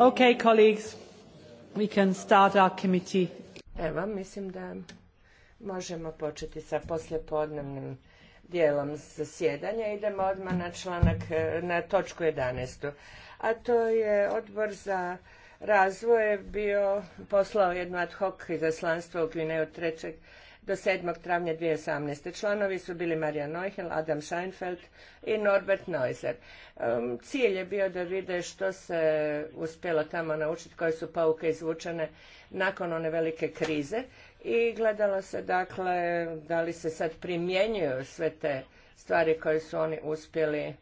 Okay, colleagues, we can start our committee. Evo, mislim da možemo početi sa poslijepodnevnim dijelom zasjedanja. Idemo odmah na članak, na točku 11. A to je odbor za razvoj bio poslao jedno ad hoc izaslanstvo u od 3. do 7. travnja 2018. Članovi su bili Marija Neuhel, Adam Scheinfeld i Norbert Neuser. Um, cilj je bio da vide što se uspjelo tamo naučiti, koje su pauke izvučene nakon one velike krize i gledalo se dakle da li se sad primjenjuju sve te stvari koje su oni uspjeli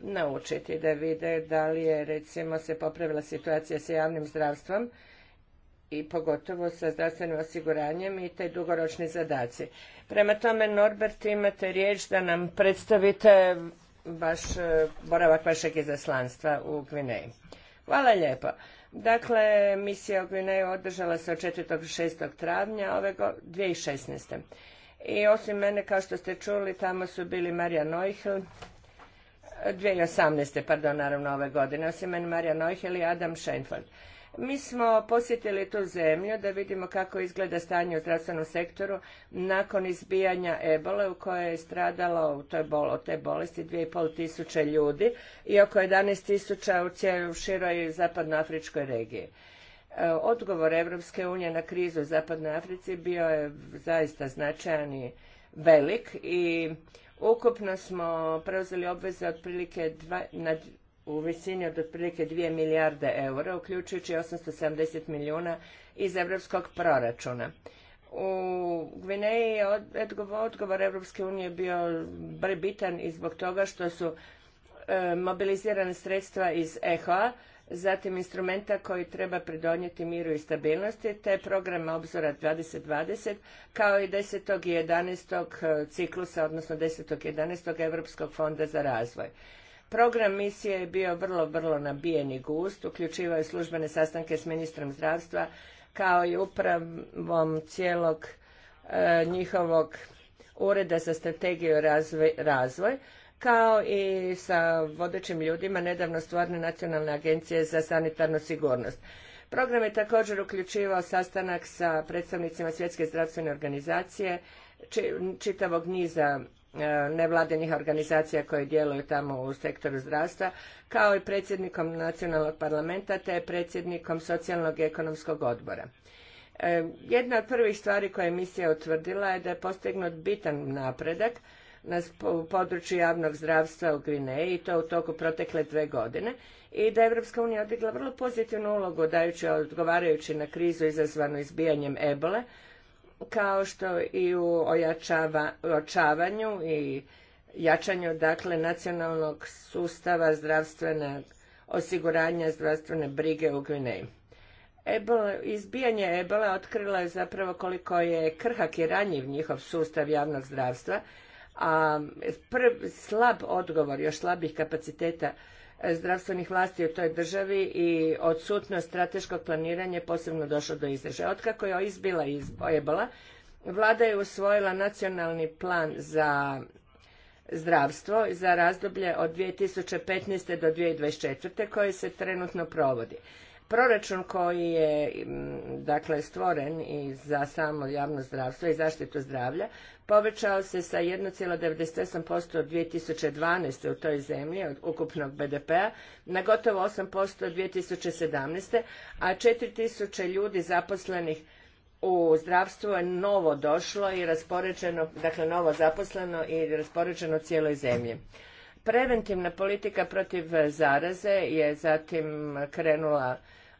naučiti, da vide da li je recimo se popravila situacija sa javnim zdravstvom i pogotovo sa zdravstvenim osiguranjem i te dugoročni zadaci. Prema tome, Norbert, imate riječ da nam predstavite vaš e, boravak vašeg izaslanstva u Gvineji. Hvala lijepo. Dakle, misija u Gvineju održala se od 4. do 6. travnja ove 2016. I osim mene, kao što ste čuli, tamo su bili Marija Neuhl, 2018. pardon, naravno ove godine, osim meni Marija Neuhel i Adam Scheinfeld. Mi smo posjetili tu zemlju da vidimo kako izgleda stanje u zdravstvenom sektoru nakon izbijanja ebole u kojoj je stradalo u toj bol, od te bolesti 2,5 tisuće ljudi i oko 11 tisuća u cijeloj široj zapadnoafričkoj regiji. E, odgovor Evropske unije na krizu u Zapadnoj Africi bio je zaista značajan i velik i Ukupno smo preuzeli obveze otprilike u visini od otprilike 2 milijarde eura, uključujući 870 milijuna iz europskog proračuna. U Gvineji je odgovor Evropske unije bio bitan i zbog toga što su e, mobilizirana mobilizirane sredstva iz EHA zatim instrumenta koji treba pridonijeti miru i stabilnosti, te programa obzora 2020, kao i 10. i 11. E, ciklusa, odnosno 10. i 11. Europskog fonda za razvoj. Program misije je bio vrlo, vrlo nabijen i gust, uključivao je službene sastanke s ministrom zdravstva, kao i upravom cijelog e, njihovog ureda za strategiju razvoj, razvoj kao i sa vodećim ljudima nedavno stvorne Nacionalne agencije za sanitarnu sigurnost. Program je također uključivao sastanak sa predstavnicima Svjetske zdravstvene organizacije, čitavog niza e, nevladinih organizacija koje djeluju tamo u sektoru zdravstva, kao i predsjednikom nacionalnog parlamenta te predsjednikom socijalnog i ekonomskog odbora. E, jedna od prvih stvari koje je misija utvrdila je da je postignut bitan napredak na području javnog zdravstva u Gvineji i to u toku protekle dve godine i da je Evropska unija odigla vrlo pozitivnu ulogu dajući odgovarajući na krizu izazvanu izbijanjem ebole kao što i u ojačavanju i jačanju dakle nacionalnog sustava zdravstvene osiguranja zdravstvene brige u Gvineji. Ebola, izbijanje ebola otkrila je zapravo koliko je krhak i ranjiv njihov sustav javnog zdravstva a slab odgovor još slabih kapaciteta e, zdravstvenih vlasti u toj državi i odsutnost strateškog planiranja je posebno došlo do izražaja. Otkako je izbila ebola, vlada je usvojila nacionalni plan za zdravstvo za razdoblje od 2015. do 2024. koje se trenutno provodi. Proračun koji je mm, dakle stvoren i za samo javno zdravstvo i zaštitu zdravlja povećao se sa 1,98% od 2012. u toj zemlji od ukupnog BDP-a na gotovo 8% od 2017. a 4000 ljudi zaposlenih u zdravstvu je novo došlo i raspoređeno, dakle novo zaposleno i raspoređeno cijeloj zemlji. Preventivna politika protiv zaraze je zatim krenula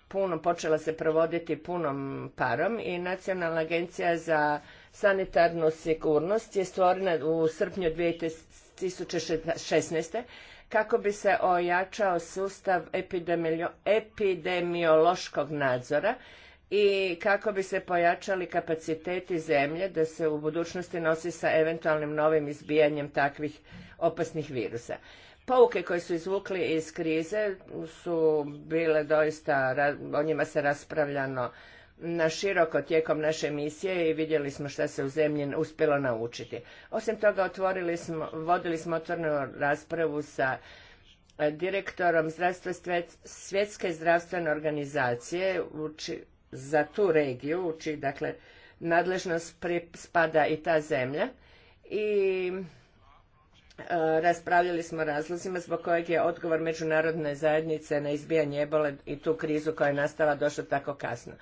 puno, počela se provoditi punom parom i Nacionalna agencija za sanitarnu sigurnost je stvorena u srpnju 2016. kako bi se ojačao sustav epidemiološkog nadzora i kako bi se pojačali kapaciteti zemlje da se u budućnosti nosi sa eventualnim novim izbijanjem takvih opasnih virusa. Pouke koje su izvukli iz krize su bile doista, o njima se raspravljano na široko tijekom naše misije i vidjeli smo šta se u zemlji uspjelo naučiti. Osim toga, otvorili smo, vodili smo otvornu raspravu sa e, direktorom zdravstva svjetske zdravstvene organizacije za tu regiju, u dakle nadležnost spada i ta zemlja. I E, raspravljali smo razlozima zbog kojeg je odgovor međunarodne zajednice na izbijanje ebole i tu krizu koja je nastala došla tako kasno.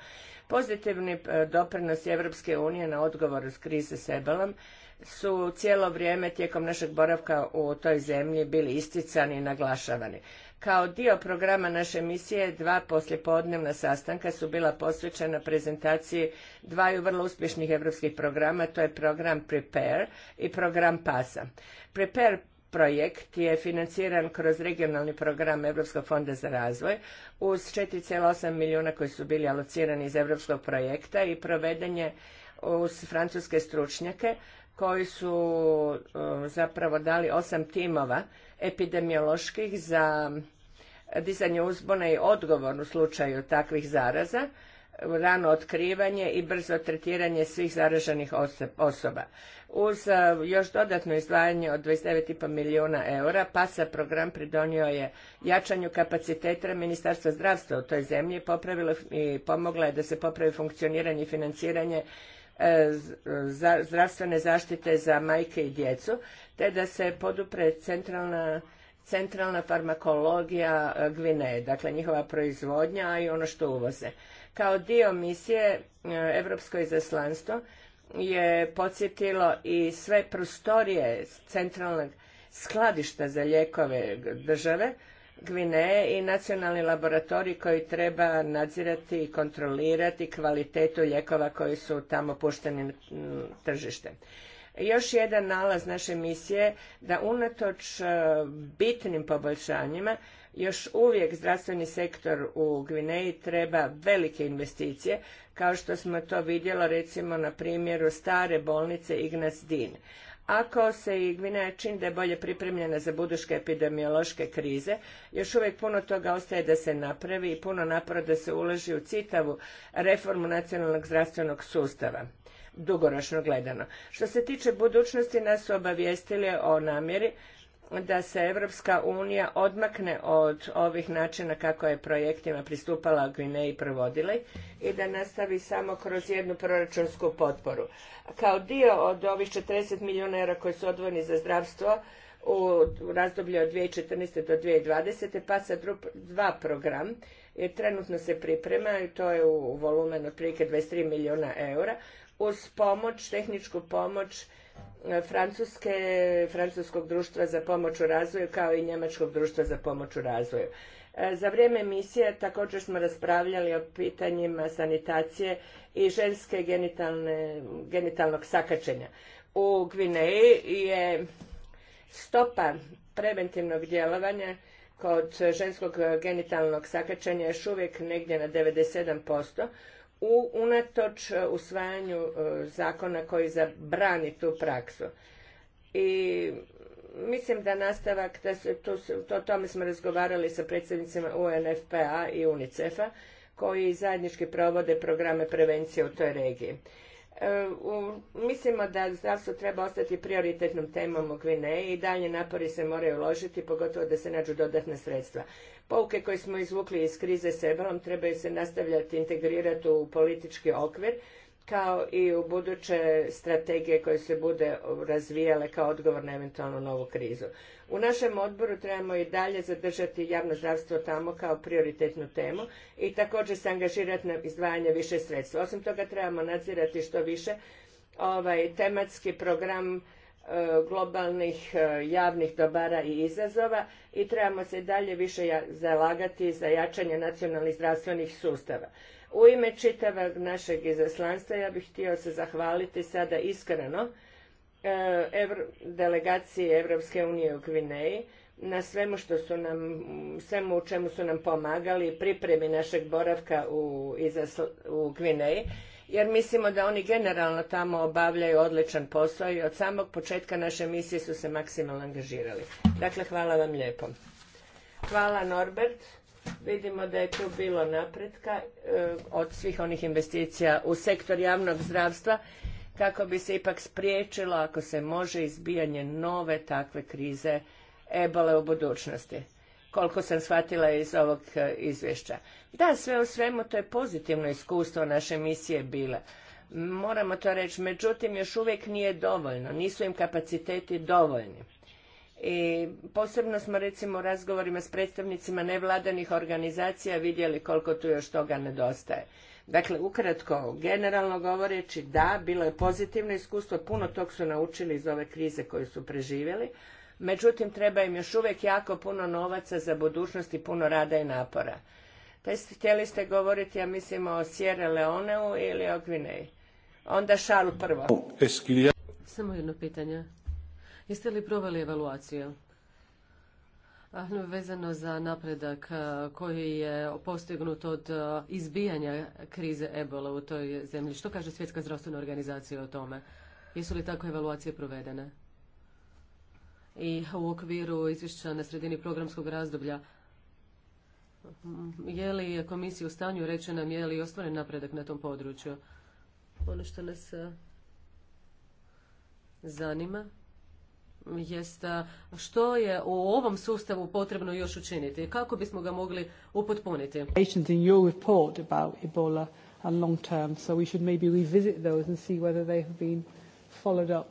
Pozitivni e, doprinos Evropske unije na odgovor s krize s ebolom su cijelo vrijeme tijekom našeg boravka u toj zemlji bili isticani i naglašavani. Kao dio programa naše misije, dva poslijepodnevna sastanka su bila posvećena prezentaciji dvaju vrlo uspješnih europskih programa, to je program Prepare i program PASA. Prepare projekt je financiran kroz regionalni program Europskog fonda za razvoj uz 4,8 milijuna koji su bili alocirani iz europskog projekta i proveden je uz francuske stručnjake koji su e, zapravo dali osam timova epidemioloških za dizanje uzbona i odgovor u slučaju takvih zaraza, rano otkrivanje i brzo tretiranje svih zaraženih osoba. Uz e, još dodatno izdvajanje od 29,5 milijuna eura, PASA program pridonio je jačanju kapaciteta Ministarstva zdravstva u toj zemlji, popravilo i pomogla je da se popravi funkcioniranje i financiranje e, zdravstvene zaštite za majke i djecu, te da se podupre centralna centralna farmakologija eh, Gvineje, dakle njihova proizvodnja i ono što uvoze. Kao dio misije Europsko eh, izaslanstvo je podsjetilo i sve prostorije centralnog skladišta za lijekove države Gvineje i nacionalni laboratorij koji treba nadzirati i kontrolirati kvalitetu lijekova koji su tamo pušteni na mm, tržište još jedan nalaz naše misije da unatoč e, bitnim poboljšanjima još uvijek zdravstveni sektor u Gvineji treba velike investicije, kao što smo to vidjelo recimo na primjeru stare bolnice ignaz Din. Ako se i Gvineja čini da je bolje pripremljena za budućke epidemiološke krize, još uvijek puno toga ostaje da se napravi i puno napora da se uloži u citavu reformu nacionalnog zdravstvenog sustava dugoročno gledano. Što se tiče budućnosti, nas su obavijestili o namjeri da se Evropska unija odmakne od ovih načina kako je projektima pristupala Gvineji i provodila i da nastavi samo kroz jednu proračunsku potporu. Kao dio od ovih 40 milijuna eura koji su odvojeni za zdravstvo u razdoblju od 2014. do 2020. PASA dva program jer trenutno se priprema i to je u volumenu otprilike 23 milijuna eura uz pomoć, tehničku pomoć e, Francuske, Francuskog društva za pomoć u razvoju kao i Njemačkog društva za pomoć u razvoju. E, za vrijeme misije također smo raspravljali o pitanjima sanitacije i ženske genitalne, genitalnog sakačenja. U Gvineji je stopa preventivnog djelovanja kod ženskog genitalnog sakačenja još uvijek negdje na 97%, unatoč e, usvajanju e, zakona koji zabrani tu praksu. I mislim da nastavak, da se, tu, to, tome smo razgovarali sa predsjednicima UNFPA i UNICEF-a, koji zajednički provode programe prevencije u toj regiji. E, mislimo da zdravstvo treba ostati prioritetnom temom u Gvineji i dalje napori se moraju uložiti, pogotovo da se nađu dodatne sredstva. Pouke koje smo izvukli iz krize s ebolom trebaju se nastavljati integrirati u politički okvir kao i u buduće strategije koje se bude razvijale kao odgovor na eventualnu novu krizu. U našem odboru trebamo i dalje zadržati javno zdravstvo tamo kao prioritetnu temu i također se angažirati na izdvajanje više sredstva. Osim toga trebamo nadzirati što više ovaj tematski program E, globalnih e, javnih dobara i izazova i trebamo se dalje više zalagati za jačanje nacionalnih zdravstvenih sustava. U ime čitavog našeg izaslanstva ja bih htio se zahvaliti sada iskreno e, delegaciji Evropske unije u Gvineji na svemu što su nam, svemu u čemu su nam pomagali pripremi našeg boravka u, izasl, u Gvineji jer mislimo da oni generalno tamo obavljaju odličan posao i od samog početka naše misije su se maksimalno angažirali. Dakle, hvala vam lijepo. Hvala Norbert. Vidimo da je tu bilo napretka e, od svih onih investicija u sektor javnog zdravstva kako bi se ipak spriječilo ako se može izbijanje nove takve krize ebole u budućnosti koliko sam shvatila iz ovog e, izvješća. Da, sve u svemu to je pozitivno iskustvo naše misije bile. Moramo to reći, međutim još uvijek nije dovoljno, nisu im kapaciteti dovoljni. I posebno smo recimo u razgovorima s predstavnicima nevladanih organizacija vidjeli koliko tu još toga nedostaje. Dakle, ukratko, generalno govoreći da, bilo je pozitivno iskustvo, puno tog su naučili iz ove krize koju su preživjeli, Međutim, treba im još uvijek jako puno novaca za budućnost i puno rada i napora. Pa htjeli ste govoriti, ja mislim, o Sierra Leoneu ili o Gvineji. Onda šalu prvo. Samo jedno pitanje. Jeste li proveli evaluaciju? Vezano za napredak koji je postignut od izbijanja krize ebola u toj zemlji. Što kaže Svjetska zdravstvena organizacija o tome? Jesu li takve evaluacije provedene? i u okviru izvješća na sredini programskog razdoblja. Je li komisija u stanju reći nam je li ostvaren napredak na tom području? Ono što nas e, zanima jest e, što je u ovom sustavu potrebno još učiniti i kako bismo ga mogli upotpuniti. Ebola long term, so we should maybe revisit those and see whether been followed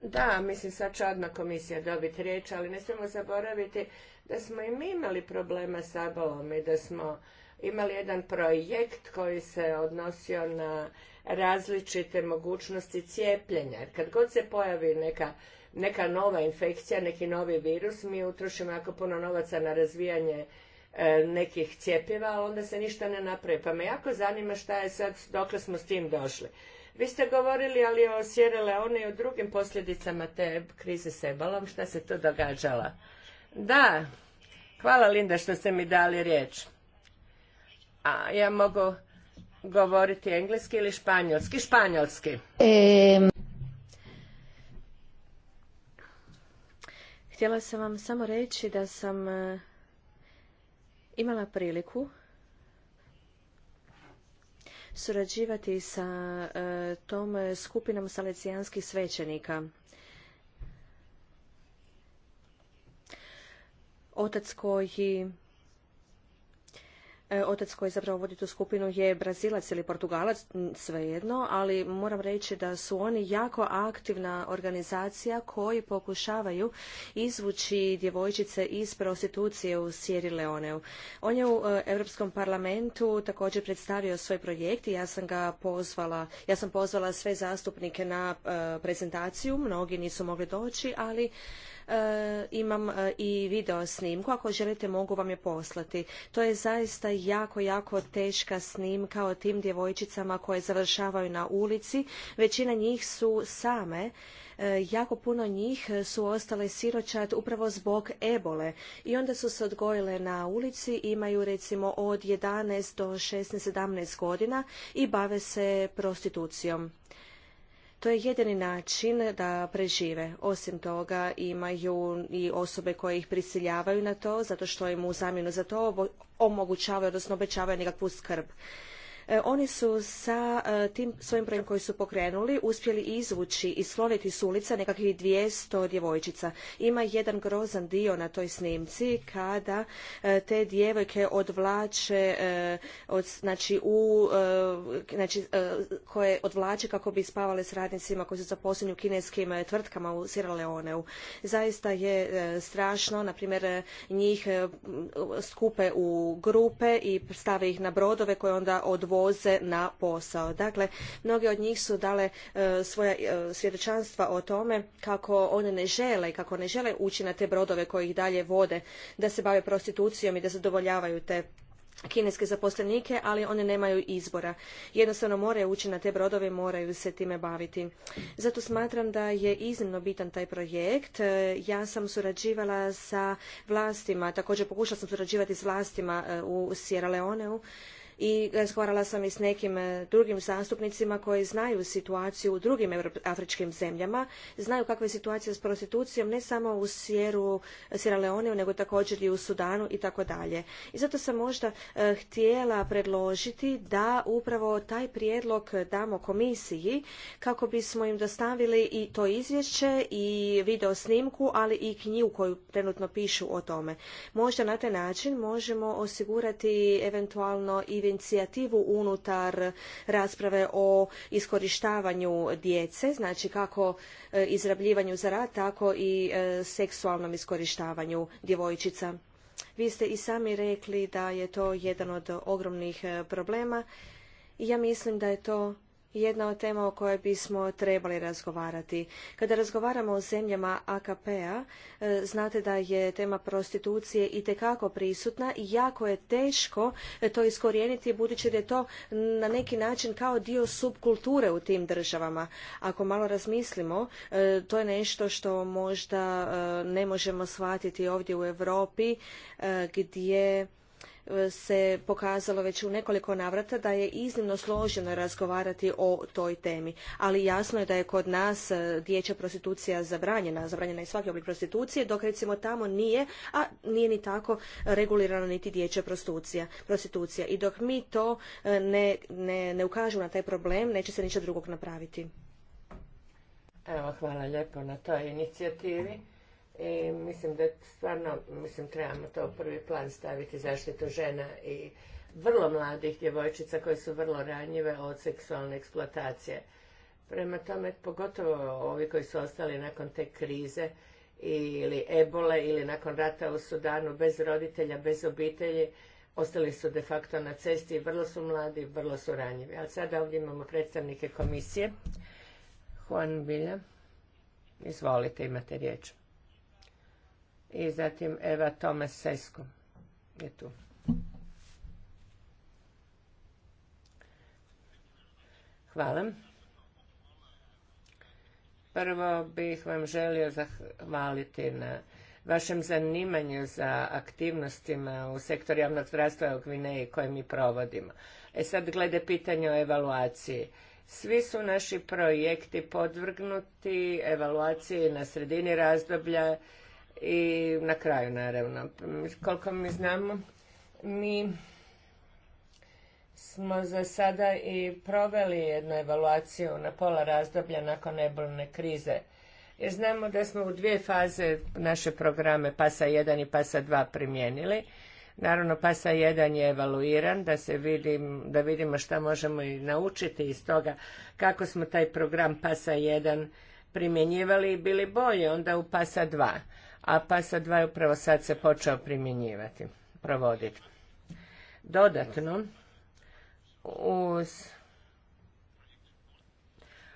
da, mislim sad će odmah komisija dobiti riječ, ali ne smijemo zaboraviti da smo i mi imali problema s Abalom i da smo imali jedan projekt koji se odnosio na različite mogućnosti cijepljenja. Kad god se pojavi neka, neka nova infekcija, neki novi virus, mi utrošimo jako puno novaca na razvijanje e, nekih cijepiva, ali onda se ništa ne napravi. Pa me jako zanima šta je sad, dokle smo s tim došli. Vi ste govorili ali o Sierra Leone i o drugim posljedicama te krize s ebalom. šta se to događala. Da, hvala Linda što ste mi dali riječ. A ja mogu govoriti engleski ili španjolski? Španjolski. Htjela sam vam samo reći da sam eh, imala priliku surađivati sa e, tom skupinom salecijanskih svećenika. Otac koji E, Otac koji zapravo vodi tu skupinu je Brazilac ili Portugalac, svejedno, ali moram reći da su oni jako aktivna organizacija koji pokušavaju izvući djevojčice iz prostitucije u Sjeri Leoneu. On je u e, Europskom parlamentu također predstavio svoj projekt i ja sam ga pozvala, ja sam pozvala sve zastupnike na e, prezentaciju, mnogi nisu mogli doći, ali E, imam e, i video snimku. Ako želite mogu vam je poslati. To je zaista jako, jako teška snimka o tim djevojčicama koje završavaju na ulici. Većina njih su same e, jako puno njih su ostale siročad upravo zbog ebole i onda su se odgojile na ulici, imaju recimo od 11 do 16-17 godina i bave se prostitucijom. To je jedini način da prežive. Osim toga imaju i osobe koje ih prisiljavaju na to zato što im u zamjenu za to omogućavaju, odnosno obećavaju nekakvu skrb. E, oni su sa e, tim svojim brojem koji su pokrenuli uspjeli izvući i sloniti s ulica nekakvih 200 djevojčica. Ima jedan grozan dio na toj snimci kada e, te djevojke odvlače od, znači u znači koje odvlače kako bi spavale s radnicima koji su zaposleni u kineskim tvrtkama u Sierra Leoneu. Zaista je strašno, na primjer njih skupe u grupe i stave ih na brodove koje onda odvoze voze na posao. Dakle, mnoge od njih su dale e, svoja e, svjedočanstva o tome kako one ne žele, kako ne žele ući na te brodove koji ih dalje vode, da se bave prostitucijom i da zadovoljavaju te kineske zaposlenike, ali one nemaju izbora. Jednostavno moraju ući na te brodove, i moraju se time baviti. Zato smatram da je iznimno bitan taj projekt. E, ja sam surađivala sa vlastima, također pokušala sam surađivati s vlastima u Sierra Leoneu i razgovarala sam i s nekim e, drugim zastupnicima koji znaju situaciju u drugim afričkim zemljama, znaju kakva je situacija s prostitucijom ne samo u Sjeru, Sjera nego također i u Sudanu i tako dalje. I zato sam možda e, htjela predložiti da upravo taj prijedlog damo komisiji kako bismo im dostavili i to izvješće i video snimku, ali i knjigu koju trenutno pišu o tome. Možda na taj način možemo osigurati eventualno i inicijativu unutar rasprave o iskorištavanju djece, znači kako e, izrabljivanju za rad, tako i e, seksualnom iskorištavanju djevojčica. Vi ste i sami rekli da je to jedan od ogromnih e, problema i ja mislim da je to jedna od tema o kojoj bismo trebali razgovarati. Kada razgovaramo o zemljama AKP-a, e, znate da je tema prostitucije itekako prisutna i jako je teško e, to iskorijeniti budući da je to na neki način kao dio subkulture u tim državama. Ako malo razmislimo, e, to je nešto što možda ne možemo shvatiti ovdje u Europi gdje se pokazalo već u nekoliko navrata da je iznimno složeno razgovarati o toj temi. Ali jasno je da je kod nas dječja e, prostitucija zabranjena, zabranjena je svaki oblik prostitucije, dok recimo tamo nije, a nije ni tako regulirana niti dječja prostitucija. prostitucija. I dok mi to e, ne, ne, na taj problem, neće se ništa drugog napraviti. Evo, hvala lijepo na toj inicijativi i mislim da stvarno mislim, trebamo to u prvi plan staviti zaštitu žena i vrlo mladih djevojčica koje su vrlo ranjive od seksualne eksploatacije. Prema tome, pogotovo ovi koji su ostali nakon te krize ili ebole ili nakon rata u Sudanu bez roditelja, bez obitelji, ostali su de facto na cesti i vrlo su mladi, vrlo su ranjivi. Ali sada ovdje imamo predstavnike komisije. Juan Bilja, izvolite, imate riječ. I zatim Eva Tomas Sesko je tu. Hvala. Prvo bih vam želio zahvaliti na vašem zanimanju za aktivnostima u sektoru javnog zdravstva u Gvineji koje mi provodimo. E sad glede pitanje o evaluaciji. Svi su naši projekti podvrgnuti evaluaciji na sredini razdoblja i na kraju naravno. Koliko mi znamo, mi smo za sada i proveli jednu evaluaciju na pola razdoblja nakon ebolne krize. Jer znamo da smo u dvije faze naše programe PASA 1 i PASA 2 primijenili. Naravno, PASA 1 je evaluiran, da, se vidim, da vidimo šta možemo i naučiti iz toga kako smo taj program PASA 1 primjenjivali i bili bolje onda u PASA 2 a PASA 2 upravo sad se počeo primjenjivati, provoditi. Dodatno, uz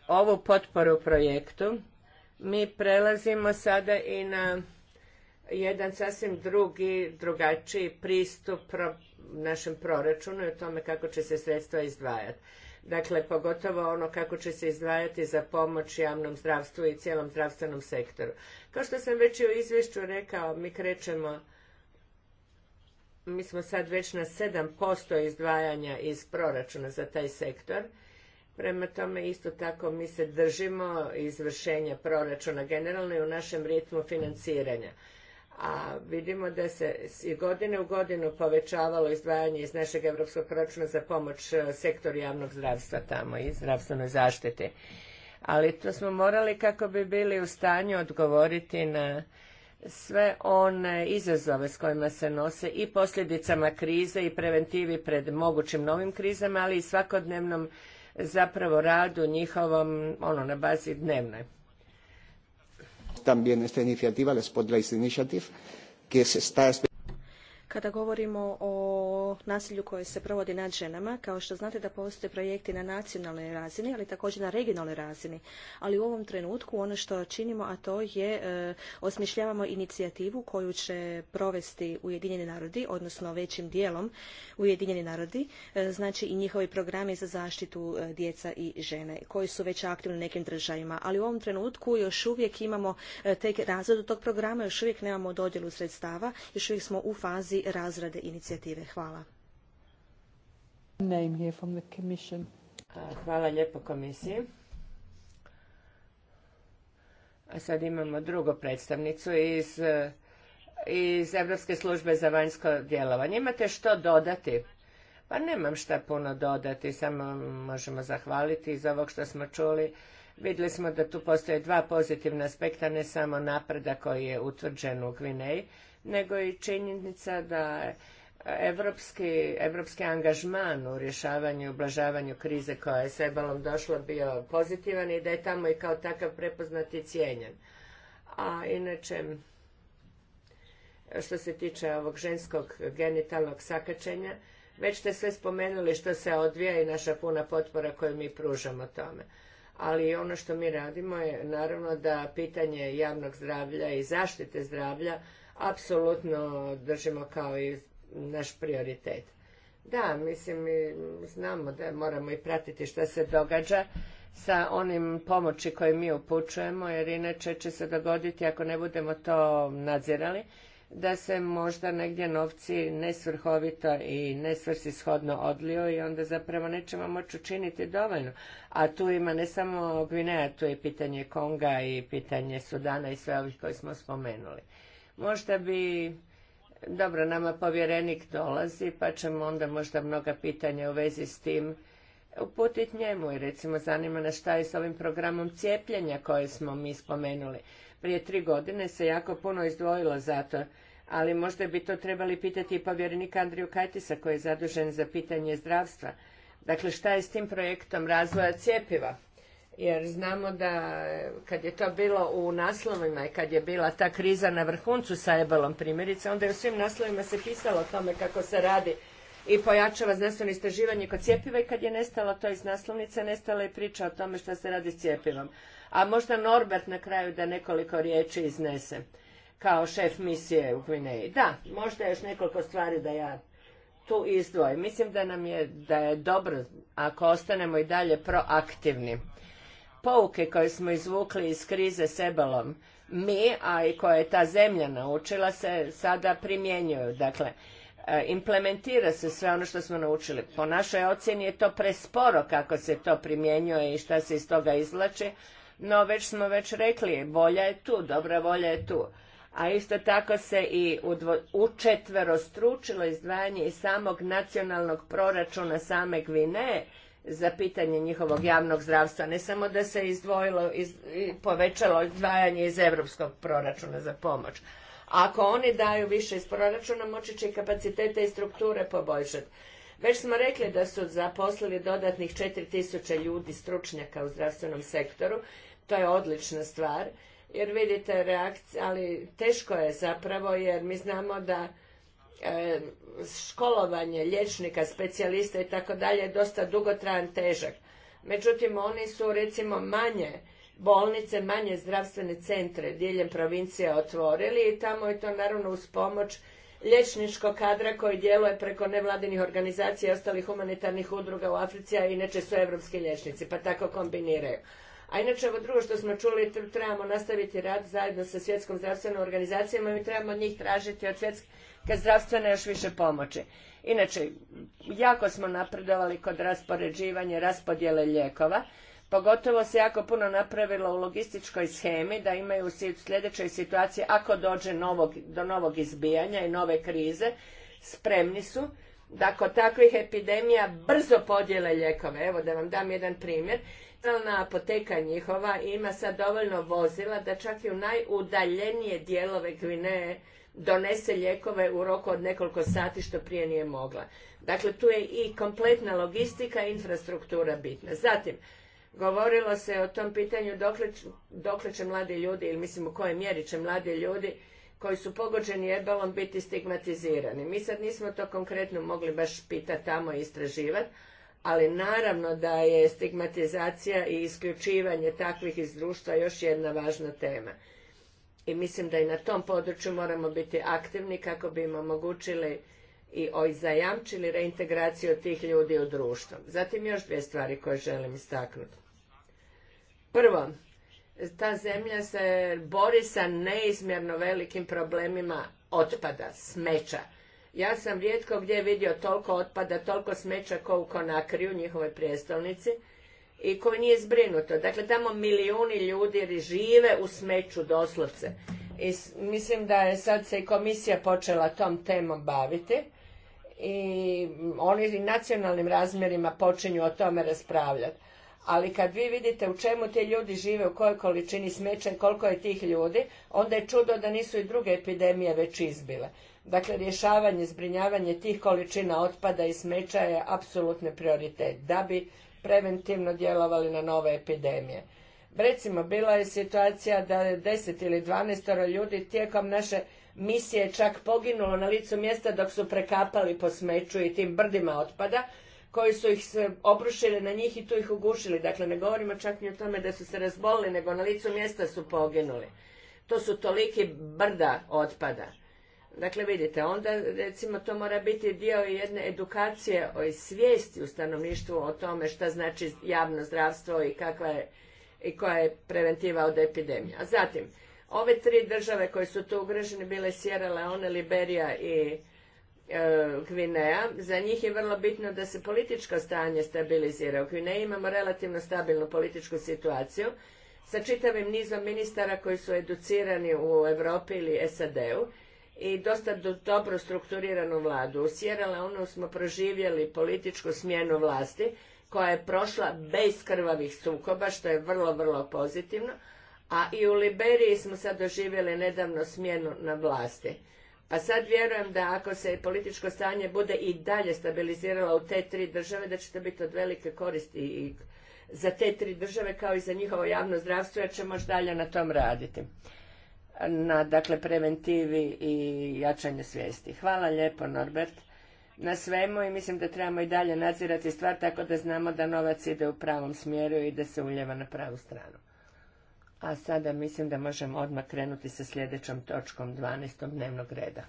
ovu potporu projektu, mi prelazimo sada i na jedan sasvim drugi, drugačiji pristup našem proračunu i o tome kako će se sredstva izdvajati. Dakle, pogotovo ono kako će se izdvajati za pomoć javnom zdravstvu i cijelom zdravstvenom sektoru. Kao što sam već i u izvješću rekao, mi krećemo mi smo sad već na 7% izdvajanja iz proračuna za taj sektor. Prema tome isto tako mi se držimo izvršenja proračuna generalno i u našem ritmu financiranja a vidimo da se iz godine u godinu povećavalo izdvajanje iz našeg europskog proračuna za pomoć e, sektoru javnog zdravstva tamo i zdravstvenoj zaštite. Ali to smo morali kako bi bili u stanju odgovoriti na sve one izazove s kojima se nose i posljedicama krize i preventivi pred mogućim novim krizama, ali i svakodnevnom zapravo radu njihovom ono na bazi dnevnoj también esta iniciativa, el Spotlight Initiative, que se está kada govorimo o nasilju koje se provodi nad ženama, kao što znate da postoje projekti na nacionalnoj razini, ali također na regionalnoj razini. Ali u ovom trenutku ono što činimo, a to je e, osmišljavamo inicijativu koju će provesti Ujedinjeni narodi, odnosno većim dijelom Ujedinjeni narodi, e, znači i njihovi programi za zaštitu e, djeca i žene, koji su već aktivni u nekim državima. Ali u ovom trenutku još uvijek imamo tek razvoj tog programa, još uvijek nemamo dodjelu sredstava, još uvijek smo u fazi razrade inicijative. Hvala. Hvala lijepo komisiji. A sad imamo drugu predstavnicu iz, iz Evropske službe za vanjsko djelovanje. Imate što dodati? Pa nemam šta puno dodati, samo možemo zahvaliti iz ovog što smo čuli. Vidjeli smo da tu postoje dva pozitivna aspekta, ne samo napreda koji je utvrđen u Gvineji, nego i činjenica da je evropski, evropski angažman u rješavanju i ublažavanju krize koja je s ebalom došla bio pozitivan i da je tamo i kao takav prepoznat i cijenjen. A inače, što se tiče ovog ženskog genitalnog sakačenja, već ste sve spomenuli što se odvija i naša puna potpora koju mi pružamo tome. Ali ono što mi radimo je naravno da pitanje javnog zdravlja i zaštite zdravlja apsolutno držimo kao i naš prioritet. Da, mislim, mi znamo da moramo i pratiti što se događa sa onim pomoći koje mi upućujemo, jer inače će se dogoditi, ako ne budemo to nadzirali, da se možda negdje novci nesvrhovito i shodno odliju i onda zapravo nećemo moći učiniti dovoljno. A tu ima ne samo Gvineja, tu je pitanje Konga i pitanje Sudana i sve ovih koje smo spomenuli. Možda bi, dobro, nama povjerenik dolazi, pa ćemo onda možda mnoga pitanja u vezi s tim uputiti njemu i recimo zanima nas šta je s ovim programom cijepljenja koje smo mi spomenuli. Prije tri godine se jako puno izdvojilo za to, ali možda bi to trebali pitati i povjerenik Andriju Kajtisa koji je zadužen za pitanje zdravstva. Dakle, šta je s tim projektom razvoja cijepiva? jer znamo da kad je to bilo u naslovima i kad je bila ta kriza na vrhuncu sa ebolom primjerice, onda je u svim naslovima se pisalo o tome kako se radi i pojačava znanstveno istraživanje kod cjepiva i kad je nestalo to iz naslovnice, nestala je priča o tome što se radi s cjepivom. A možda Norbert na kraju da nekoliko riječi iznese kao šef misije u Gvineji. Da, možda još nekoliko stvari da ja tu izdvojim. Mislim da nam je, da je dobro ako ostanemo i dalje proaktivni pouke koje smo izvukli iz krize s ebolom, mi, a i koje je ta zemlja naučila, se sada primjenjuju. Dakle, e, implementira se sve ono što smo naučili. Po našoj ocjeni je to presporo kako se to primjenjuje i šta se iz toga izvlači, no već smo već rekli, volja je tu, dobra volja je tu. A isto tako se i stručilo izdvajanje iz samog nacionalnog proračuna same Gvineje, za pitanje njihovog javnog zdravstva. Ne samo da se izdvojilo, i povećalo izdvajanje iz europskog proračuna za pomoć. Ako oni daju više iz proračuna, moći će i kapacitete i strukture poboljšati. Već smo rekli da su zaposlili dodatnih 4000 ljudi stručnjaka u zdravstvenom sektoru. To je odlična stvar, jer vidite reakcija, ali teško je zapravo, jer mi znamo da E, školovanje liječnika, specijalista i tako dalje je dosta dugotrajan težak. Međutim, oni su recimo manje bolnice, manje zdravstvene centre diljem provincije otvorili i tamo je to naravno uz pomoć liječničkog kadra koji djeluje preko nevladinih organizacija i ostalih humanitarnih udruga u Africi, a inače su evropski lječnici, pa tako kombiniraju. A inače ovo drugo što smo čuli, trebamo nastaviti rad zajedno sa svjetskom zdravstvenom organizacijama i trebamo od njih tražiti od svjetskih kad zdravstvene još više pomoći. Inače, jako smo napredovali kod raspoređivanja, raspodjele lijekova. Pogotovo se jako puno napravilo u logističkoj schemi da imaju u sljedećoj situaciji, ako dođe novog, do novog izbijanja i nove krize, spremni su da kod takvih epidemija brzo podijele lijekove. Evo da vam dam jedan primjer. Centralna apoteka njihova ima sad dovoljno vozila da čak i u najudaljenije dijelove Gvineje donese lijekove u roku od nekoliko sati što prije nije mogla. Dakle, tu je i kompletna logistika i infrastruktura bitna. Zatim, govorilo se o tom pitanju dokle, će mladi ljudi, ili mislim u kojoj mjeri će mladi ljudi koji su pogođeni ebolom biti stigmatizirani. Mi sad nismo to konkretno mogli baš pitati tamo i istraživati, ali naravno da je stigmatizacija i isključivanje takvih iz društva još jedna važna tema i mislim da i na tom području moramo biti aktivni kako bi im omogućili i zajamčili reintegraciju tih ljudi u društvo. Zatim još dvije stvari koje želim istaknuti. Prvo, ta zemlja se bori sa neizmjerno velikim problemima otpada, smeća. Ja sam rijetko gdje vidio toliko otpada, toliko smeća kao u Konakriju, njihovoj prijestolnici, i koje nije zbrinuto. Dakle, tamo milijuni ljudi žive u smeću doslovce. I mislim da je sad se i komisija počela tom temom baviti i oni i nacionalnim razmjerima počinju o tome raspravljati. Ali kad vi vidite u čemu ti ljudi žive, u kojoj količini smeća koliko je tih ljudi, onda je čudo da nisu i druge epidemije već izbile. Dakle, rješavanje, zbrinjavanje tih količina otpada i smeća je apsolutni prioritet da bi preventivno djelovali na nove epidemije. Recimo, bila je situacija da je deset ili dvanestoro ljudi tijekom naše misije čak poginulo na licu mjesta dok su prekapali po smeću i tim brdima otpada koji su ih se obrušili na njih i tu ih ugušili. Dakle, ne govorimo čak ni o tome da su se razbolili, nego na licu mjesta su poginuli. To su toliki brda otpada. Dakle, vidite, onda recimo to mora biti dio jedne edukacije o svijesti u stanovništvu o tome šta znači javno zdravstvo i kakva je i koja je preventiva od epidemija. A zatim, ove tri države koje su tu ugrožene bile Sierra Leone, Liberija i e, Gvineja, za njih je vrlo bitno da se političko stanje stabilizira. U Gvineji imamo relativno stabilnu političku situaciju sa čitavim nizom ministara koji su educirani u Europi ili SAD-u i dosta dobro strukturiranu vladu. U Sierra Leone smo proživjeli političku smjenu vlasti koja je prošla bez krvavih sukoba, što je vrlo, vrlo pozitivno. A i u Liberiji smo sad doživjeli nedavno smjenu na vlasti. Pa sad vjerujem da ako se političko stanje bude i dalje stabiliziralo u te tri države, da će to biti od velike koristi i za te tri države kao i za njihovo javno zdravstvo, jer ćemo još dalje na tom raditi na dakle preventivi i jačanje svijesti. Hvala lijepo Norbert na svemu i mislim da trebamo i dalje nadzirati stvar tako da znamo da novac ide u pravom smjeru i da se uljeva na pravu stranu. A sada mislim da možemo odmah krenuti sa sljedećom točkom 12. dnevnog reda.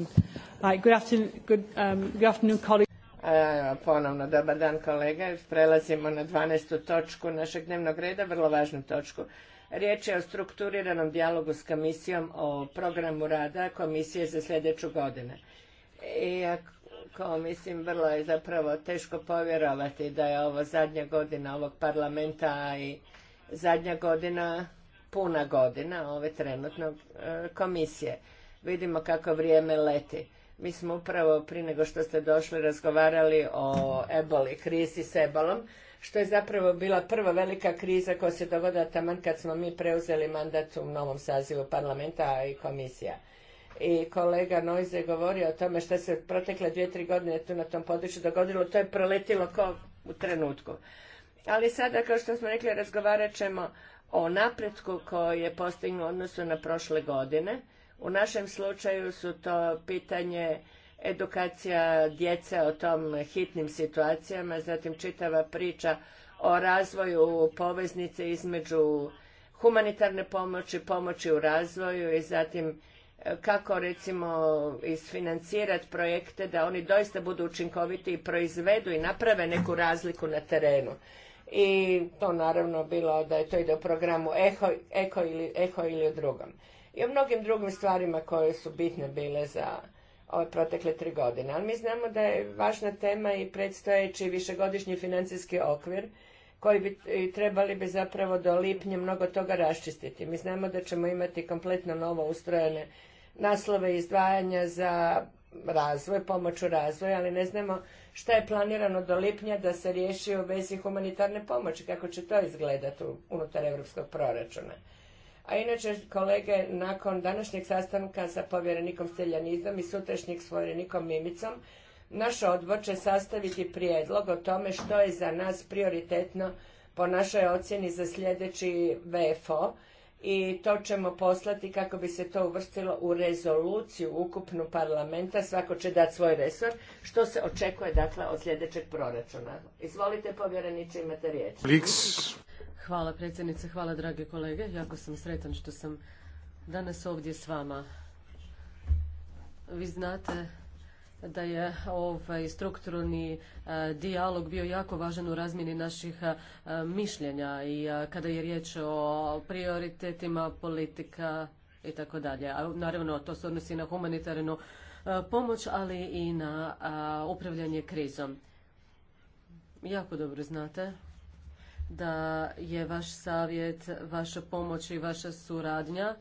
Um, e, ponovno dobar dan kolega. Prelazimo na 12. točku našeg dnevnog reda, vrlo važnu točku. Riječ je o strukturiranom dijalogu s komisijom o programu rada komisije za sljedeću godinu. Iako, mislim, vrlo je zapravo teško povjerovati da je ovo zadnja godina ovog parlamenta i zadnja godina, puna godina ove trenutnog e, komisije. Vidimo kako vrijeme leti. Mi smo upravo prije nego što ste došli razgovarali o eboli, krizi s ebolom, što je zapravo bila prva velika kriza koja se dogodila tamo kad smo mi preuzeli mandat u novom sazivu parlamenta i komisija. I kolega Noize je govorio o tome što se protekle dvije, tri godine tu na tom području dogodilo, to je proletilo kao u trenutku. Ali sada, kao što smo rekli, razgovarat ćemo o napretku koji je postignut u odnosu na prošle godine u našem slučaju su to pitanje edukacija djece o tom hitnim situacijama, zatim čitava priča o razvoju poveznice između humanitarne pomoći, pomoći u razvoju i zatim e, kako recimo isfinancirati projekte da oni doista budu učinkoviti i proizvedu i naprave neku razliku na terenu. I to naravno bilo da je to ide u programu EHO, ili, ili drugom i o mnogim drugim stvarima koje su bitne bile za ove protekle tri godine. Ali mi znamo da je važna tema i predstojeći višegodišnji financijski okvir koji bi trebali bi zapravo do lipnja mnogo toga raščistiti. Mi znamo da ćemo imati kompletno novo ustrojene naslove izdvajanja za razvoj, pomoć u razvoju, ali ne znamo šta je planirano do lipnja da se riješi u vezi humanitarne pomoći, kako će to izgledati unutar europskog proračuna. A inače, kolege, nakon današnjeg sastanka sa povjerenikom Steljanizom i sutrašnjeg s povjerenikom Mimicom, naš odbor će sastaviti prijedlog o tome što je za nas prioritetno po našoj ocjeni za sljedeći VFO i to ćemo poslati kako bi se to uvrstilo u rezoluciju ukupnu parlamenta, svako će dati svoj resor, što se očekuje dakle od sljedećeg proračuna. Izvolite povjereniče, imate riječ. Hvala predsjednice, hvala drage kolege. Jako sam sretan što sam danas ovdje s vama. Vi znate da je ovaj strukturni e, dijalog bio jako važan u razmjeni naših e, mišljenja i e, kada je riječ o prioritetima politika i tako dalje. Naravno, to se odnosi na humanitarnu pomoć, ali i na upravljanje krizom. Jako dobro znate da je vaš savjet, vaša pomoć i vaša suradnja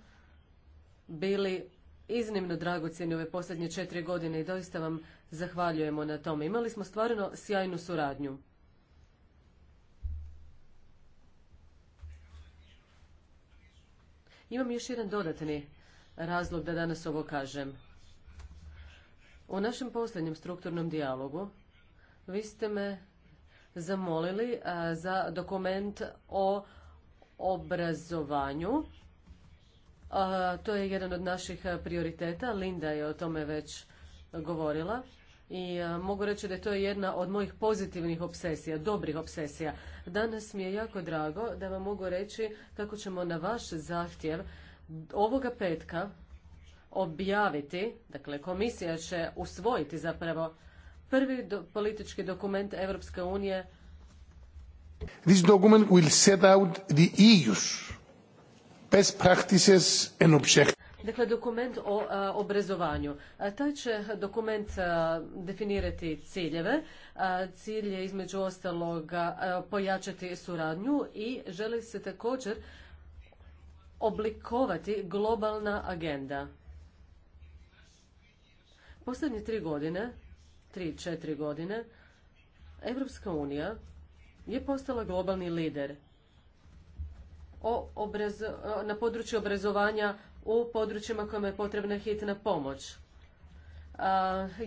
bili iznimno dragocjeni ove posljednje četiri godine i doista vam zahvaljujemo na tome. Imali smo stvarno sjajnu suradnju. Imam još jedan dodatni razlog da danas ovo kažem. U našem posljednjem strukturnom dijalogu vi ste me zamolili za dokument o obrazovanju. To je jedan od naših prioriteta. Linda je o tome već govorila. I mogu reći da je to jedna od mojih pozitivnih obsesija, dobrih obsesija. Danas mi je jako drago da vam mogu reći kako ćemo na vaš zahtjev ovoga petka objaviti, dakle komisija će usvojiti zapravo prvi politički dokument Europske unije. This document will set out the EU's best practices Dakle, dokument o e, obrazovanju. E, taj će dokument e, definirati ciljeve. Cilj je između ostaloga pojačati suradnju i želi se također oblikovati globalna agenda. Posljednje tri godine 3-4 godine Evropska unija je postala globalni lider na području obrazovanja u područjima kojima je potrebna hitna pomoć.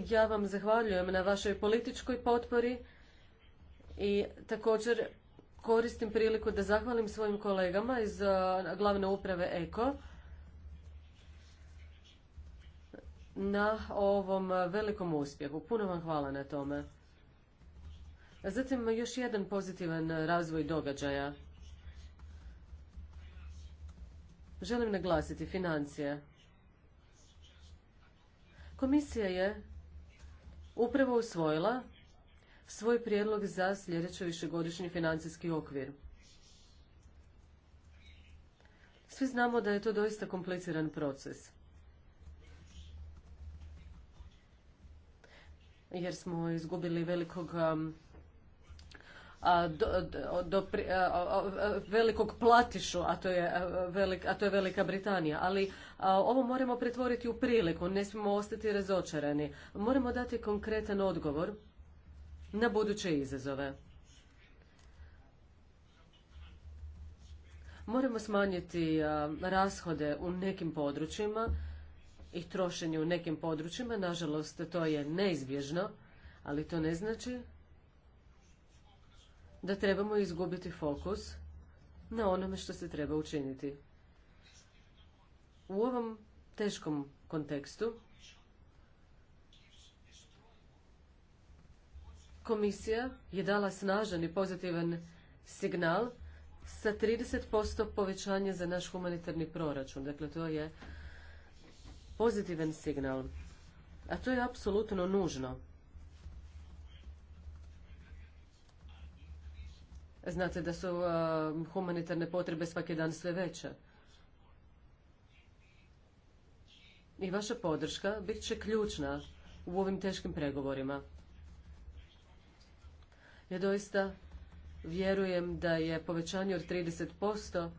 ja vam zahvaljujem na vašoj političkoj potpori i također koristim priliku da zahvalim svojim kolegama iz glavne uprave EKO na ovom velikom uspjehu. Puno vam hvala na tome. Zatim još jedan pozitivan razvoj događaja. Želim naglasiti financije. Komisija je upravo usvojila svoj prijedlog za sljedeći višegodišnji financijski okvir. Svi znamo da je to doista kompliciran proces. jer smo izgubili velikog um, velikog platišu, to je, a to je Velika Britanija. Ali ovo moramo pretvoriti u priliku, ne smijemo ostati razočarani. Moramo dati konkretan odgovor na buduće izazove. Moramo smanjiti rashode u nekim područjima, i trošenje u nekim područjima. Nažalost, to je neizbježno, ali to ne znači da trebamo izgubiti fokus na onome što se treba učiniti. U ovom teškom kontekstu komisija je dala snažan i pozitivan signal sa 30% povećanje za naš humanitarni proračun. Dakle, to je pozitivan signal, a to je apsolutno nužno. Znate da su humanitarne potrebe svaki dan sve veće. I vaša podrška bit će ključna u ovim teškim pregovorima. Ja doista vjerujem da je povećanje od 30%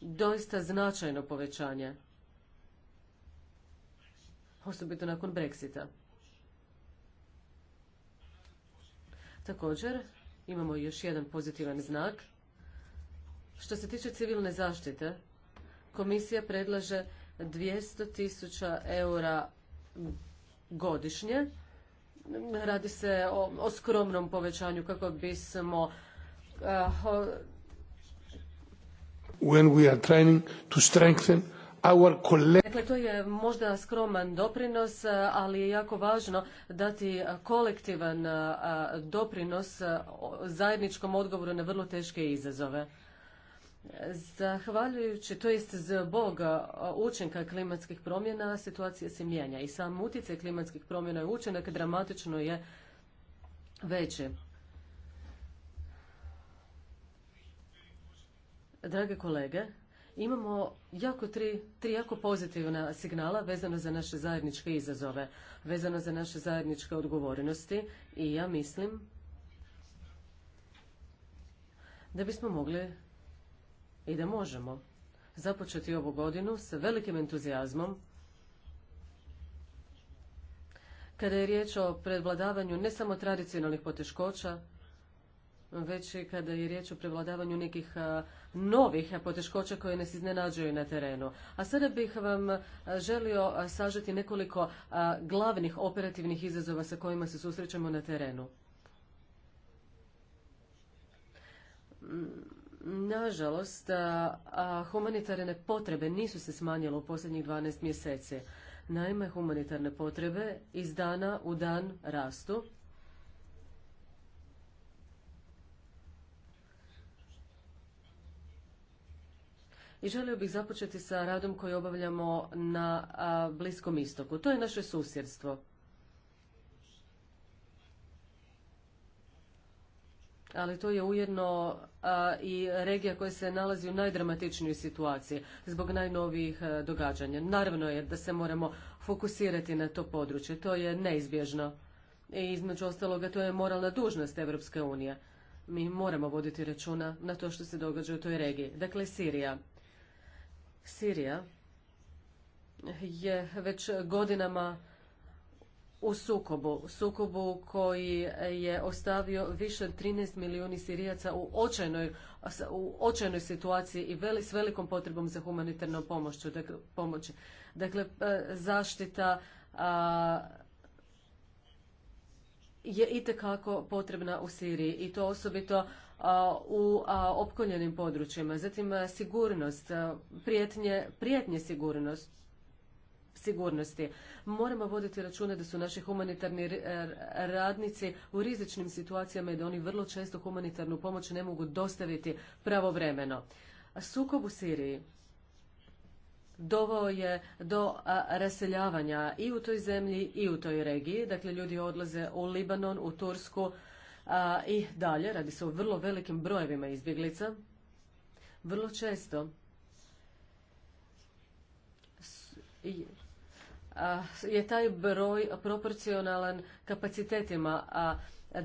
doista značajno povećanje osobito nakon Brexita. Također, imamo još jedan pozitivan znak. Što se tiče civilne zaštite, komisija predlaže 200.000 tisuća eura godišnje. Radi se o, skromnom povećanju kako bismo uh, When we are to strengthen dakle, to je možda skroman doprinos, ali je jako važno dati kolektivan doprinos zajedničkom odgovoru na vrlo teške izazove. Zahvaljujući, to jest zbog učinka klimatskih promjena, situacija se mijenja i sam utjecaj klimatskih promjena i učinak dramatično je veći. Drage kolege, Imamo jako tri, tri jako pozitivna signala vezano za naše zajedničke izazove, vezano za naše zajedničke odgovornosti i ja mislim da bismo mogli i da možemo započeti ovu godinu sa velikim entuzijazmom kada je riječ o prevladavanju ne samo tradicionalnih poteškoća, već i kada je riječ o prevladavanju nekih novih poteškoća koje nas iznenađuju na terenu. A sada bih vam želio sažeti nekoliko glavnih operativnih izazova sa kojima se susrećemo na terenu. Mm, nažalost, humanitarne potrebe nisu se smanjile u posljednjih 12 mjeseci. Naime, humanitarne potrebe iz dana u dan rastu i želio bih započeti sa radom koji obavljamo na Bliskom istoku. To je naše susjedstvo. ali to je ujedno i regija koja se nalazi u najdramatičnijoj situaciji zbog najnovijih događanja. Naravno je da se moramo fokusirati na to područje, to je neizbježno. I između ostaloga to je moralna dužnost Evropske unije. Mi moramo voditi računa na to što se događa u toj regiji. Dakle, Sirija. Sirija je već godinama u sukobu, sukobu koji je ostavio više od 13 milijuni Sirijaca u očajnoj, u očajnoj situaciji i s velikom potrebom za humanitarnom pomoću, dakle, pomoći. Dakle, e, zaštita a, je itekako potrebna u Siriji i to osobito u opkoljenim područjima. Zatim sigurnost, prijetnje, prijetnje sigurnost, sigurnosti. Moramo voditi računa da su naši humanitarni e, radnici u rizičnim situacijama i da oni vrlo često humanitarnu pomoć ne mogu dostaviti pravovremeno. Sukob u Siriji doveo je do raseljavanja i u toj zemlji i u toj regiji. Dakle, ljudi odlaze u Libanon, u Tursku, a, I dalje, radi se o vrlo velikim brojevima izbjeglica. Vrlo često je taj broj proporcionalan kapacitetima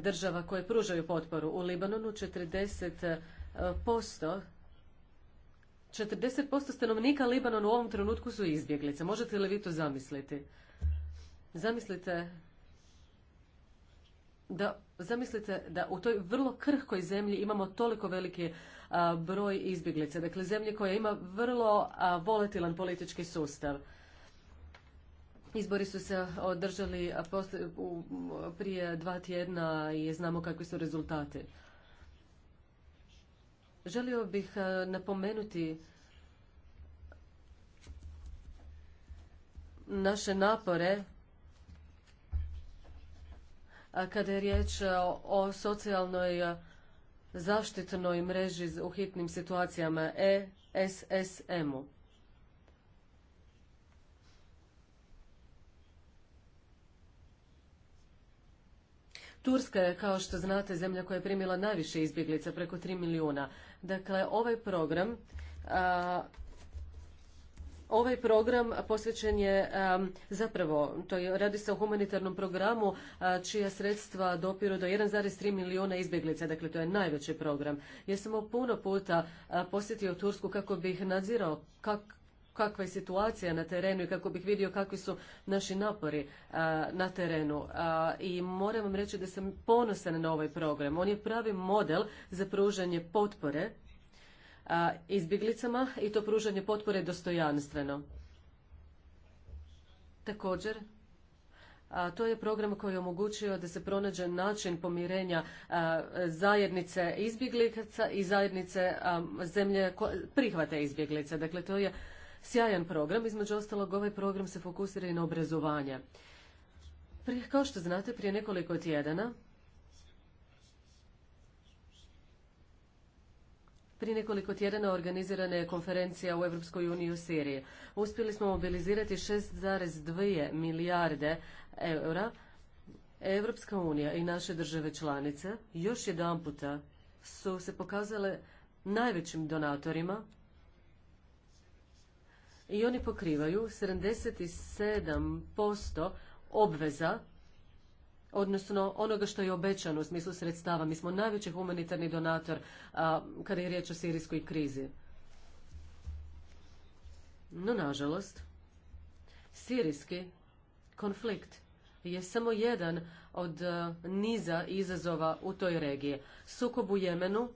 država koje pružaju potporu. U Libanonu 40%, 40% e, stanovnika Libanona u ovom trenutku su izbjeglice. Možete li vi to zamisliti? Zamislite da zamislite da u toj vrlo krhkoj zemlji imamo toliko veliki broj izbjeglica. Dakle, zemlje koja ima vrlo volatilan politički sustav. Izbori su se održali prije dva tjedna i znamo kakvi su rezultati. Želio bih napomenuti naše napore kada je riječ e, o socijalnoj e, zaštitnoj mreži u hitnim situacijama ESSM-u. Turska je, kao što znate, zemlja koja je primila najviše izbjeglica, preko 3 milijuna. Dakle, ovaj program Ovaj program posvećen je zapravo, to je, radi se o humanitarnom programu čija sredstva dopiru do 1,3 milijuna izbjeglica, dakle to je najveći program. Ja sam puno puta posjetio Tursku kako bih nadzirao kak, kakva je situacija na terenu i kako bih vidio kakvi su naši napori na terenu. I moram vam reći da sam ponosan na ovaj program. On je pravi model za pružanje potpore izbjeglicama i to pružanje potpore dostojanstveno. Također, a to je program koji je omogućio da se pronađe način pomirenja zajednice izbjeglica i zajednice a, zemlje ko, prihvate izbjeglica. Dakle, to je sjajan program. Između ostalog, ovaj program se fokusira i na obrazovanje. kao što znate, prije nekoliko tjedana Prije nekoliko tjedana organizirana je konferencija u Europskoj uniji u Siriji. Uspjeli smo mobilizirati 6,2 milijarde eura. Europska unija i naše države članice još jedan puta su se pokazale najvećim donatorima i oni pokrivaju 77% obveza odnosno onoga što je obećano u smislu sredstava. Mi smo najveći humanitarni donator a, kada je riječ o sirijskoj krizi. No, nažalost, sirijski konflikt je samo jedan od e, niza izazova u toj regiji. Sukob u Jemenu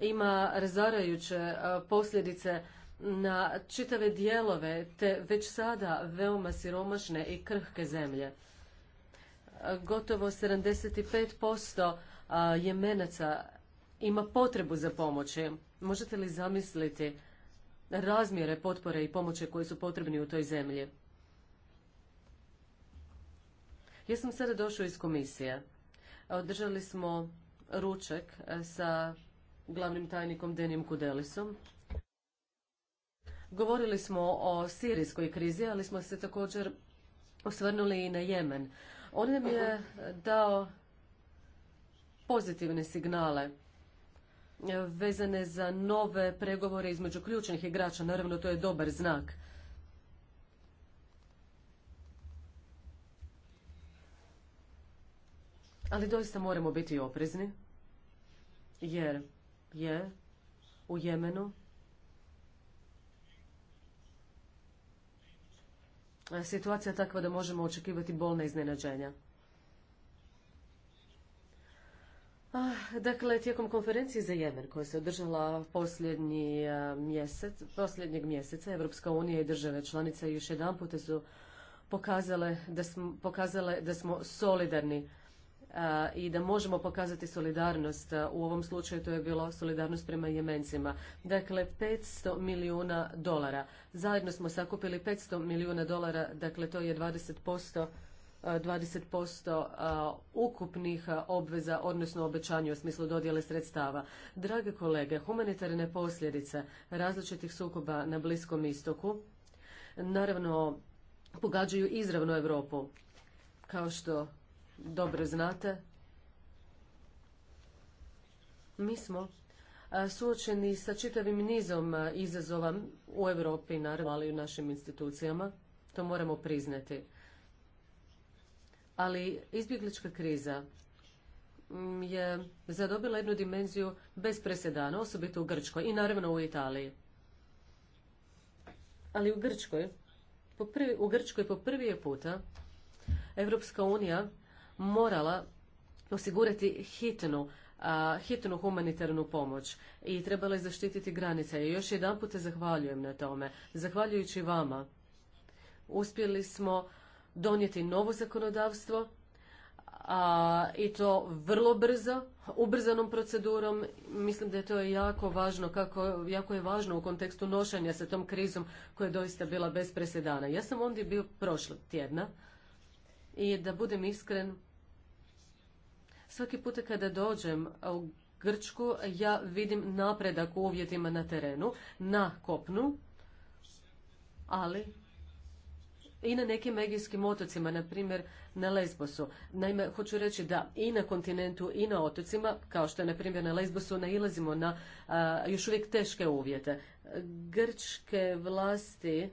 ima razarajuće e, posljedice na čitave dijelove te već sada veoma siromašne i krhke zemlje gotovo 75% jemenaca ima potrebu za pomoći. Možete li zamisliti razmjere potpore i pomoći koji su potrebni u toj zemlji? Ja sam sada došao iz komisije. Održali smo ruček e, sa glavnim tajnikom Denim Kudelisom. Govorili smo o sirijskoj krizi, ali smo se također osvrnuli i na Jemen. On nam je dao pozitivne signale vezane za nove pregovore između ključnih igrača. Naravno, to je dobar znak. Ali doista moramo biti oprezni, jer je u Jemenu situacija takva da možemo očekivati bolna iznenađenja. Ah, dakle, tijekom konferencije za Jemen koja se održala posljednji eh, mjesec, posljednjeg mjeseca, Evropska unija i države članice još jedan su da, pokazale da smo solidarni i da možemo pokazati solidarnost. U ovom slučaju to je bilo solidarnost prema jemencima. Dakle, 500 milijuna dolara. Zajedno smo sakupili 500 milijuna dolara, dakle to je 20%. 20% ukupnih obveza, odnosno obećanja u smislu dodjele sredstava. Drage kolege, humanitarne posljedice različitih sukoba na Bliskom istoku naravno pogađaju izravno Europu. Kao što dobro znate, mi smo suočeni sa čitavim nizom izazova u Europi, naravno, ali i u našim institucijama. To moramo priznati. Ali izbjeglička kriza je zadobila jednu dimenziju bez presedana, osobito u Grčkoj i naravno u Italiji. Ali u Grčkoj, po prvi, u Grčkoj po prvi je puta Evropska unija morala osigurati hitnu hitnu humanitarnu pomoć i trebala je zaštititi granice. I još jedan put zahvaljujem na tome. Zahvaljujući vama uspjeli smo donijeti novo zakonodavstvo a, i to vrlo brzo, ubrzanom procedurom. Mislim da je to jako važno, kako, jako je važno u kontekstu nošanja sa tom krizom koja je doista bila bez presedana. Ja sam ondje bio prošlog tjedna i da budem iskren, Svaki puta kada dođem u Grčku, ja vidim napredak u uvjetima na terenu, na kopnu, ali i na nekim egijskim otocima, na primjer na Lesbosu. Naime, hoću reći da i na kontinentu i na otocima, kao što je na primjer na Lesbosu, nailazimo na još uvijek teške uvjete. Grčke vlasti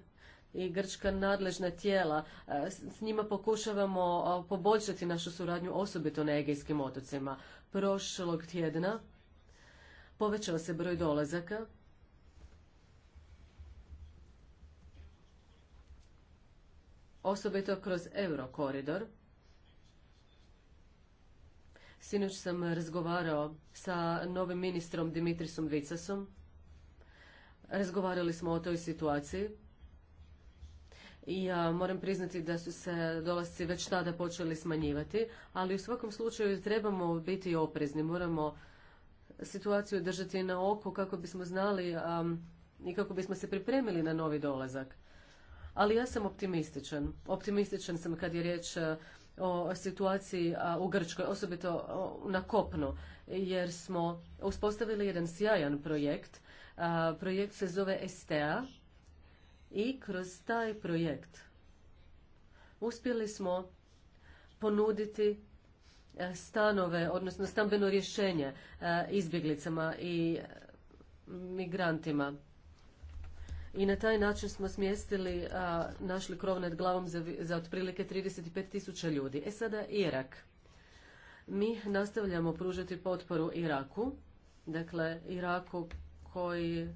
i grčka nadležna tijela. E, s njima pokušavamo poboljšati našu suradnju osobito na Egejskim otocima. Prošlog tjedna povećao se broj dolazaka. Osobito kroz Eurokoridor. Sinoć sam razgovarao sa novim ministrom Dimitrisom Vicasom. Razgovarali smo o toj situaciji i ja moram priznati da su se dolasci već tada počeli smanjivati, ali u svakom slučaju trebamo biti oprezni, moramo situaciju držati na oko kako bismo znali i kako bismo se pripremili na novi dolazak. Ali ja sam optimističan. Optimističan sam kad je riječ o situaciji u Grčkoj, osobito na kopnu, jer smo uspostavili jedan sjajan projekt. Projekt se zove ESTEA i kroz taj projekt uspjeli smo ponuditi e, stanove, odnosno stambeno rješenje e, izbjeglicama i e, migrantima. I na taj način smo smjestili, našli krov nad glavom za, za otprilike 35 tisuća ljudi. E sada Irak. Mi nastavljamo pružati potporu Iraku, dakle Iraku koji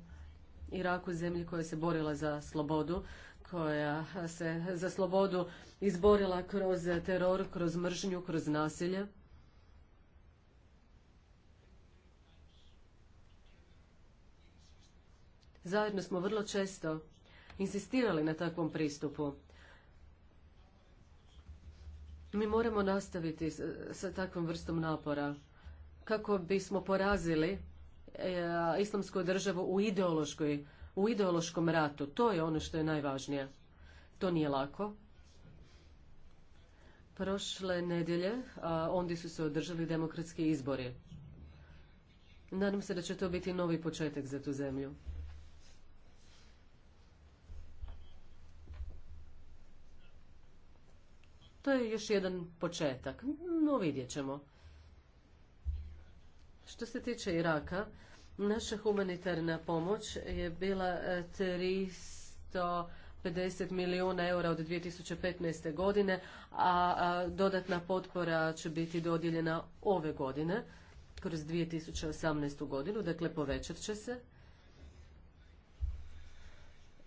Iraku, zemlji koja se borila za slobodu, koja se za slobodu izborila kroz teror, kroz mržnju, kroz nasilje. Zajedno smo vrlo često insistirali na takvom pristupu. Mi moramo nastaviti sa takvom vrstom napora kako bismo porazili E, islamsku državu u ideološkoj u ideološkom ratu. To je ono što je najvažnije. To nije lako. Prošle nedjelje ondje su se održali demokratski izbori. Nadam se da će to biti novi početak za tu zemlju. To je još jedan početak. No vidjet ćemo. Što se tiče Iraka, naša humanitarna pomoć je bila 350 e, milijuna eura od 2015. godine, a dodatna potpora će biti dodijeljena ove godine, kroz 2018. godinu, dakle povećat će se.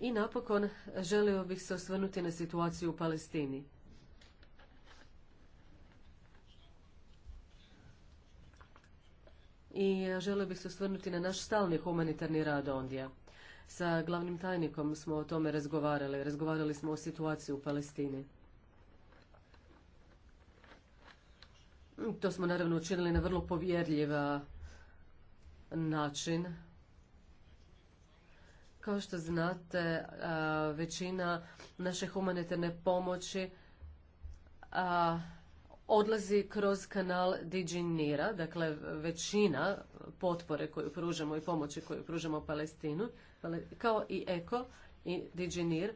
I napokon želio bih se osvrnuti na situaciju u Palestini. i e, želio bih se osvrnuti na naš stalni humanitarni rad ondje. Sa glavnim tajnikom smo o tome razgovarali. Razgovarali smo o situaciji u Palestini. To smo naravno učinili na vrlo povjerljiv e, način. Kao što znate, e, većina naše humanitarne pomoći a, odlazi kroz kanal Diđinira, dakle većina potpore koju pružamo i pomoći koju pružamo Palestinu, kao i Eko i Diđinir,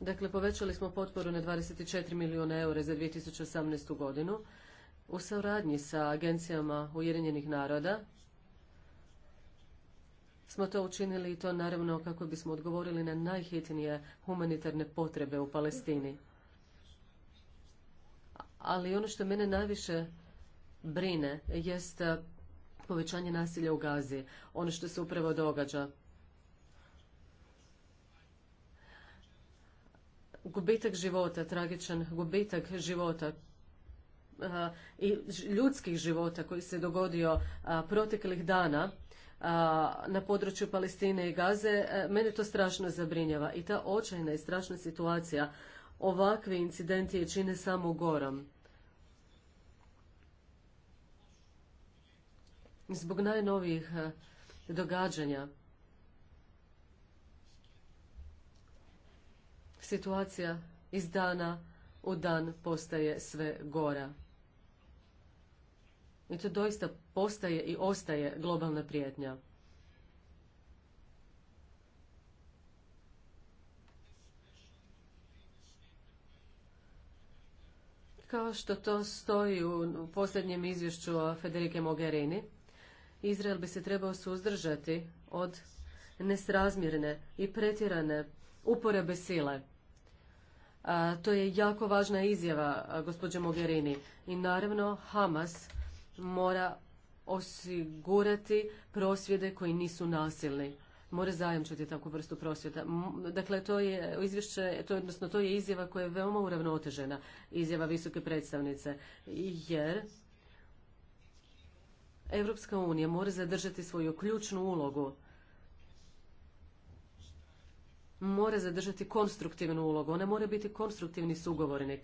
Dakle, povećali smo potporu na 24 milijuna eura za 2018. godinu. U suradnji sa agencijama Ujedinjenih naroda smo to učinili i to naravno kako bismo odgovorili na najhitnije humanitarne potrebe u Palestini. Ali ono što mene najviše brine jest eh, povećanje nasilja u Gazi, ono što se upravo događa. Gubitak života, tragičan gubitak života eh, i ljudskih života koji se dogodio eh, proteklih dana na području Palestine i Gaze, e, mene to strašno zabrinjava. I ta očajna i strašna situacija, ovakvi incidenti je čine samo gorom. Zbog najnovijih e, događanja, situacija iz dana u dan postaje sve gora. I to doista postaje i ostaje globalna prijetnja. Kao što to stoji u posljednjem izvješću o Federike Mogherini, Izrael bi se trebao suzdržati od nesrazmjerne i pretjerane uporabe sile. to je jako važna izjava gospođe Mogherini. I naravno Hamas mora osigurati prosvjede koji nisu nasilni. Mora zajamčiti takvu vrstu prosvjeda. Dakle, to je izvješće, to, odnosno to je izjava koja je veoma uravnotežena, izjava visoke predstavnice, jer Evropska unija mora zadržati svoju ključnu ulogu mora zadržati konstruktivnu ulogu. Ona mora biti konstruktivni sugovornik.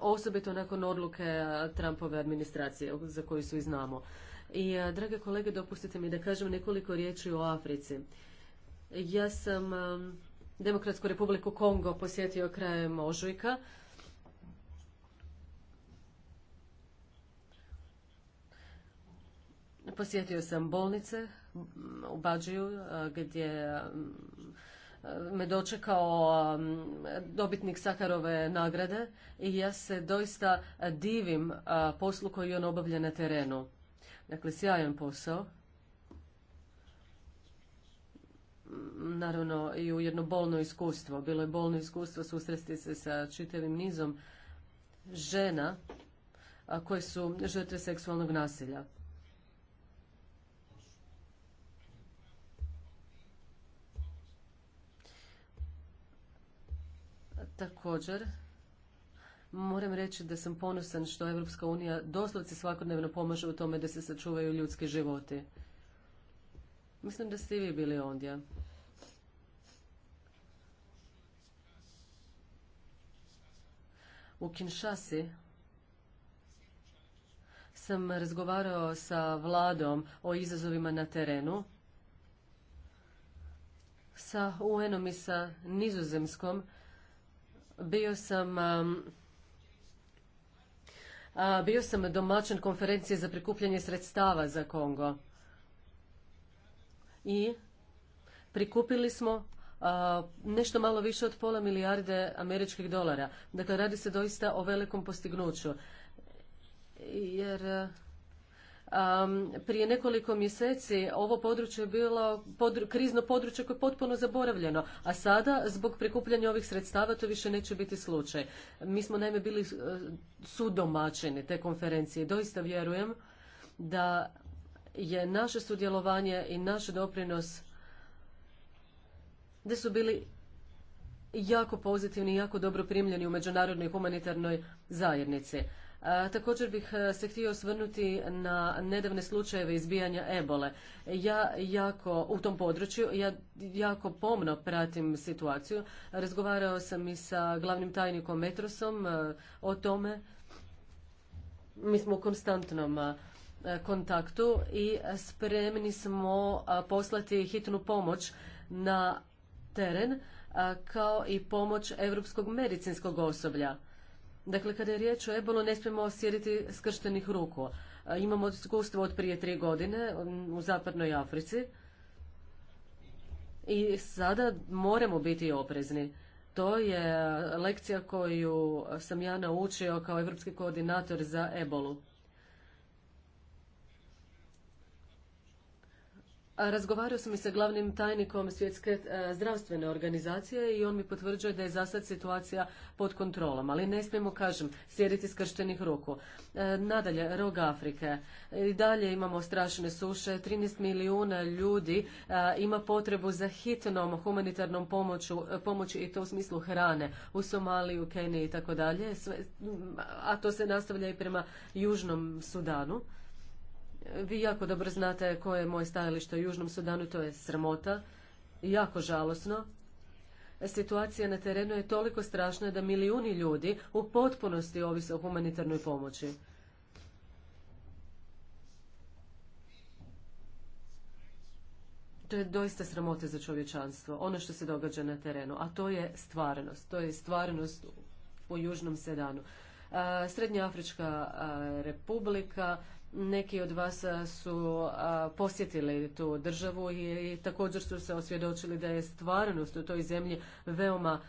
osobito nakon odluke Trumpove administracije za koju svi znamo. I, drage kolege, dopustite mi da kažem nekoliko riječi o Africi. Ja sam Demokratsku republiku Kongo posjetio krajem ožujka. Posjetio sam bolnice u Bađiju gdje me dočekao um, dobitnik Sakarove nagrade i ja se doista divim uh, poslu koji on obavlja na terenu. Dakle, sjajan posao. Naravno, i u jedno bolno iskustvo. Bilo je bolno iskustvo susresti se sa čitavim nizom žena koje su žrtve seksualnog nasilja. Također, moram reći da sam ponosan što Evropska unija doslovce svakodnevno pomaže u tome da se sačuvaju ljudski životi. Mislim da ste i vi bili ondje. U Kinshasi sam razgovarao sa vladom o izazovima na terenu, sa UN-om i sa nizozemskom, bio sam um, bio sam domaćin konferencije za prikupljanje sredstava za Kongo. I prikupili smo nešto malo više od pola milijarde američkih dolara. Dakle, radi se doista o velikom postignuću. Jer Um, prije nekoliko mjeseci ovo područje je bilo krizno područje koje je potpuno zaboravljeno, a sada zbog prikupljanja ovih sredstava to više neće biti slučaj. Mi smo naime bili e, sudomačeni te konferencije. Doista vjerujem da je naše sudjelovanje i naš doprinos da su bili jako pozitivni i jako dobro primljeni u međunarodnoj humanitarnoj zajednici također bih e, se htio osvrnuti na nedavne slučajeve izbijanja ebole. Ja jako, u tom području, ja jako pomno pratim situaciju. Razgovarao sam i sa glavnim tajnikom Metrosom e, o tome. Mi smo u konstantnom e, kontaktu i spremni smo poslati hitnu pomoć na teren kao i pomoć europskog medicinskog osoblja Dakle, kada je riječ o ebolu, ne smijemo sjediti skrštenih ruku. E, imamo iskustvo od prije tri godine um, u zapadnoj Africi i sada moramo biti oprezni. To je lekcija koju sam ja naučio kao evropski koordinator za ebolu. Razgovarao sam i sa glavnim tajnikom svjetske e, zdravstvene organizacije i on mi potvrđuje da je za sad situacija pod kontrolom, ali ne smijemo, kažem, sjediti skrštenih ruku. E, nadalje, rog Afrike. E, I dalje imamo strašne suše, 13 milijuna ljudi ima potrebu za hitnom humanitarnom pomoću, pomoći i to u smislu hrane u Somaliji, u Keniji i tako dalje, a to se nastavlja i prema Južnom Sudanu. Vi jako dobro znate koje je moje stajalište u Južnom Sudanu, to je sramota, jako žalosno. Situacija na terenu je toliko strašna da milijuni ljudi u potpunosti ovise o humanitarnoj pomoći. To je doista sramote za čovječanstvo, ono što se događa na terenu, a to je stvarnost, to je stvarnost u Južnom Sedanu. Srednja Afrička republika, neki od vas su posjetili tu državu i također su se osvjedočili da je stvarnost u toj zemlji veoma,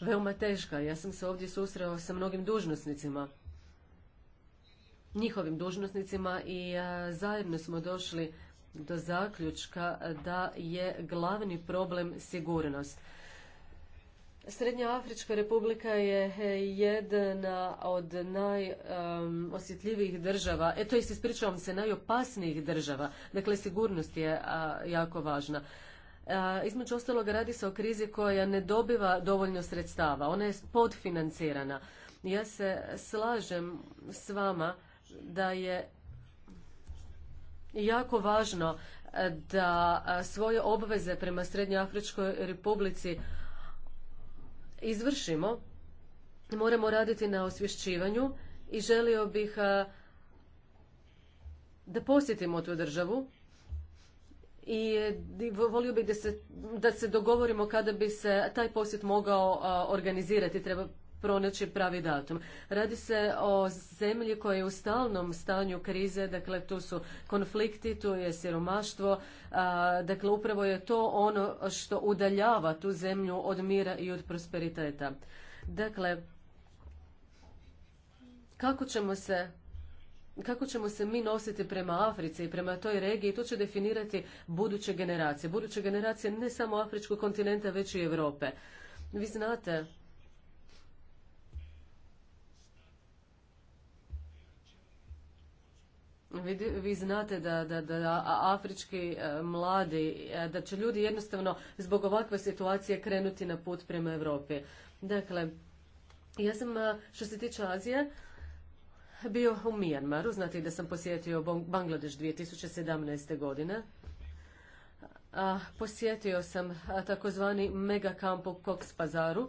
veoma teška. Ja sam se ovdje susreo sa mnogim dužnosnicima, njihovim dužnosnicima i zajedno smo došli do zaključka da je glavni problem sigurnost. Srednja Afrička republika je e, jedna od najosjetljivijih um, država, e to jest ispričavam se, najopasnijih država. Dakle, sigurnost je jako važna. između ostalog radi se o krizi koja ne dobiva dovoljno sredstava, ona je podfinancirana. Ja se slažem s vama da je jako važno e, da svoje obveze prema Srednjoafričkoj republici izvršimo, moramo raditi na osvješćivanju i želio bih da posjetimo tu državu i e, volio bih da se, da se dogovorimo kada bi se taj posjet mogao organizirati. Treba, pronaći pravi datum. Radi se o zemlji koja je u stalnom stanju krize, dakle tu su konflikti, tu je siromaštvo, dakle upravo je to ono što udaljava tu zemlju od mira i od prosperiteta. Dakle, kako ćemo se kako ćemo se mi nositi prema Africi i prema toj regiji, to će definirati buduće generacije. Buduće generacije ne samo Afričkog kontinenta, već i Europe. Vi znate Vi, vi znate da, da, da afrički e, mladi, e, da će ljudi jednostavno zbog ovakve situacije krenuti na put prema Europi. Dakle, ja sam e, što se tiče Azije bio u Mijanmaru, znate da sam posjetio Bangladeš 2017. godine. A, posjetio sam takozvani mega kamp u Pazaru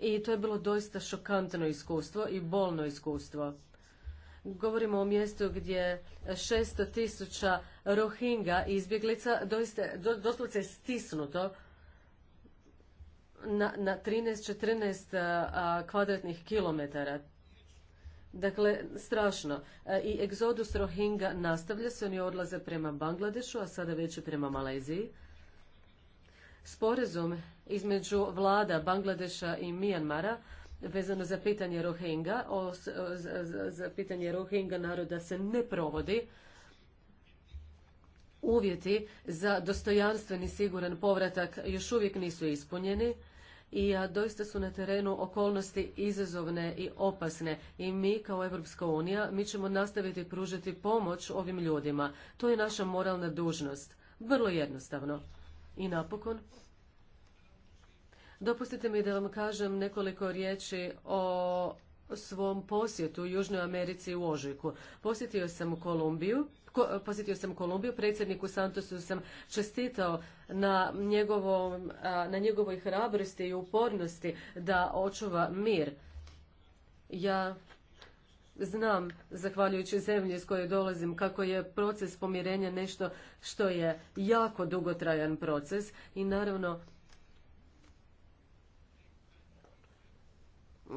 i to je bilo doista šokantno iskustvo i bolno iskustvo. Govorimo o mjestu gdje 600 tisuća rohinga izbjeglica doista, doslovce je stisnuto na, na 13-14 kvadratnih kilometara. Dakle, strašno. E, I egzodus rohinga nastavlja se, oni odlaze prema Bangladešu, a sada već i prema Maleziji. Sporazum između vlada Bangladeša i Mijanmara vezano za pitanje Rohinga, o, za, pitanje Rohinga naroda se ne provodi. Uvjeti za dostojanstven i siguran povratak još uvijek nisu ispunjeni i a, doista su na terenu okolnosti izazovne i opasne i mi kao Europska unija mi ćemo nastaviti pružiti pomoć ovim ljudima. To je naša moralna dužnost. Vrlo jednostavno. I napokon, Dopustite mi da vam kažem nekoliko riječi o svom posjetu u Južnoj Americi u Ožujku. Posjetio sam Kolumbiju, posjetio sam Kolumbiju, predsjedniku Santosu sam čestitao na, njegovom, na njegovoj hrabrosti i upornosti da očuva mir. Ja znam, zahvaljujući zemlji iz koje dolazim, kako je proces pomirenja nešto što je jako dugotrajan proces i naravno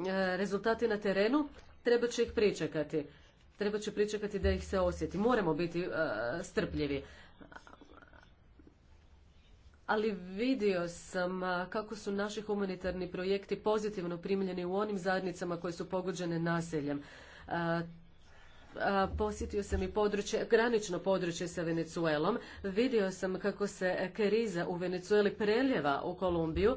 E, rezultati na terenu, treba će ih pričekati. Treba će pričekati da ih se osjeti. Moramo biti e, strpljivi. Ali vidio sam e, kako su naši humanitarni projekti pozitivno primljeni u onim zajednicama koje su pogođene naseljem. Posjetio sam i područje, granično područje sa Venezuelom. Vidio sam kako se kriza u Venezueli preljeva u Kolumbiju.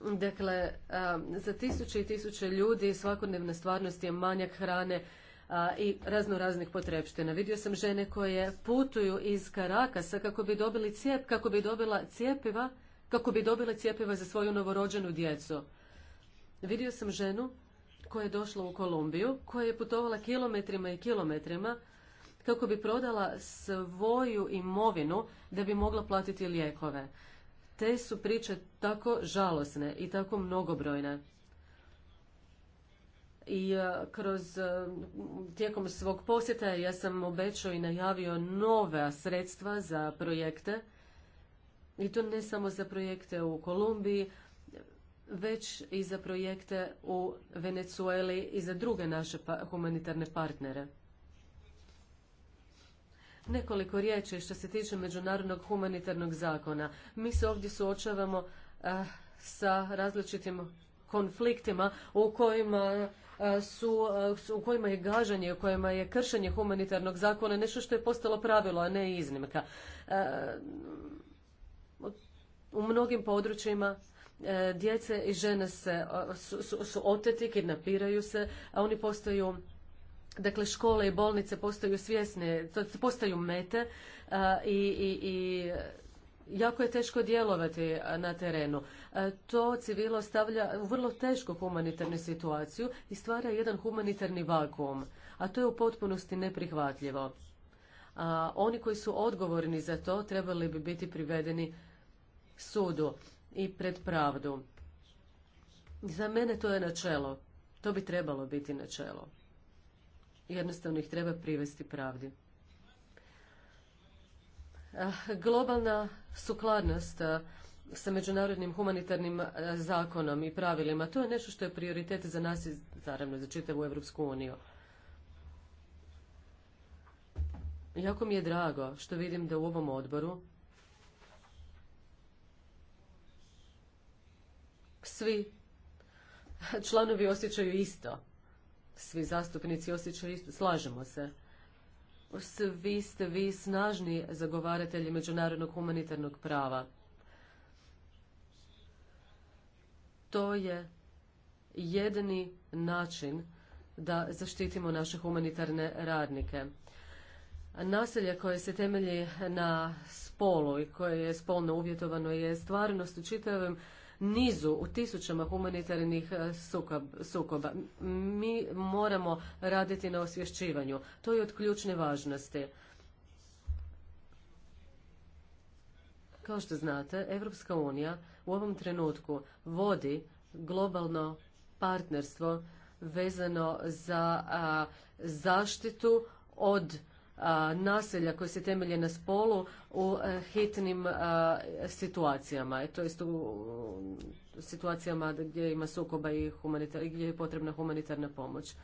Dakle, um, za tisuće i tisuće ljudi svakodnevna stvarnost je manjak hrane i razno raznih potrepština. Vidio sam žene koje putuju iz Karakasa kako bi dobili cijep, kako bi dobila cijepiva, kako bi dobila cijepiva za svoju novorođenu djecu. Vidio sam ženu koja je došla u Kolumbiju, koja je putovala kilometrima i kilometrima kako bi prodala svoju imovinu da bi mogla platiti lijekove te su priče tako žalosne i tako mnogobrojne. I e, kroz e, tijekom svog posjeta ja sam obećao i najavio nove sredstva za projekte. I to ne samo za projekte u Kolumbiji, već i za projekte u Venezueli i za druge naše pa, humanitarne partnere. Nekoliko riječi što se tiče međunarodnog humanitarnog zakona. Mi se ovdje suočavamo eh, sa različitim konfliktima u kojima eh, su, eh, u kojima je gažanje, u kojima je kršenje humanitarnog zakona nešto što je postalo pravilo, a ne iznimka. U mnogim područjima djece i žene se, su, su, su oteti, kidnapiraju se, a oni postaju Dakle, škole i bolnice postaju svjesne, postaju mete i, i, i jako je teško djelovati na terenu. To civilo stavlja u vrlo tešku humanitarnu situaciju i stvara jedan humanitarni vakuum, a to je u potpunosti neprihvatljivo. A oni koji su odgovorni za to trebali bi biti privedeni sudu i pred pravdu. Za mene to je načelo. To bi trebalo biti načelo jednostavno ih treba privesti pravdi. Globalna sukladnost sa međunarodnim humanitarnim zakonom i pravilima, to je nešto što je prioritet za nas i naravno za čitavu Evropsku uniju. Jako mi je drago što vidim da u ovom odboru svi članovi osjećaju isto svi zastupnici osjećaju isto, slažemo se. Vi ste vi snažni zagovaratelji međunarodnog humanitarnog prava. To je jedini način da zaštitimo naše humanitarne radnike. Naselje koje se temelji na spolu i koje je spolno uvjetovano je stvarnost u čitavom nizu, u tisućama humanitarnih e, sukoba. Mi moramo raditi na osvješćivanju. To je od ključne važnosti. Kao što znate, Evropska unija u ovom trenutku vodi globalno partnerstvo vezano za zaštitu od nasilja koje se temelje na spolu u e, hitnim situacijama. E, to jest u situacijama gdje ima sukoba i gdje je potrebna humanitarna pomoć.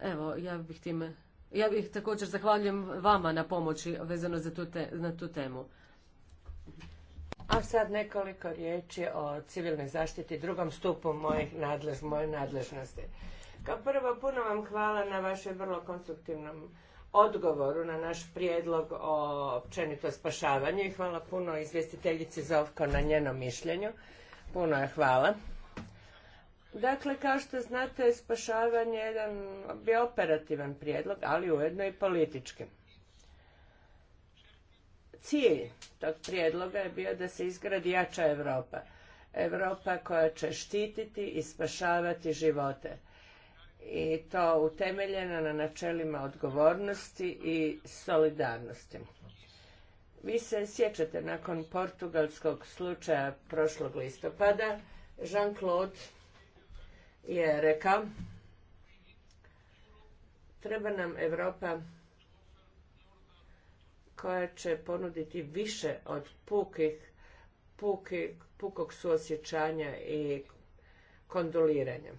Evo, ja bih time... Ja bih također zahvaljujem vama na pomoći vezano na tu temu. A sad nekoliko riječi o civilnoj zaštiti, drugom stupu moje nadležnosti. Kao prvo, puno vam hvala na vašem vrlo konstruktivnom odgovoru na naš prijedlog o općenito spašavanju i hvala puno izvjestiteljici Zovko na njenom mišljenju. Puno je hvala. Dakle, kao što znate, spašavanje je jedan bio operativan prijedlog, ali ujedno i politički. Cilj tog prijedloga je bio da se izgradi jača Europa. Europa koja će štititi i spašavati živote i to utemeljeno na načelima odgovornosti i solidarnosti. Vi se sjećate nakon portugalskog slučaja prošlog listopada, Jean-Claude je rekao treba nam Europa koja će ponuditi više od pukih, pukog suosjećanja i kondoliranja.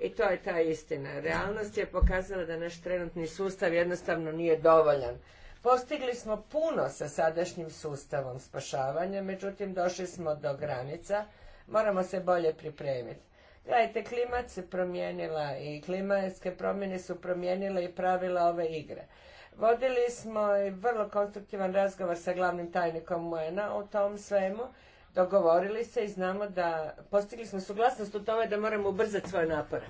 I to je ta istina. Realnost je pokazala da naš trenutni sustav jednostavno nije dovoljan. Postigli smo puno sa sadašnjim sustavom spašavanja, međutim došli smo do granica, moramo se bolje pripremiti. Gledajte, klimat se promijenila i klimatske promjene su promijenile i pravila ove igre. Vodili smo i vrlo konstruktivan razgovor sa glavnim tajnikom Moena o tom svemu dogovorili se i znamo da postigli smo suglasnost u tome da moramo ubrzati svoje napore.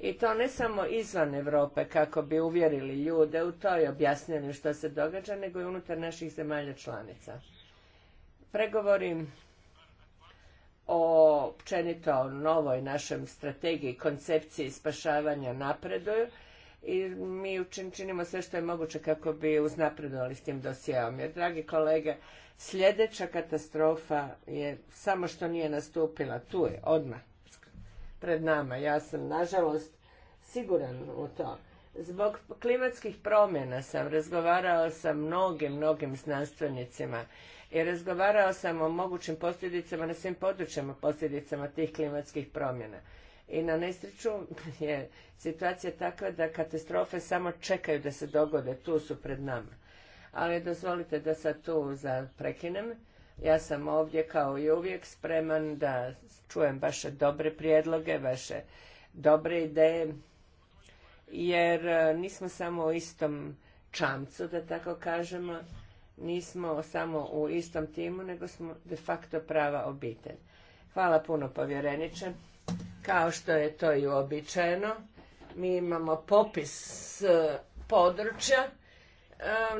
I to ne samo izvan Europe kako bi uvjerili ljude u to i objasnili što se događa, nego i unutar naših zemalja članica. Pregovori o općenito novoj našoj strategiji, koncepciji spašavanja napreduju i mi učinimo činimo sve što je moguće kako bi uznapredovali s tim dosijeom. Jer, dragi kolege, Sljedeća katastrofa je samo što nije nastupila, tu je, odmah, pred nama. Ja sam, nažalost, siguran u to. Zbog klimatskih promjena sam razgovarao sa mnogim, mnogim znanstvenicima i razgovarao sam o mogućim posljedicama na svim područjima posljedicama tih klimatskih promjena. I na nesreću je situacija takva da katastrofe samo čekaju da se dogode, tu su pred nama ali dozvolite da sad tu prekinem. Ja sam ovdje kao i uvijek spreman da čujem vaše dobre prijedloge, vaše dobre ideje, jer e, nismo samo u istom čamcu, da tako kažemo, nismo samo u istom timu, nego smo de facto prava obitelj. Hvala puno povjereniče. Kao što je to i uobičajeno, mi imamo popis e, područja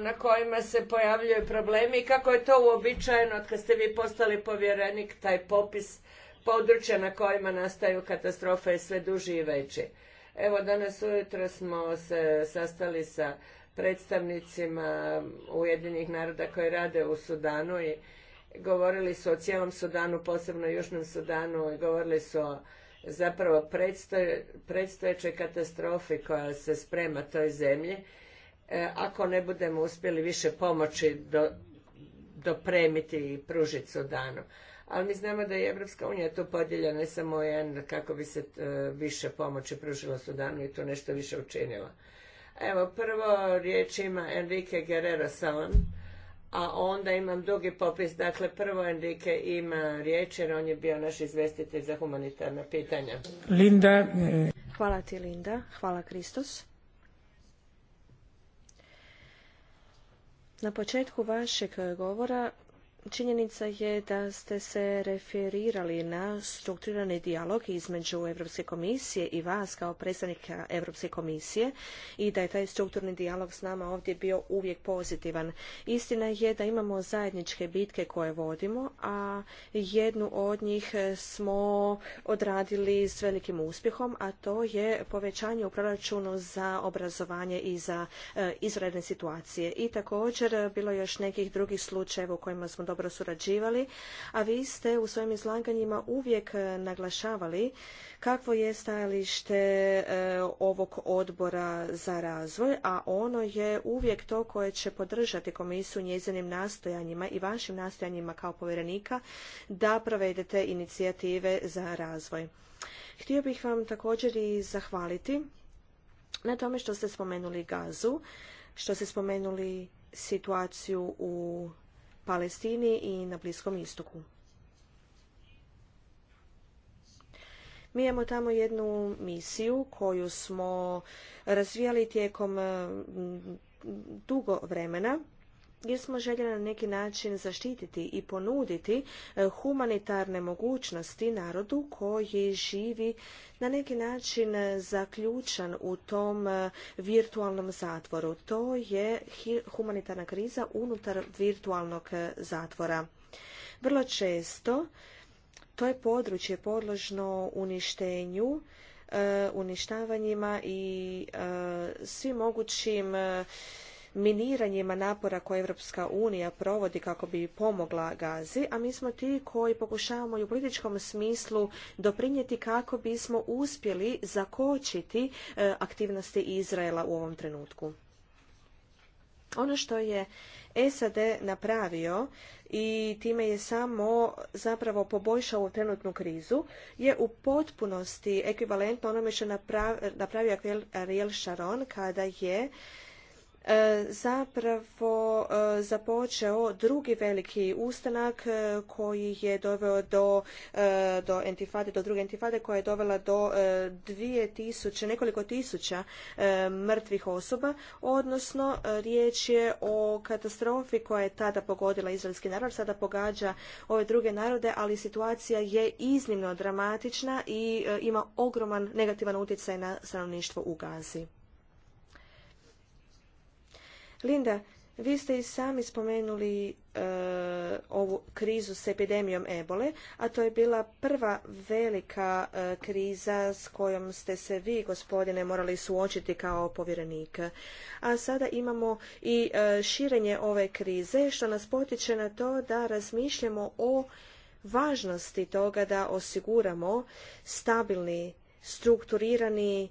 na kojima se pojavljuju problemi i kako je to uobičajeno od kad ste vi postali povjerenik taj popis područja na kojima nastaju katastrofe je sve duži i veći. Evo danas ujutro smo se sastali sa predstavnicima Ujedinjenih naroda koji rade u Sudanu i govorili su o cijelom Sudanu, posebno Južnom Sudanu i govorili su o zapravo predstojećoj katastrofi koja se sprema toj zemlji E, ako ne budemo uspjeli više pomoći do, dopremiti i pružiti Sudanu. Ali mi znamo da je Evropska unija tu podijeljena ne samo UN kako bi se e, više pomoći pružila Sudanu i tu nešto više učinila. Evo, prvo riječ ima Enrique Guerrero Salon, a onda imam dugi popis. Dakle, prvo Enrique ima riječ jer on je bio naš izvestitelj za humanitarna pitanja. Linda. E, hvala ti Linda, hvala Kristos. Na početku vašeg govora Činjenica je da ste se referirali na strukturirani dijalog između Europske komisije i vas kao predstavnika Europske komisije i da je taj strukturni dijalog s nama ovdje bio uvijek pozitivan. Istina je da imamo zajedničke bitke koje vodimo, a jednu od njih smo odradili s velikim uspjehom, a to je povećanje u proračunu za obrazovanje i za e, izvanredne situacije. I također bilo je još nekih drugih slučajeva u kojima smo dobro surađivali, a vi ste u svojim izlaganjima uvijek e, naglašavali kakvo je stajalište e, ovog odbora za razvoj, a ono je uvijek to koje će podržati komisiju njezinim nastojanjima i vašim nastojanjima kao povjerenika da provedete inicijative za razvoj. Htio bih vam također i zahvaliti na tome što ste spomenuli gazu, što ste spomenuli situaciju u Palestini i na Bliskom istoku. Mi imamo tamo jednu misiju koju smo razvijali tijekom mm, dugo vremena jer smo željeli na neki način zaštititi i ponuditi e, humanitarne mogućnosti narodu koji živi na neki način e, zaključan u tom e, virtualnom zatvoru. To je humanitarna kriza unutar virtualnog zatvora. Vrlo često to je područje podložno uništenju uništavanjima i svim mogućim miniranjima napora koje Europska unija provodi kako bi pomogla Gazi, a mi smo ti koji pokušavamo i u političkom smislu doprinijeti kako bismo uspjeli zakočiti e, aktivnosti Izraela u ovom trenutku. Ono što je SAD napravio i time je samo zapravo poboljšao trenutnu krizu je u potpunosti ekvivalentno onome što je napravio Ariel Sharon kada je E, zapravo e, započeo drugi veliki ustanak e, koji je doveo do, do entifade, do druge entifade koja je dovela do dvije tisuće, nekoliko tisuća mrtvih osoba, odnosno riječ je o katastrofi koja je tada pogodila izraelski narod, sada pogađa ove druge narode, ali situacija je iznimno dramatična i ima ogroman negativan utjecaj na stanovništvo u Gazi. Linda, vi ste i sami spomenuli e, ovu krizu s epidemijom ebole, a to je bila prva velika e, kriza s kojom ste se vi, gospodine, morali suočiti kao povjerenik. A sada imamo i e, širenje ove krize, što nas potiče na to da razmišljamo o važnosti toga da osiguramo stabilni, strukturirani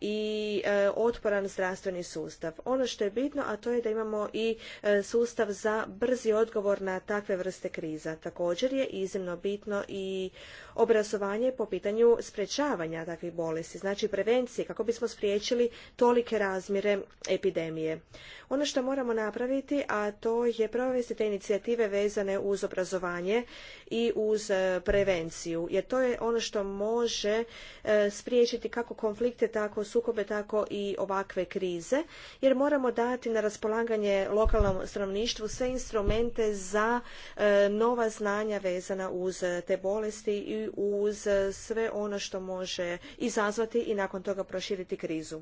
i e, otporan zdravstveni sustav. Ono što je bitno, a to je da imamo i e, sustav za brzi odgovor na takve vrste kriza. Također je iznimno bitno i obrazovanje po pitanju sprečavanja takvih bolesti, znači prevencije, kako bismo spriječili tolike razmjere epidemije. Ono što moramo napraviti, a to je provesti te inicijative vezane uz obrazovanje i uz e, prevenciju jer to je ono što može e, spriječiti kako konflikte tako sukobe tako i ovakve krize jer moramo dati na raspolaganje lokalnom stanovništvu sve instrumente za e, nova znanja vezana uz te bolesti i uz sve ono što može izazvati i nakon toga proširiti krizu.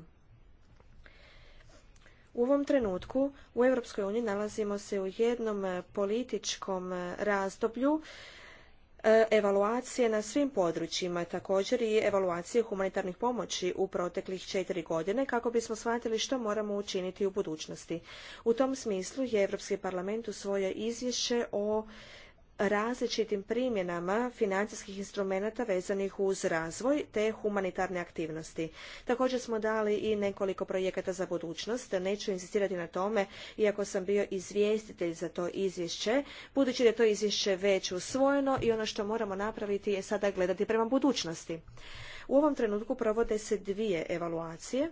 U ovom trenutku u Europskoj uniji nalazimo se u jednom političkom razdoblju E, evaluacije na svim područjima, također i evaluacije humanitarnih pomoći u proteklih četiri godine kako bismo shvatili što moramo učiniti u budućnosti. U tom smislu je Europski parlament usvojio izvješće o različitim primjenama financijskih instrumenata vezanih uz razvoj te humanitarne aktivnosti. Također smo dali i nekoliko projekata za budućnost. Neću insistirati na tome, iako sam bio izvjestitelj za to izvješće, budući da je to izvješće već usvojeno i ono što moramo napraviti je sada gledati prema budućnosti. U ovom trenutku provode se dvije evaluacije.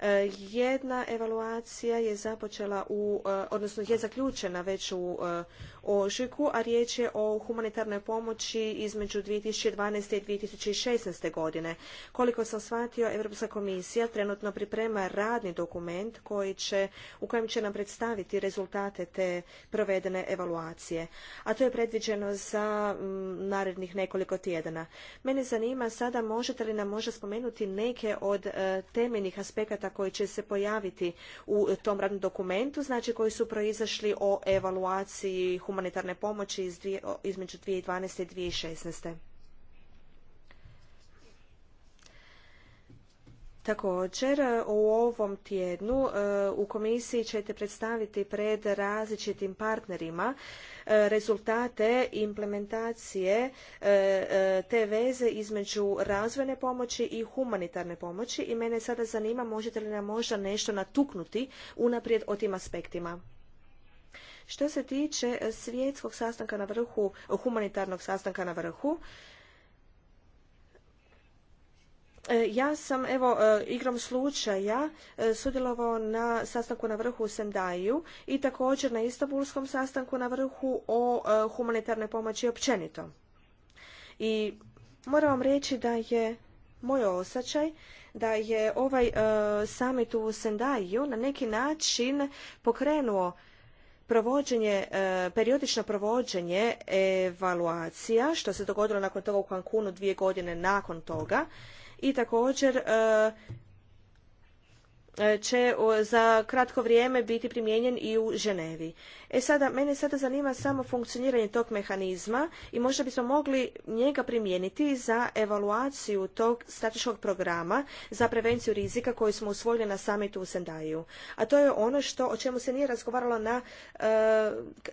E, jedna evaluacija je započela u, e, odnosno je zaključena već u e, ožujku, a riječ je o humanitarnoj pomoći između 2012. i 2016. godine. Koliko sam shvatio, Europska komisija trenutno priprema radni dokument koji će, u kojem će nam predstaviti rezultate te provedene evaluacije, a to je predviđeno za mm, narednih nekoliko tjedana. Mene zanima sada možete li nam možda spomenuti neke od e, temeljnih aspekata koji će se pojaviti u tom radnom dokumentu, znači koji su proizašli o evaluaciji humanitarne pomoći iz dvije, između 2012. i 2016. Također, e, u ovom tjednu e, u komisiji ćete predstaviti pred različitim partnerima e, rezultate implementacije te veze između razvojne pomoći i humanitarne pomoći i mene sada zanima možete li nam možda nešto natuknuti unaprijed o tim aspektima. Što se tiče e, svjetskog sastanka na vrhu, humanitarnog sastanka na vrhu, e, ja sam, evo, e, igrom slučaja sudjelovao na sastanku na vrhu u Sendaju i također na Istanbulskom sastanku na vrhu o humanitarnoj pomoći općenito. I moram vam reći da je moj osjećaj da je ovaj summit u Sendaju na neki način pokrenuo provođenje, e, periodično provođenje evaluacija, što se dogodilo nakon toga u Cancunu dvije godine nakon toga, i također e, E, će za kratko vrijeme biti primijenjen i u Ženevi. E sada, mene sada zanima samo funkcioniranje tog mehanizma i možda bismo mogli njega primijeniti za evaluaciju tog strateškog programa za prevenciju rizika koji smo usvojili na samitu u Sendaju. A to je ono o čemu se nije razgovaralo na, e,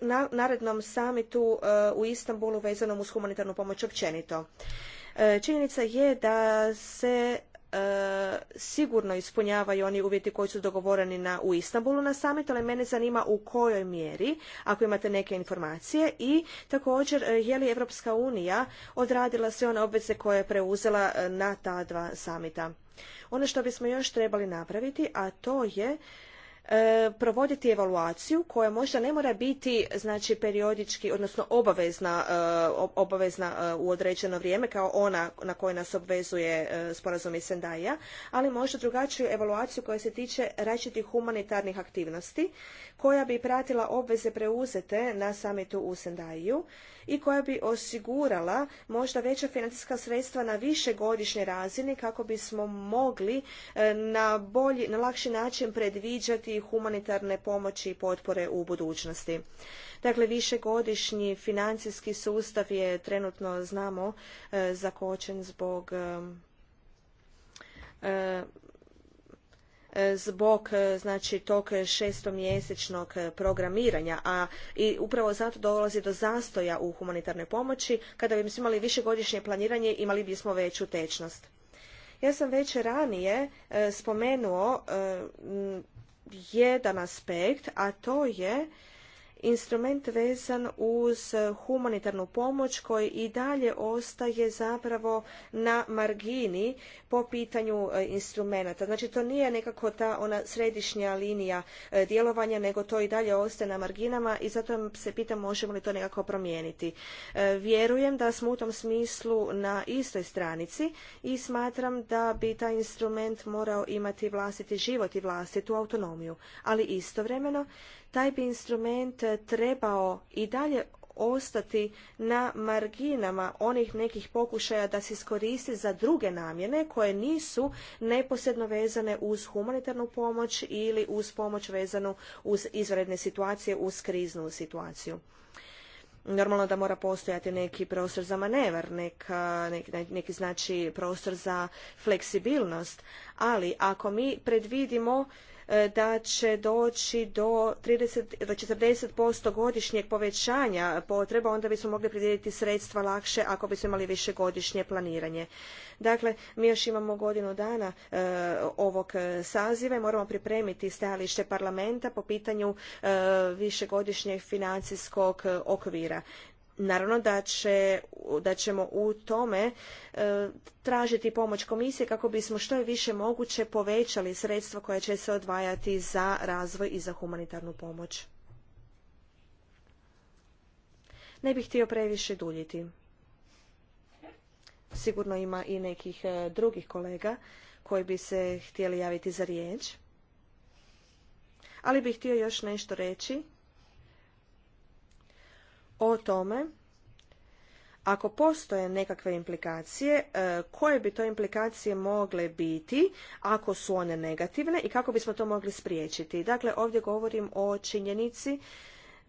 na narednom samitu e, u Istanbulu vezanom uz humanitarnu pomoć općenito. Činjenica je da se E, sigurno ispunjavaju oni uvjeti koji su dogovoreni na, u Istanbulu na summit, ali mene zanima u kojoj mjeri, ako imate neke informacije i također e, je li Evropska unija odradila sve one obveze koje je preuzela e, na ta dva samita. Ono što bismo još trebali napraviti, a to je E, provoditi evaluaciju koja možda ne mora biti znači periodički odnosno obavezna, e, obavezna e, u određeno vrijeme kao ona na koje nas obvezuje sporazum iz Sendaja, ali možda drugačiju evaluaciju koja se tiče različitih humanitarnih aktivnosti koja bi pratila obveze preuzete na samitu u Sendaju i koja bi osigurala možda veća financijska sredstva na višegodišnjoj razini kako bismo mogli e, na bolji, na lakši način predviđati humanitarne pomoći i potpore u budućnosti. Dakle, višegodišnji financijski sustav je trenutno znamo e, zakočen zbog e, zbog e, znači tog šestomjesečnog e, programiranja, a i upravo zato dolazi do zastoja u humanitarnoj pomoći. Kada bismo imali višegodišnje planiranje imali bismo veću tečnost. Ja sam već ranije e, spomenuo jedan aspekt, a to je instrument vezan uz humanitarnu pomoć koji i dalje ostaje zapravo na margini po pitanju e, instrumenata. Znači to nije nekako ta ona središnja linija e, djelovanja nego to i dalje ostaje na marginama i zato se pitam možemo li to nekako promijeniti. E, vjerujem da smo u tom smislu na istoj stranici i smatram da bi taj instrument morao imati vlastiti život i vlastitu autonomiju, ali istovremeno taj bi instrument e, trebao i dalje ostati na marginama onih nekih pokušaja da se iskoristi za druge namjene koje nisu neposredno vezane uz humanitarnu pomoć ili uz pomoć vezanu uz izvanredne situacije, uz kriznu situaciju. Normalno da mora postojati neki prostor za manevar, neka, e, neki, neki znači prostor za fleksibilnost, ali ako mi predvidimo E, da će doći do 30 do 40% godišnjeg povećanja potreba, onda bismo mogli predijeliti sredstva lakše ako bismo imali višegodišnje planiranje. Dakle, mi još imamo godinu dana e, ovog saziva i moramo pripremiti stajalište parlamenta po pitanju e, višegodišnjeg financijskog okvira naravno da, će, da ćemo u tome e, tražiti pomoć komisije kako bismo što je više moguće povećali sredstva koja će se odvajati za razvoj i za humanitarnu pomoć. Ne bih htio previše duljiti. Sigurno ima i nekih e, drugih kolega koji bi se htjeli javiti za riječ. Ali bih htio još nešto reći o tome ako postoje nekakve implikacije, e, koje bi to implikacije mogle biti ako su one negativne i kako bismo to mogli spriječiti. Dakle, ovdje govorim o činjenici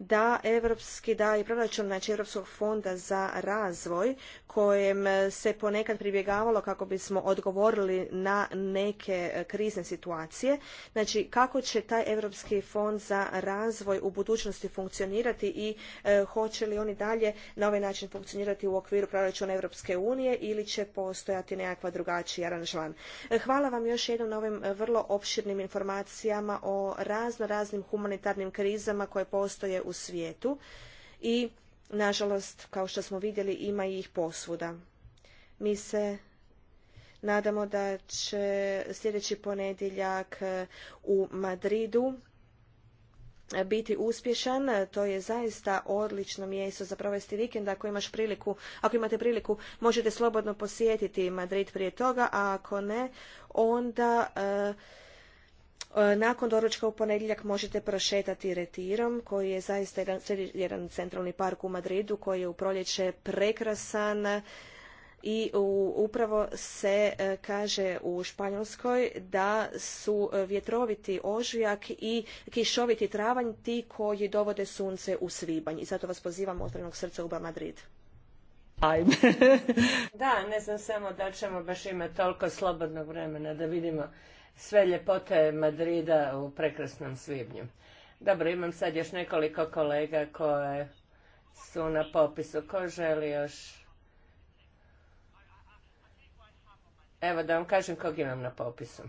da europski, da i proračun znači Europskog fonda za razvoj kojem se ponekad pribjegavalo kako bismo odgovorili na neke krizne situacije. Znači kako će taj Europski fond za razvoj u budućnosti funkcionirati i e, hoće li oni dalje na ovaj način funkcionirati u okviru proračuna Europske unije ili će postojati nekakva drugačiji aranžman. E, hvala vam još jednom na ovim e, vrlo opširnim informacijama o razno raznim humanitarnim krizama koje postoje u svijetu i nažalost kao što smo vidjeli ima ih posvuda. Mi se nadamo da će sljedeći ponedjeljak e, u Madridu e, biti uspješan. E, to je zaista odlično mjesto za provesti vikend. Ako, imaš priliku, ako imate priliku, možete slobodno posjetiti Madrid prije toga, a ako ne, onda E, nakon doručka u ponedjeljak možete prošetati retirom koji je zaista jedan, centralni park u Madridu koji je u proljeće prekrasan i u, upravo se e, kaže u Španjolskoj da su e, vjetroviti ožujak i kišoviti travanj ti koji dovode sunce u svibanj. I zato vas pozivam otvorenog srca u Madrid. da, ne znam samo da ćemo baš imati toliko slobodnog vremena da vidimo sve ljepote Madrida u prekrasnom svibnju. Dobro, imam sad još nekoliko kolega koje su na popisu. Ko želi još? Evo da vam kažem kog imam na popisu.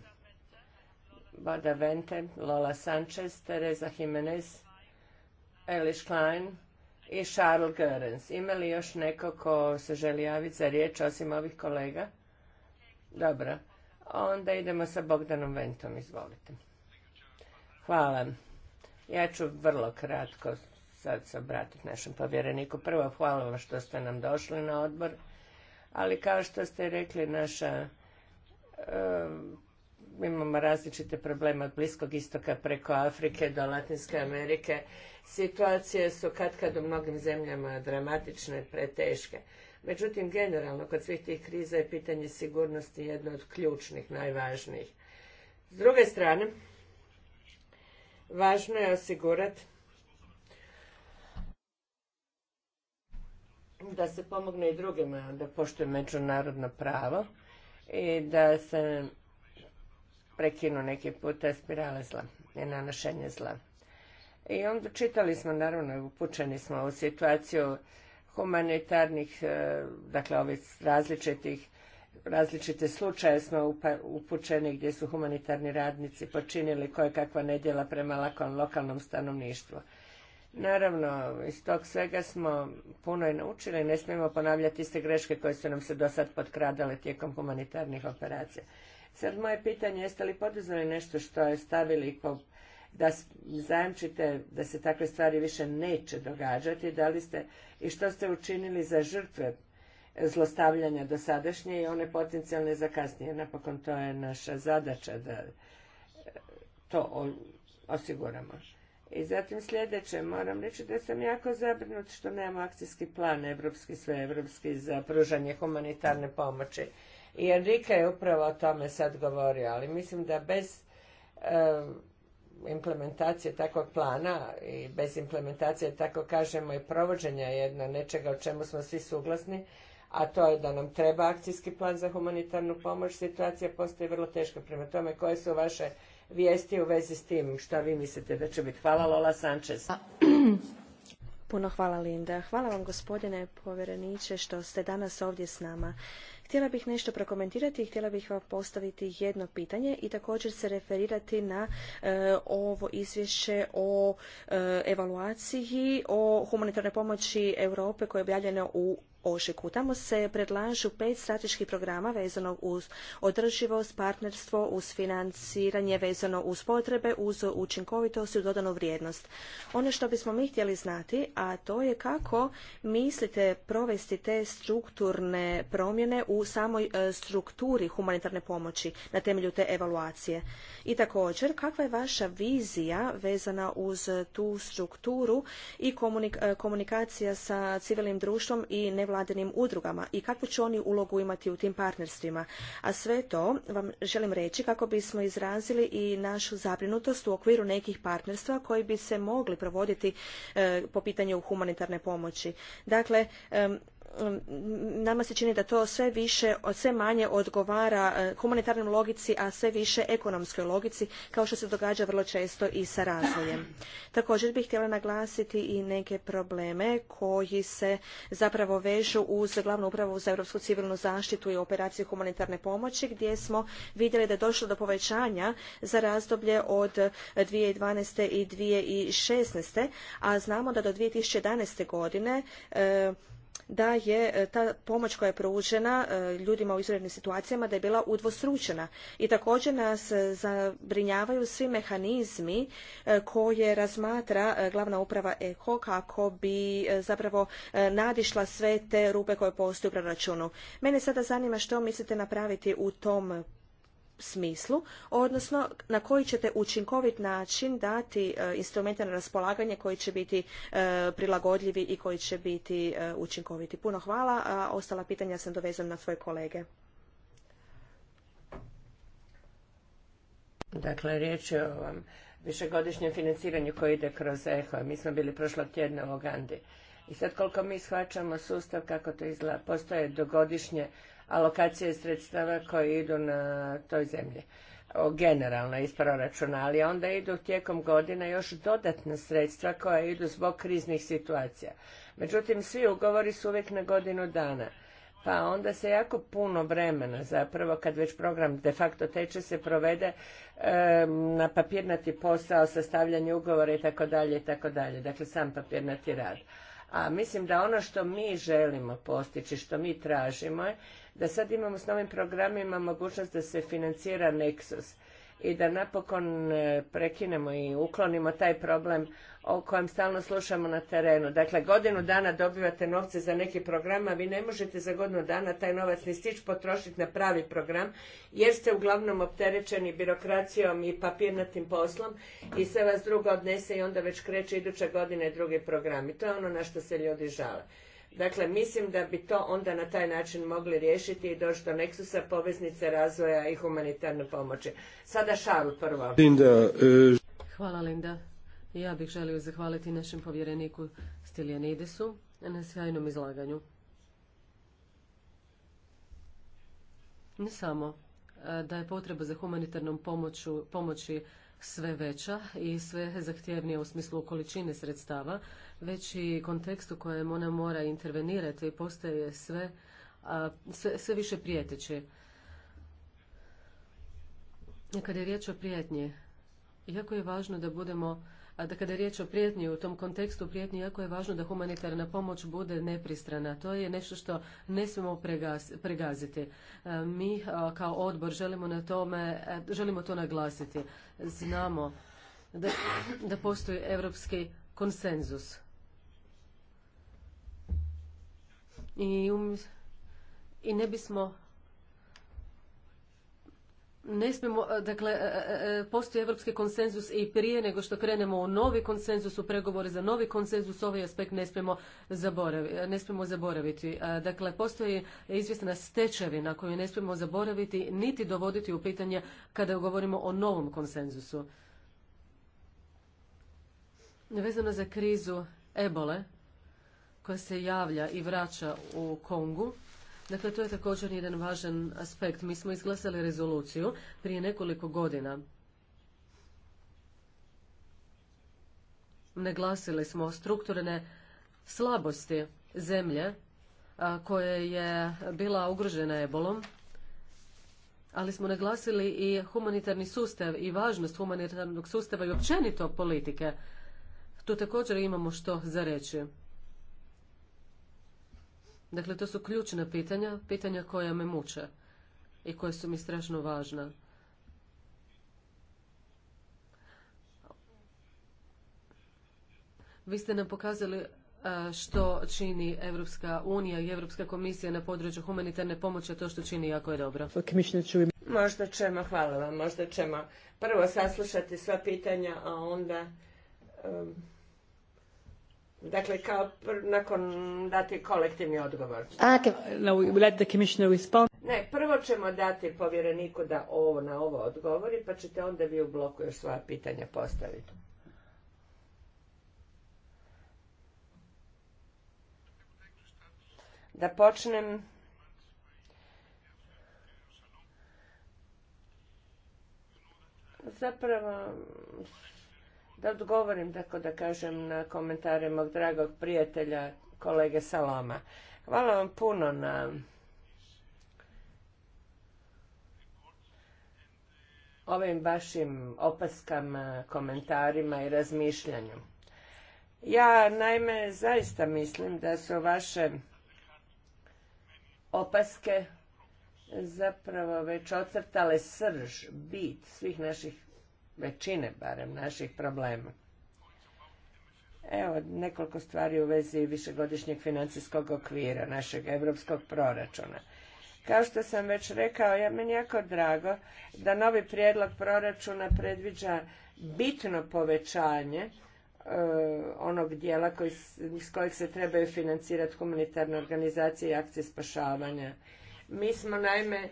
Boda Vente, Lola Sanchez, Teresa Jimenez, Elish Klein i Charles gerens Ima li još neko ko se želi javiti za riječ osim ovih kolega? Dobro. Onda idemo sa Bogdanom Ventom, izvolite. Hvala. Ja ću vrlo kratko sad se obratiti našem povjereniku. Prvo, hvala vam što ste nam došli na odbor, ali kao što ste rekli, naša mi e, imamo različite probleme od Bliskog istoka preko Afrike do Latinske Amerike. Situacije su kad kad u mnogim zemljama dramatične, preteške. Međutim, generalno, kod svih tih kriza je pitanje sigurnosti jedno od ključnih, najvažnijih. S druge strane, važno je osigurati da se pomogne i drugima da poštuje međunarodno pravo i da se prekinu neki puta spirale zla i nanošenje zla. I onda čitali smo, naravno, upućeni smo u situaciju humanitarnih, e, dakle ovih različitih različite slučaje smo upućeni gdje su humanitarni radnici počinili koje kakva nedjela prema lokalnom stanovništvu. Naravno, iz tog svega smo puno i naučili, ne smijemo ponavljati iste greške koje su nam se do sad potkradale tijekom humanitarnih operacija. Sad moje pitanje, jeste li poduzeli nešto što je stavili po da zajamčite da se takve stvari više neće događati, da li ste i što ste učinili za žrtve zlostavljanja dosadašnje i one potencijalne za kasnije. Napokon to je naša zadaća da e, to osiguramo. I zatim sljedeće, moram reći da sam jako zabrinut što nemamo akcijski plan evropski, sveevropski za pružanje humanitarne pomoći. I Enrika je upravo o tome sad govorio, ali mislim da bez e, implementacije takvog plana i bez implementacije, tako kažemo, i provođenja jedna nečega o čemu smo svi suglasni, a to je da nam treba akcijski plan za humanitarnu pomoć, situacija postoji vrlo teška. Prema tome, koje su vaše vijesti u vezi s tim? Šta vi mislite da će biti? Hvala Lola Sanchez. Puno hvala Linda. Hvala vam gospodine povjereniče što ste danas ovdje s nama. Htjela bih nešto prokomentirati i htjela bih vam postaviti jedno pitanje i također se referirati na e, ovo izvješće o e, evaluaciji o humanitarnoj pomoći Europe koje je objavljeno u ožiku. Tamo se predlažu pet strateških programa vezano uz održivost, partnerstvo, uz financiranje vezano uz potrebe, uz učinkovitost i dodanu vrijednost. Ono što bismo mi htjeli znati, a to je kako mislite provesti te strukturne promjene u samoj e, strukturi humanitarne pomoći na temelju te evaluacije. I također, kakva je vaša vizija vezana uz tu strukturu i e, komunikacija sa civilnim društvom i nevladinim udrugama i kakvu će oni ulogu imati u tim partnerstvima. A sve to vam želim reći kako bismo izrazili i našu zabrinutost u okviru nekih partnerstva koji bi se mogli provoditi e, po pitanju humanitarne pomoći. Dakle, Um, nama se čini da to sve više, sve manje odgovara uh, humanitarnoj logici, a sve više ekonomskoj logici, kao što se događa vrlo često i sa razvojem. Također bih htjela naglasiti i neke probleme koji se zapravo vežu uz glavnu upravu za europsku civilnu zaštitu i operaciju humanitarne pomoći, gdje smo vidjeli da je došlo do povećanja za razdoblje od 2012. i 2016. A znamo da do 2011. godine uh, da je e, ta pomoć koja je pružena e, ljudima u izvanrednim situacijama da je bila udvostručena i također nas e, zabrinjavaju svi mehanizmi koje razmatra glavna uprava EHO kako bi zapravo nadišla sve te rupe koje postoje u proračunu. Mene sada zanima što mislite napraviti u tom smislu, odnosno na koji ćete učinkovit način dati e, instrumente na raspolaganje koji će biti e, prilagodljivi i koji će biti e, učinkoviti. Puno hvala, a ostala pitanja sam dovezam na svoje kolege. Dakle, riječ je o višegodišnjem financiranju koji ide kroz EHO. Mi smo bili prošlog tjedna u Ogandi. I sad koliko mi shvaćamo sustav kako to izgleda, postoje dogodišnje alokacije sredstava koje idu na toj zemlji generalno iz proračuna, ali onda idu tijekom godina još dodatna sredstva koja idu zbog kriznih situacija. Međutim, svi ugovori su uvijek na godinu dana. Pa onda se jako puno vremena zapravo kad već program de facto teče se provede na papirnati posao, sastavljanje ugovora i tako dalje i tako dalje. Dakle, sam papirnati rad. A mislim da ono što mi želimo postići, što mi tražimo je da sad imamo s novim programima mogućnost da se financira Nexus i da napokon e, prekinemo i uklonimo taj problem o kojem stalno slušamo na terenu. Dakle, godinu dana dobivate novce za neki program, a vi ne možete za godinu dana taj novac ni stić potrošiti na pravi program, jer ste uglavnom opterećeni birokracijom i papirnatim poslom i sve vas drugo odnese i onda već kreće iduće godine drugi program. I to je ono na što se ljudi žale. Dakle, mislim da bi to onda na taj način mogli riješiti i doći do neksusa poveznice razvoja i humanitarne pomoći. Sada Šaru prvo. Linda, e, Hvala Linda. Ja bih želio zahvaliti našem povjereniku Stilijanidisu na sjajnom izlaganju. Ne samo e, da je potreba za humanitarnom pomoći sve veća i sve zahtjevnija u smislu količine sredstava, već i kontekst u kojem ona mora intervenirati i postaje sve, sve, sve više prijeteći. Kada je riječ o prijetnji, jako je važno da budemo da kada je riječ o prijetnji, u tom kontekstu prijetnji jako je važno da humanitarna pomoć bude nepristrana. To je nešto što ne smijemo pregaziti. Mi kao odbor želimo, na tome, želimo to naglasiti. Znamo da, da postoji europski konsenzus i, um, ne bismo ne smijemo, e, dakle, e, e, postoji evropski konsenzus i prije nego što krenemo u novi konsenzus, u pregovore za novi konsenzus, ovaj aspekt ne smijemo, zaboraviti, ne smijemo zaboraviti. Dakle, postoji izvjesna stečevina koju ne smijemo zaboraviti niti dovoditi u pitanje kada govorimo o novom konsenzusu. Vezano za krizu ebole, koja se javlja i vraća u Kongu. Dakle, to je također jedan važan aspekt. Mi smo izglasali rezoluciju prije nekoliko godina. Naglasili smo strukturne slabosti zemlje koja je bila ugrožena ebolom, ali smo naglasili i humanitarni sustav i važnost humanitarnog sustava i općenito politike. Tu također imamo što za reći. Dakle, to su ključna pitanja, pitanja koja me muče i koja su mi strašno važna. Vi ste nam pokazali e, što čini Evropska unija i Evropska komisija na području humanitarne pomoći, a to što čini jako je dobro. Pa, možda ćemo, hvala vam, možda ćemo prvo saslušati sva pitanja, a onda Dakle, kao nakon dati kolektivni odgovor. Ne, prvo ćemo dati povjereniku da ovo na ovo odgovori, pa ćete onda vi u bloku još svoja pitanja postaviti. Da počnem zapravo da odgovorim, tako da kažem, na komentare mog dragog prijatelja, kolege Saloma. Hvala vam puno na ovim vašim opaskama, komentarima i razmišljanju. Ja naime zaista mislim da su vaše opaske zapravo već ocrtale srž, bit svih naših većine barem naših problema. Evo nekoliko stvari u vezi višegodišnjeg financijskog okvira našeg europskog proračuna. Kao što sam već rekao, ja meni jako drago da novi prijedlog proračuna predviđa bitno povećanje e, onog dijela iz kojeg se trebaju financirati humanitarne organizacije i akcije spašavanja. Mi smo naime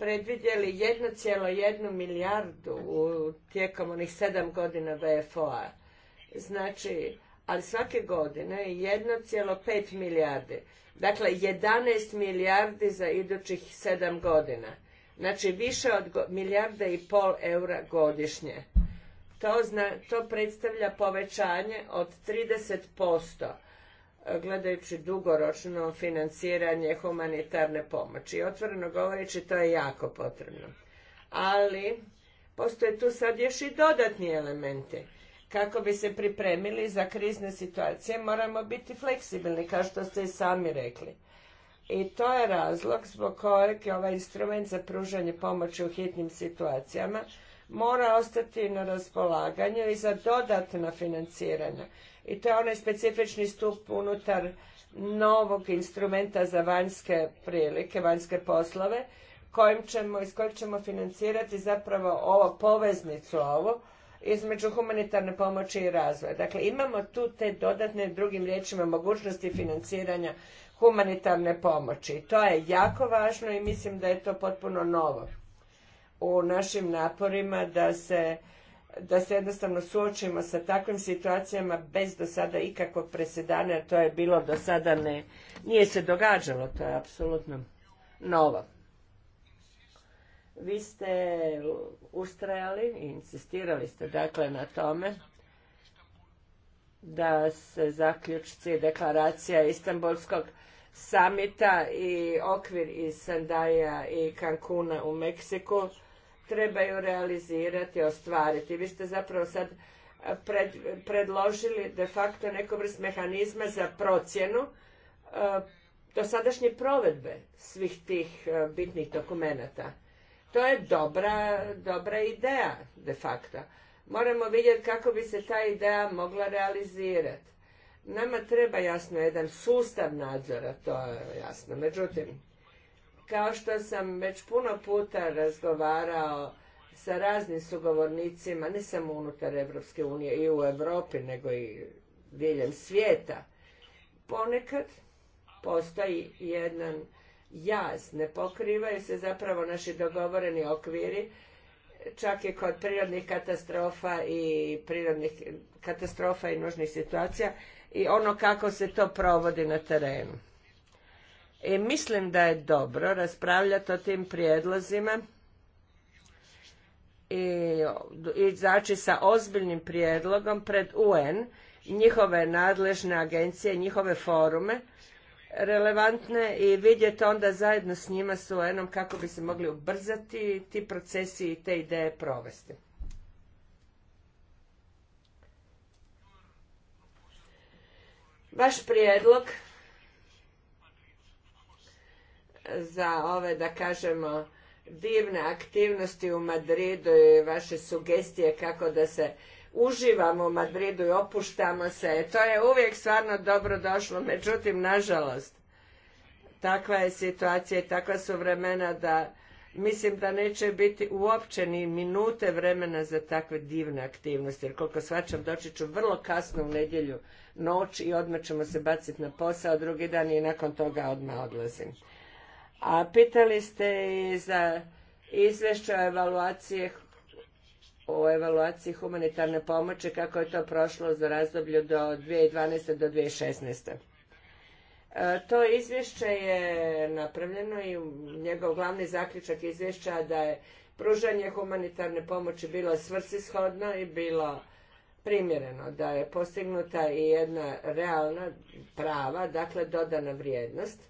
predvidjeli 1,1 milijardu u tijekom onih sedam godina VFO-a. Znači, ali svake godine 1,5 milijardi. Dakle, 11 milijardi za idućih sedam godina. Znači, više od milijarde i pol eura godišnje. To, zna, to predstavlja povećanje od 30% gledajući dugoročno financiranje humanitarne pomoći. Otvoreno govoreći to je jako potrebno. Ali postoje tu sad još i dodatni elementi. Kako bi se pripremili za krizne situacije moramo biti fleksibilni, kao što ste i sami rekli. I to je razlog zbog kojeg ovaj instrument za pružanje pomoći u hitnim situacijama mora ostati na raspolaganju i za dodatna financiranja. I to je onaj specifični stup unutar novog instrumenta za vanjske prilike, vanjske poslove, kojim ćemo, iz kojeg ćemo financirati zapravo ovo poveznicu ovo između humanitarne pomoći i razvoja. Dakle, imamo tu te dodatne, drugim riječima, mogućnosti financiranja humanitarne pomoći. I to je jako važno i mislim da je to potpuno novo u našim naporima da se da se jednostavno suočimo sa takvim situacijama bez do sada ikakvog presedana, to je bilo do sada ne, nije se događalo, to je apsolutno novo. Vi ste ustrajali i insistirali ste dakle na tome da se zaključci deklaracija Istanbulskog samita i okvir iz Sandaja i Cancuna u Meksiku trebaju realizirati, ostvariti. Vi ste zapravo sad eh, predložili de facto neku vrst mehanizma za procjenu do eh, dosadašnje provedbe svih tih eh, bitnih dokumenata. To je dobra, dobra ideja de facto. Moramo vidjeti kako bi se ta ideja mogla realizirati. Nama treba jasno jedan sustav nadzora, to je jasno. Međutim, kao što sam već puno puta razgovarao sa raznim sugovornicima, ne samo unutar Evropske unije i u Europi, nego i diljem svijeta, ponekad postoji jedan jaz, ne pokrivaju se zapravo naši dogovoreni okviri, čak i kod prirodnih katastrofa i prirodnih katastrofa i nužnih situacija i ono kako se to provodi na terenu. I mislim da je dobro raspravljati o tim prijedlozima i izaći sa ozbiljnim prijedlogom pred UN, njihove nadležne agencije, njihove forume relevantne i vidjeti onda zajedno s njima s UN-om kako bi se mogli ubrzati ti procesi i te ideje provesti. Vaš prijedlog za ove, da kažemo, divne aktivnosti u Madridu i vaše sugestije kako da se uživamo u Madridu i opuštamo se. E, to je uvijek stvarno dobro došlo. Međutim, nažalost, takva je situacija i takva su vremena da mislim da neće biti uopće ni minute vremena za takve divne aktivnosti. Jer koliko svačam, doći ću vrlo kasno u nedjelju noć i odmah ćemo se baciti na posao, drugi dan i nakon toga odmah odlazim. A pitali ste i za izvješće o evaluaciji o evaluaciji humanitarne pomoći kako je to prošlo za razdoblju do 2012. do 2016. E, to izvješće je napravljeno i njegov glavni zaključak izvješća da je pružanje humanitarne pomoći bilo svrsishodno i bilo primjereno, da je postignuta i jedna realna prava, dakle dodana vrijednost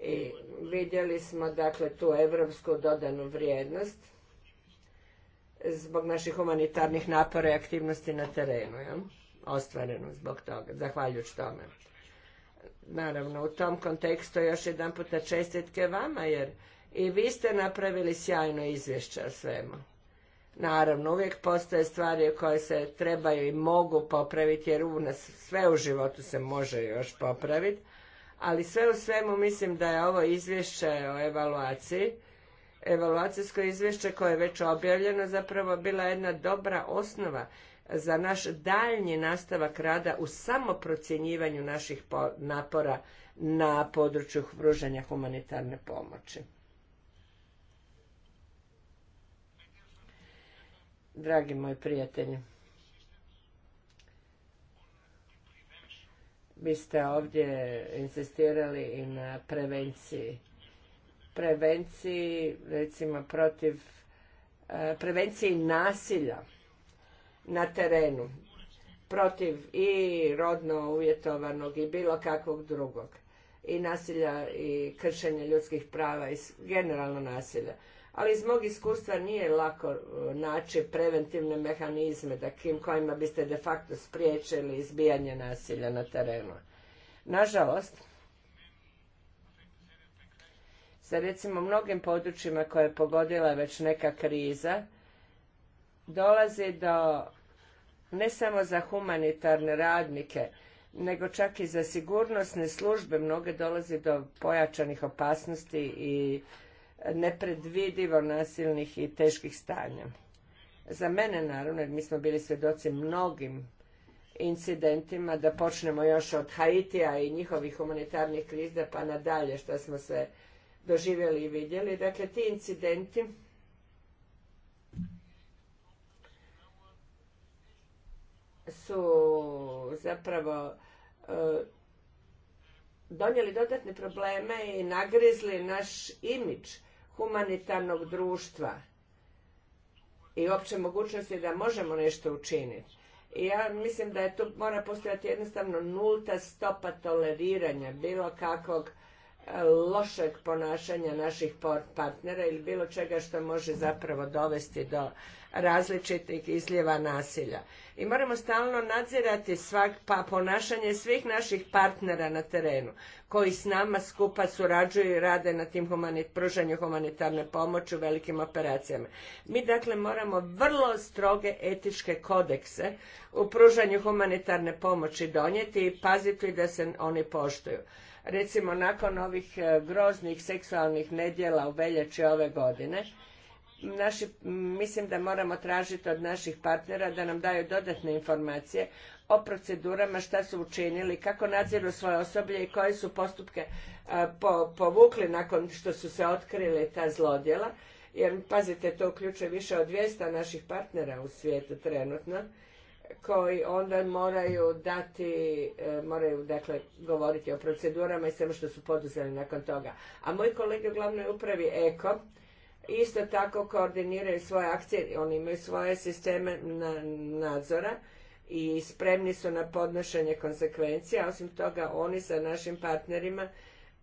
i e, vidjeli smo dakle tu evropsku dodanu vrijednost zbog naših humanitarnih napora i aktivnosti na terenu, ja? ostvareno zbog toga, zahvaljujući tome. Naravno, u tom kontekstu još jedan puta čestitke vama, jer i vi ste napravili sjajno izvješće o svemu. Naravno, uvijek postoje stvari koje se trebaju i mogu popraviti, jer u nas sve u životu se može još popraviti, ali sve u svemu mislim da je ovo izvješće o evaluaciji, evaluacijsko izvješće koje je već objavljeno zapravo bila jedna dobra osnova za naš daljnji nastavak rada u samoprocjenjivanju naših napora na području pružanja humanitarne pomoći. Dragi moji prijatelji, vi ste ovdje insistirali i na prevenciji. Prevenciji, recimo, protiv e, prevenciji nasilja na terenu. Protiv i rodno uvjetovanog i bilo kakvog drugog. I nasilja i kršenja ljudskih prava i generalno nasilja ali iz mog iskustva nije lako e, naći preventivne mehanizme da kojima biste de facto spriječili izbijanje nasilja na terenu. Nažalost, sa recimo mnogim područjima koje je pogodila već neka kriza, dolazi do ne samo za humanitarne radnike, nego čak i za sigurnosne službe mnoge dolazi do pojačanih opasnosti i nepredvidivo nasilnih i teških stanja. Za mene naravno, jer mi smo bili svjedoci mnogim incidentima, da počnemo još od Haitija i njihovih humanitarnih kriza pa nadalje što smo se doživjeli i vidjeli. Dakle, ti incidenti su zapravo eh, donijeli dodatne probleme i nagrizli naš imidž humanitarnog društva i opće mogućnosti da možemo nešto učiniti. I ja mislim da je tu mora postojati jednostavno nulta stopa toleriranja bilo kakvog lošeg ponašanja naših partnera ili bilo čega što može zapravo dovesti do različitih izljeva nasilja. I moramo stalno nadzirati svak, pa ponašanje svih naših partnera na terenu koji s nama skupa surađuju i rade na tim pružanju humanitarne pomoći u velikim operacijama. Mi dakle moramo vrlo stroge etičke kodekse u pružanju humanitarne pomoći donijeti i paziti da se oni poštuju recimo nakon ovih e, groznih seksualnih nedjela u veljači ove godine, mislim da moramo tražiti od naših partnera da nam daju dodatne informacije o procedurama, šta su učinili, kako nadziru svoje osoblje i koje su postupke e, povukli nakon što su se otkrili ta zlodjela. Jer, pazite, to uključuje više od 200 naših partnera u svijetu trenutno koji onda moraju dati, e, moraju dakle govoriti o procedurama i svemu što su poduzeli nakon toga. A moji kolege u glavnoj upravi EKO isto tako koordiniraju svoje akcije, oni imaju svoje sisteme nadzora i spremni su na podnošenje konsekvencija, osim toga oni sa našim partnerima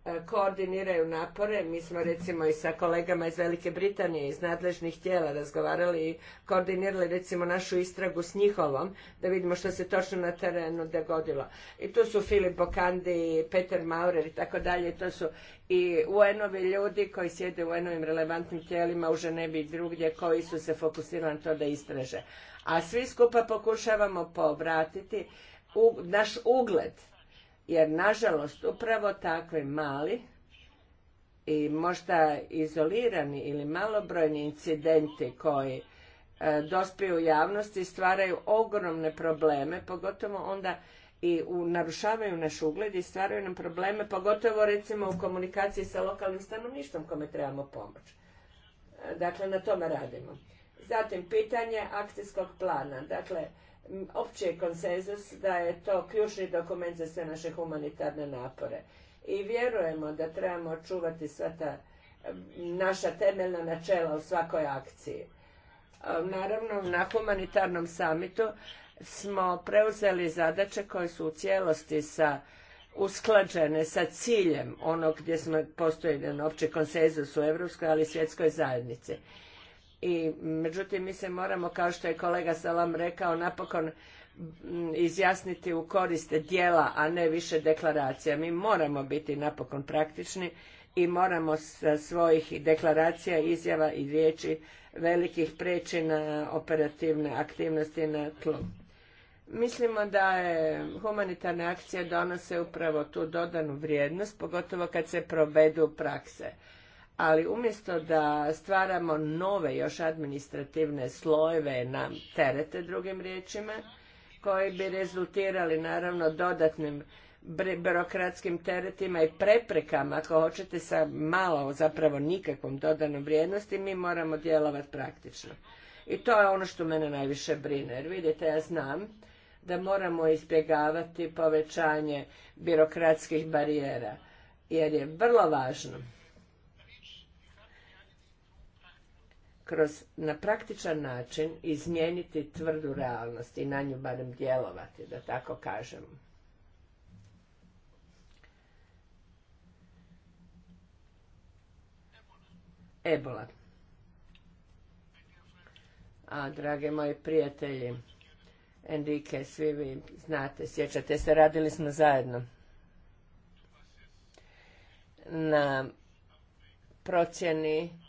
E, koordiniraju napore. Mi smo recimo i sa kolegama iz Velike Britanije, iz nadležnih tijela razgovarali i koordinirali recimo našu istragu s njihovom, da vidimo što se točno na terenu dogodilo. I tu su Filip Bokandi, Peter Maurer i tako dalje, to su i UN-ovi ljudi koji sjede u UN-ovim relevantnim tijelima u Ženevi i drugdje koji su se fokusirali na to da istraže. A svi skupa pokušavamo povratiti naš ugled jer nažalost upravo takvi mali i možda izolirani ili malobrojni incidenti koji e, dospiju u javnosti stvaraju ogromne probleme, pogotovo onda i narušavaju naš ugled i stvaraju nam probleme, pogotovo recimo u komunikaciji sa lokalnim stanovništvom kome trebamo pomoć. E, dakle, na tome radimo. Zatim, pitanje akcijskog plana. Dakle, opći je konsenzus da je to ključni dokument za sve naše humanitarne napore. I vjerujemo da trebamo čuvati sva ta naša temeljna načela u svakoj akciji. Naravno, na humanitarnom samitu smo preuzeli zadaće koje su u cijelosti sa usklađene sa ciljem onog gdje smo postoji jedan opći konsenzus u Europskoj ali i svjetskoj zajednici. I međutim, mi se moramo, kao što je kolega Salam rekao, napokon izjasniti u koriste dijela, a ne više deklaracija. Mi moramo biti napokon praktični i moramo sa svojih deklaracija, izjava i riječi velikih preći na operativne aktivnosti na tlu. Mislimo da je humanitarne akcije donose upravo tu dodanu vrijednost, pogotovo kad se provedu prakse ali umjesto da stvaramo nove još administrativne slojeve na terete, drugim riječima, koji bi rezultirali naravno dodatnim birokratskim teretima i preprekama, ako hoćete, sa malo, zapravo nikakvom dodanom vrijednosti, mi moramo djelovati praktično. I to je ono što mene najviše brine. Jer vidite, ja znam da moramo izbjegavati povećanje birokratskih barijera, jer je vrlo važno kroz na praktičan način izmijeniti tvrdu realnost i na nju barem djelovati, da tako kažem. Ebola. A, drage moji prijatelji, Enrique, svi vi znate, sjećate se, radili smo zajedno na procjeni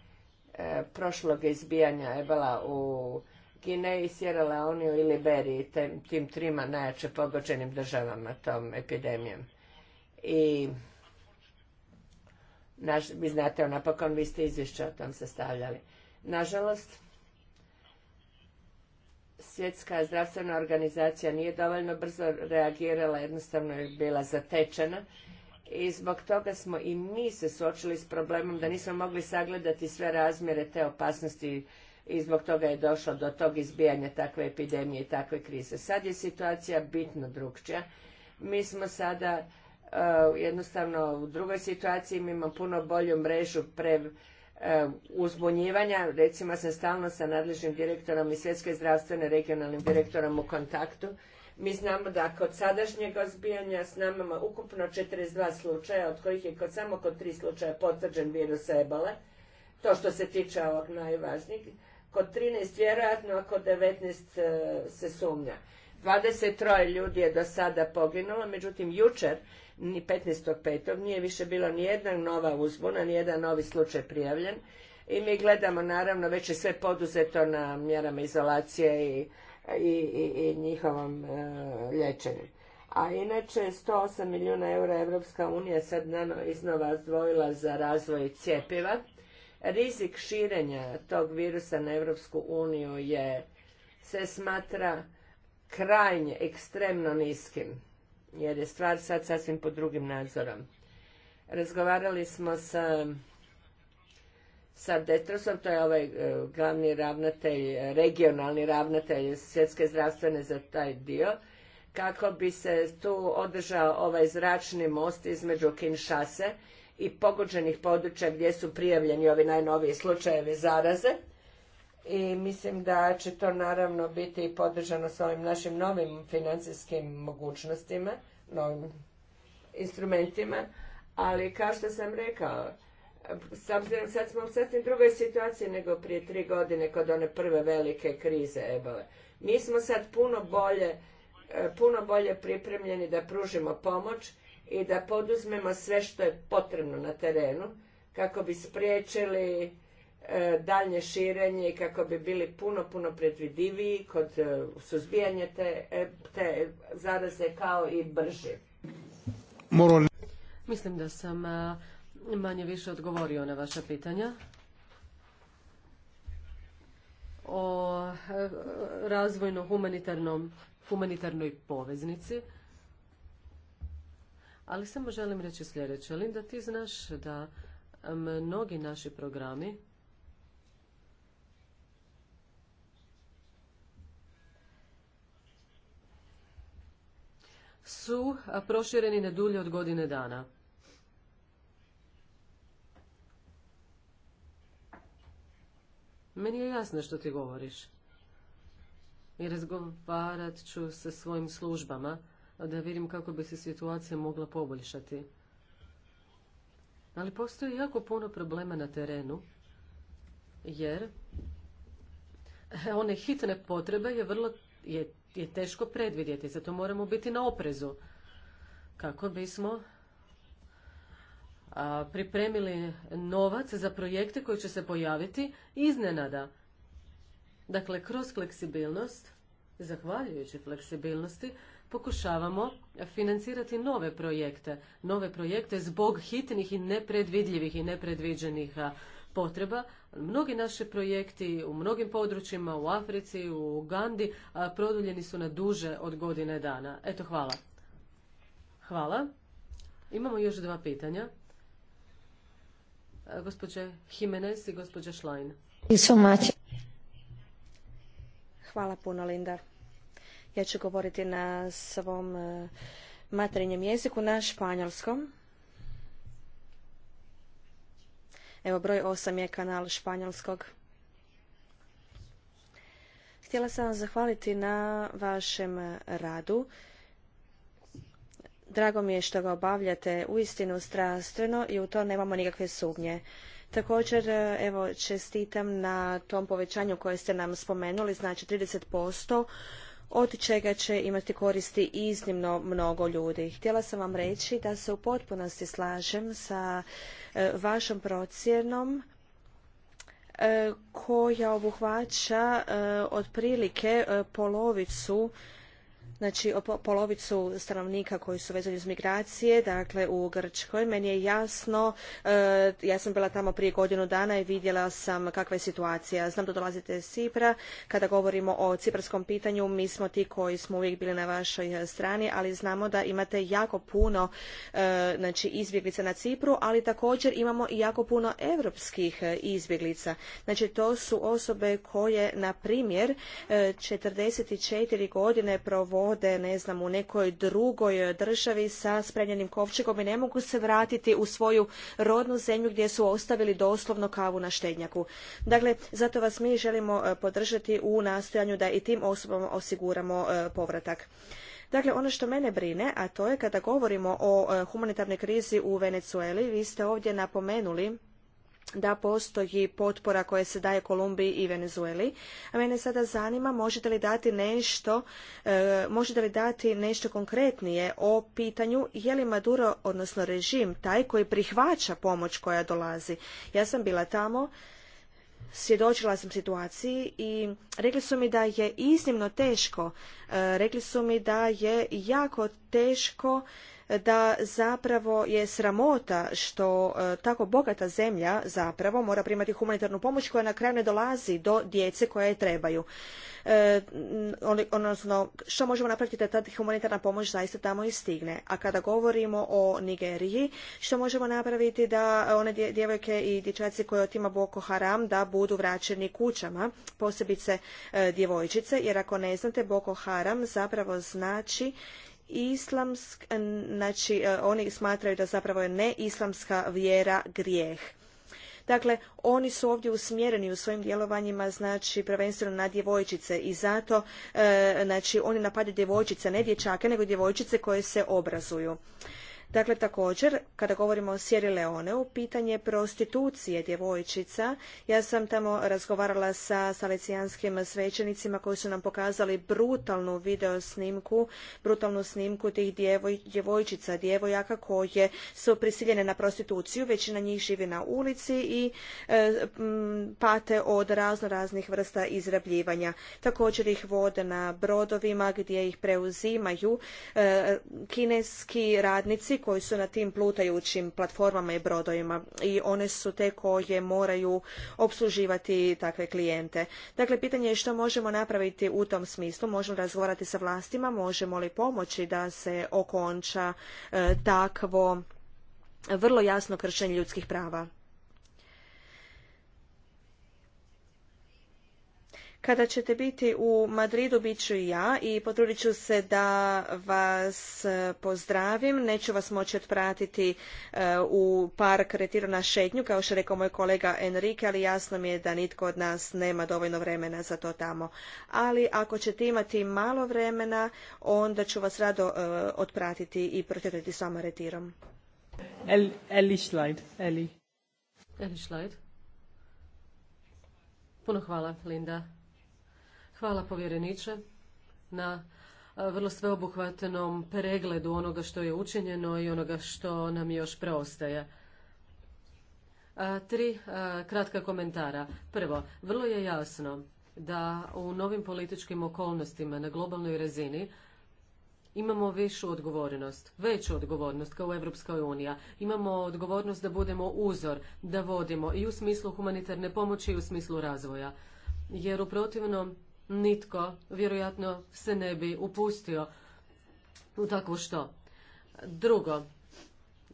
prošlog izbijanja ebola u Gineji, Sierra Leone i Liberiji, tim trima najjače pogođenim državama tom epidemijom. I vi znate, napokon vi ste izvješće o tom sastavljali. Nažalost, svjetska zdravstvena organizacija nije dovoljno brzo reagirala, jednostavno je bila zatečena i zbog toga smo i mi se suočili s problemom da nismo mogli sagledati sve razmjere te opasnosti i zbog toga je došlo do tog izbijanja takve epidemije i takve krize. Sad je situacija bitno drugčija. Mi smo sada e, jednostavno u drugoj situaciji, mi imamo puno bolju mrežu pre e, uzbunjivanja. Recimo sam stalno sa nadležnim direktorom i svjetske zdravstvene regionalnim direktorom u kontaktu mi znamo da kod sadašnjeg ozbijanja s nama ima ukupno 42 slučaja, od kojih je kod, samo kod tri slučaja potvrđen virus ebole, to što se tiče ovog najvažnijeg. Kod 13 vjerojatno, a kod 19 e, se sumnja. 23 ljudi je do sada poginulo, međutim jučer, ni 15.5. nije više bilo ni jedna nova uzbuna, ni jedan novi slučaj prijavljen. I mi gledamo naravno, već je sve poduzeto na mjerama izolacije i i, njihovom e, liječenju. A inače 108 milijuna eura Evropska unija sad nano iznova zdvojila za razvoj cjepiva. Rizik širenja tog virusa na Evropsku uniju je, se smatra krajnje, ekstremno niskim, jer je stvar sad sasvim pod drugim nadzorom. Razgovarali smo sa sa Detrosom, to je ovaj e, glavni ravnatelj, e, regionalni ravnatelj svjetske zdravstvene za taj dio, kako bi se tu održao ovaj zračni most između Kinshase i pogođenih područja gdje su prijavljeni ovi najnoviji slučajevi zaraze. I mislim da će to naravno biti podržano s ovim našim novim financijskim mogućnostima, novim instrumentima, ali kao što sam rekao, s obzirom sad smo u sasvim drugoj situaciji nego prije tri godine kod one prve velike krize ebole. Mi smo sad puno bolje, e, puno bolje pripremljeni da pružimo pomoć i da poduzmemo sve što je potrebno na terenu kako bi spriječili e, daljnje širenje i kako bi bili puno, puno predvidiviji kod e, suzbijanja te, te zaraze kao i brži. Mislim da sam manje više odgovorio na vaša pitanja o e, razvojno humanitarnoj poveznici. Ali samo želim reći sljedeće. da ti znaš da mnogi naši programi su prošireni na dulje od godine dana. Meni je jasno što ti govoriš. I razgovarat ću sa svojim službama da vidim kako bi se situacija mogla poboljšati. Ali postoji jako puno problema na terenu, jer e, one hitne potrebe je vrlo je, je teško predvidjeti, zato moramo biti na oprezu kako bismo pripremili novac za projekte koji će se pojaviti iznenada. Dakle, kroz fleksibilnost, zahvaljujući fleksibilnosti, pokušavamo financirati nove projekte. Nove projekte zbog hitnih i nepredvidljivih i nepredviđenih potreba. Mnogi naši projekti u mnogim područjima, u Africi, u Ugandi, produljeni su na duže od godine dana. Eto, hvala. Hvala. Imamo još dva pitanja. E, gospođe Jimenez i gospođe Schlein. Hvala puno, Linda. Ja ću govoriti na svom e, materinjem jeziku, na španjolskom. Evo, broj 8 je kanal španjolskog. Htjela sam vam zahvaliti na vašem radu Drago mi je što ga obavljate uistinu strastveno i u to nemamo nikakve sumnje. Također, e, evo, čestitam na tom povećanju koje ste nam spomenuli, znači 30%, od čega će imati koristi iznimno mnogo ljudi. Htjela sam vam reći da se u potpunosti slažem sa e, vašom procjenom e, koja obuhvaća otprilike polovicu znači polovicu stanovnika koji su vezani uz migracije, dakle u Grčkoj. Meni je jasno, e, ja sam bila tamo prije godinu dana i vidjela sam kakva je situacija. Znam da dolazite iz Cipra, kada govorimo o ciprskom pitanju, mi smo ti koji smo uvijek bili na vašoj e, strani, ali znamo da imate jako puno e, znači, izbjeglica na Cipru, ali također imamo i jako puno europskih izbjeglica. Znači to su osobe koje, na primjer, 44 godine provode ode, ne znam, u nekoj drugoj državi sa spremljenim kovčegom i ne mogu se vratiti u svoju rodnu zemlju gdje su ostavili doslovno kavu na štednjaku. Dakle, zato vas mi želimo e, podržati u nastojanju da i tim osobama osiguramo e, povratak. Dakle, ono što mene brine, a to je kada govorimo o e, humanitarnoj krizi u Venezueli, vi ste ovdje napomenuli da postoji potpora koja se daje Kolumbiji i Venezueli. A mene sada zanima možete li dati nešto, e, možete li dati nešto konkretnije o pitanju je li Maduro, odnosno režim, taj koji prihvaća pomoć koja dolazi. Ja sam bila tamo, svjedočila sam situaciji i rekli su mi da je iznimno teško, e, rekli su mi da je jako teško da zapravo je sramota što e, tako bogata zemlja zapravo mora primati humanitarnu pomoć koja na kraju ne dolazi do djece koja je trebaju. E, odnosno, što možemo napraviti da ta humanitarna pomoć zaista tamo i stigne? A kada govorimo o Nigeriji, što možemo napraviti da one djevojke i dječaci koje otima Boko Haram da budu vraćeni kućama, posebice e, djevojčice, jer ako ne znate, Boko Haram zapravo znači islamsk, znači e, oni smatraju da zapravo je neislamska vjera grijeh. Dakle, oni su ovdje usmjereni u svojim djelovanjima, znači prvenstveno na djevojčice i zato, e, znači oni napadaju djevojčice, ne dječake, nego djevojčice koje se obrazuju. Dakle, također, kada govorimo o Sjeri u pitanje prostitucije djevojčica, ja sam tamo razgovarala sa salicijanskim svećenicima koji su nam pokazali brutalnu videosnimku, brutalnu snimku tih djevojčica, djevojaka koje su prisiljene na prostituciju, većina njih živi na ulici i e, pate od razno raznih vrsta izrabljivanja. Također ih vode na brodovima gdje ih preuzimaju e, kineski radnici koji su na tim plutajućim platformama i brodovima i one su te koje moraju obsluživati takve klijente. Dakle, pitanje je što možemo napraviti u tom smislu. Možemo razgovarati sa vlastima, možemo li pomoći da se okonča e, takvo vrlo jasno kršenje ljudskih prava. Kada ćete biti u Madridu, bit ću i ja i potrudit ću se da vas e, pozdravim. Neću vas moći otpratiti e, u park Retiro na šetnju, kao što je rekao moj kolega Enrique, ali jasno mi je da nitko od nas nema dovoljno vremena za to tamo. Ali ako ćete imati malo vremena, onda ću vas rado e, otpratiti i s vama Retirom. Eli, Eli. Eli Puno hvala, Linda. Hvala povjereniče na vrlo sveobuhvatnom pregledu onoga što je učinjeno i onoga što nam još preostaje. tri kratka komentara. Prvo, vrlo je jasno da u novim političkim okolnostima na globalnoj razini imamo višu odgovornost, veću odgovornost kao Evropska unija. Imamo odgovornost da budemo uzor, da vodimo i u smislu humanitarne pomoći i u smislu razvoja. Jer u protivnom nitko vjerojatno se ne bi upustio u takvo što. Drugo,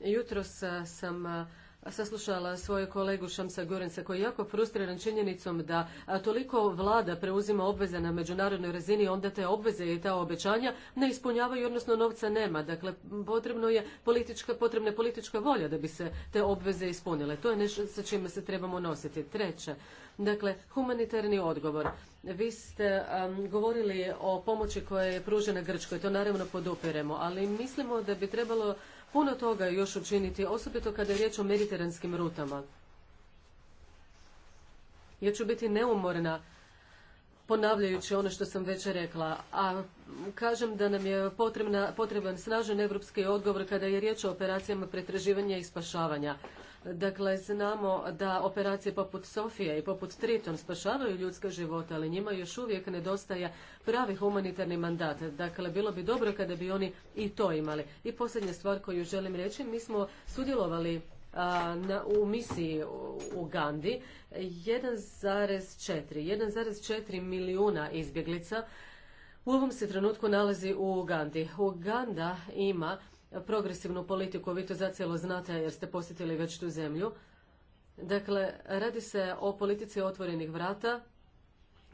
jutros eh, sam eh, saslušala svoju kolegu Šamsa Gorenca koji je jako frustriran činjenicom da toliko vlada preuzima obveze na međunarodnoj razini, onda te obveze i ta obećanja ne ispunjavaju, odnosno novca nema. Dakle, potrebno je politička, potrebna je politička volja da bi se te obveze ispunile. To je nešto sa čime se trebamo nositi. Treće, dakle, humanitarni odgovor. Vi ste govorili o pomoći koja je pružena Grčkoj, to naravno podupiremo, ali mislimo da bi trebalo puno toga još učiniti, osobito kada je riječ o mediteranskim rutama. Ja ću biti neumorna ponavljajući ono što sam već rekla, a kažem da nam je potrebna, potreban snažan evropski odgovor kada je riječ o operacijama pretraživanja i spašavanja. Dakle, znamo da operacije poput Sofije i poput Triton spašavaju ljudske živote, ali njima još uvijek nedostaje pravi humanitarni mandat. Dakle, bilo bi dobro kada bi oni i to imali. I posljednja stvar koju želim reći, mi smo sudjelovali u misiji u, u Gandhi 1,4 1,4 milijuna izbjeglica u ovom se trenutku nalazi u Ugandi. Uganda ima progresivnu politiku, vi to zacijelo znate jer ste posjetili već tu zemlju. Dakle, radi se o politici otvorenih vrata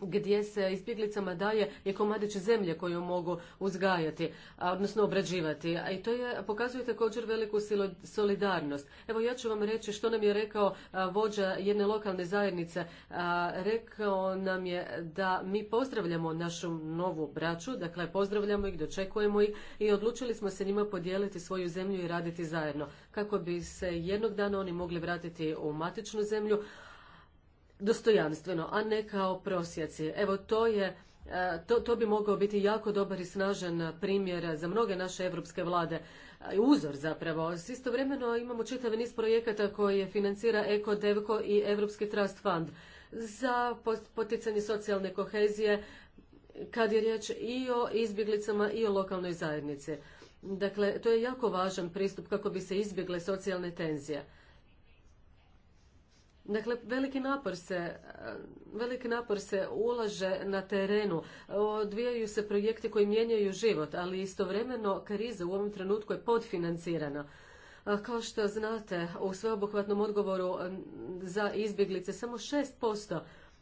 gdje se izbjeglicama daje je komadić zemlje koju mogu uzgajati, odnosno obrađivati. A i to je, pokazuje također veliku solidarnost. Evo ja ću vam reći što nam je rekao vođa jedne lokalne zajednice. Rekao nam je da mi pozdravljamo našu novu braću, dakle pozdravljamo ih, dočekujemo ih i odlučili smo se njima podijeliti svoju zemlju i raditi zajedno. Kako bi se jednog dana oni mogli vratiti u matičnu zemlju, dostojanstveno, a ne kao prosjeci. Evo to je e, to, to bi mogao biti jako dobar i snažan primjer za mnoge naše evropske vlade, e, uzor zapravo. S istovremeno imamo čitav niz projekata koje financira Eko, Devko i Evropski Trust Fund za poticanje socijalne kohezije kad je riječ i o izbjeglicama i o lokalnoj zajednici. Dakle, to je jako važan pristup kako bi se izbjegle socijalne tenzije. Dakle, veliki napor se, e, veliki napor se ulaže na terenu. Odvijaju se projekti koji mijenjaju život, ali istovremeno kriza u ovom trenutku je podfinancirana. Kao što znate, u sveobuhvatnom odgovoru za izbjeglice samo 6%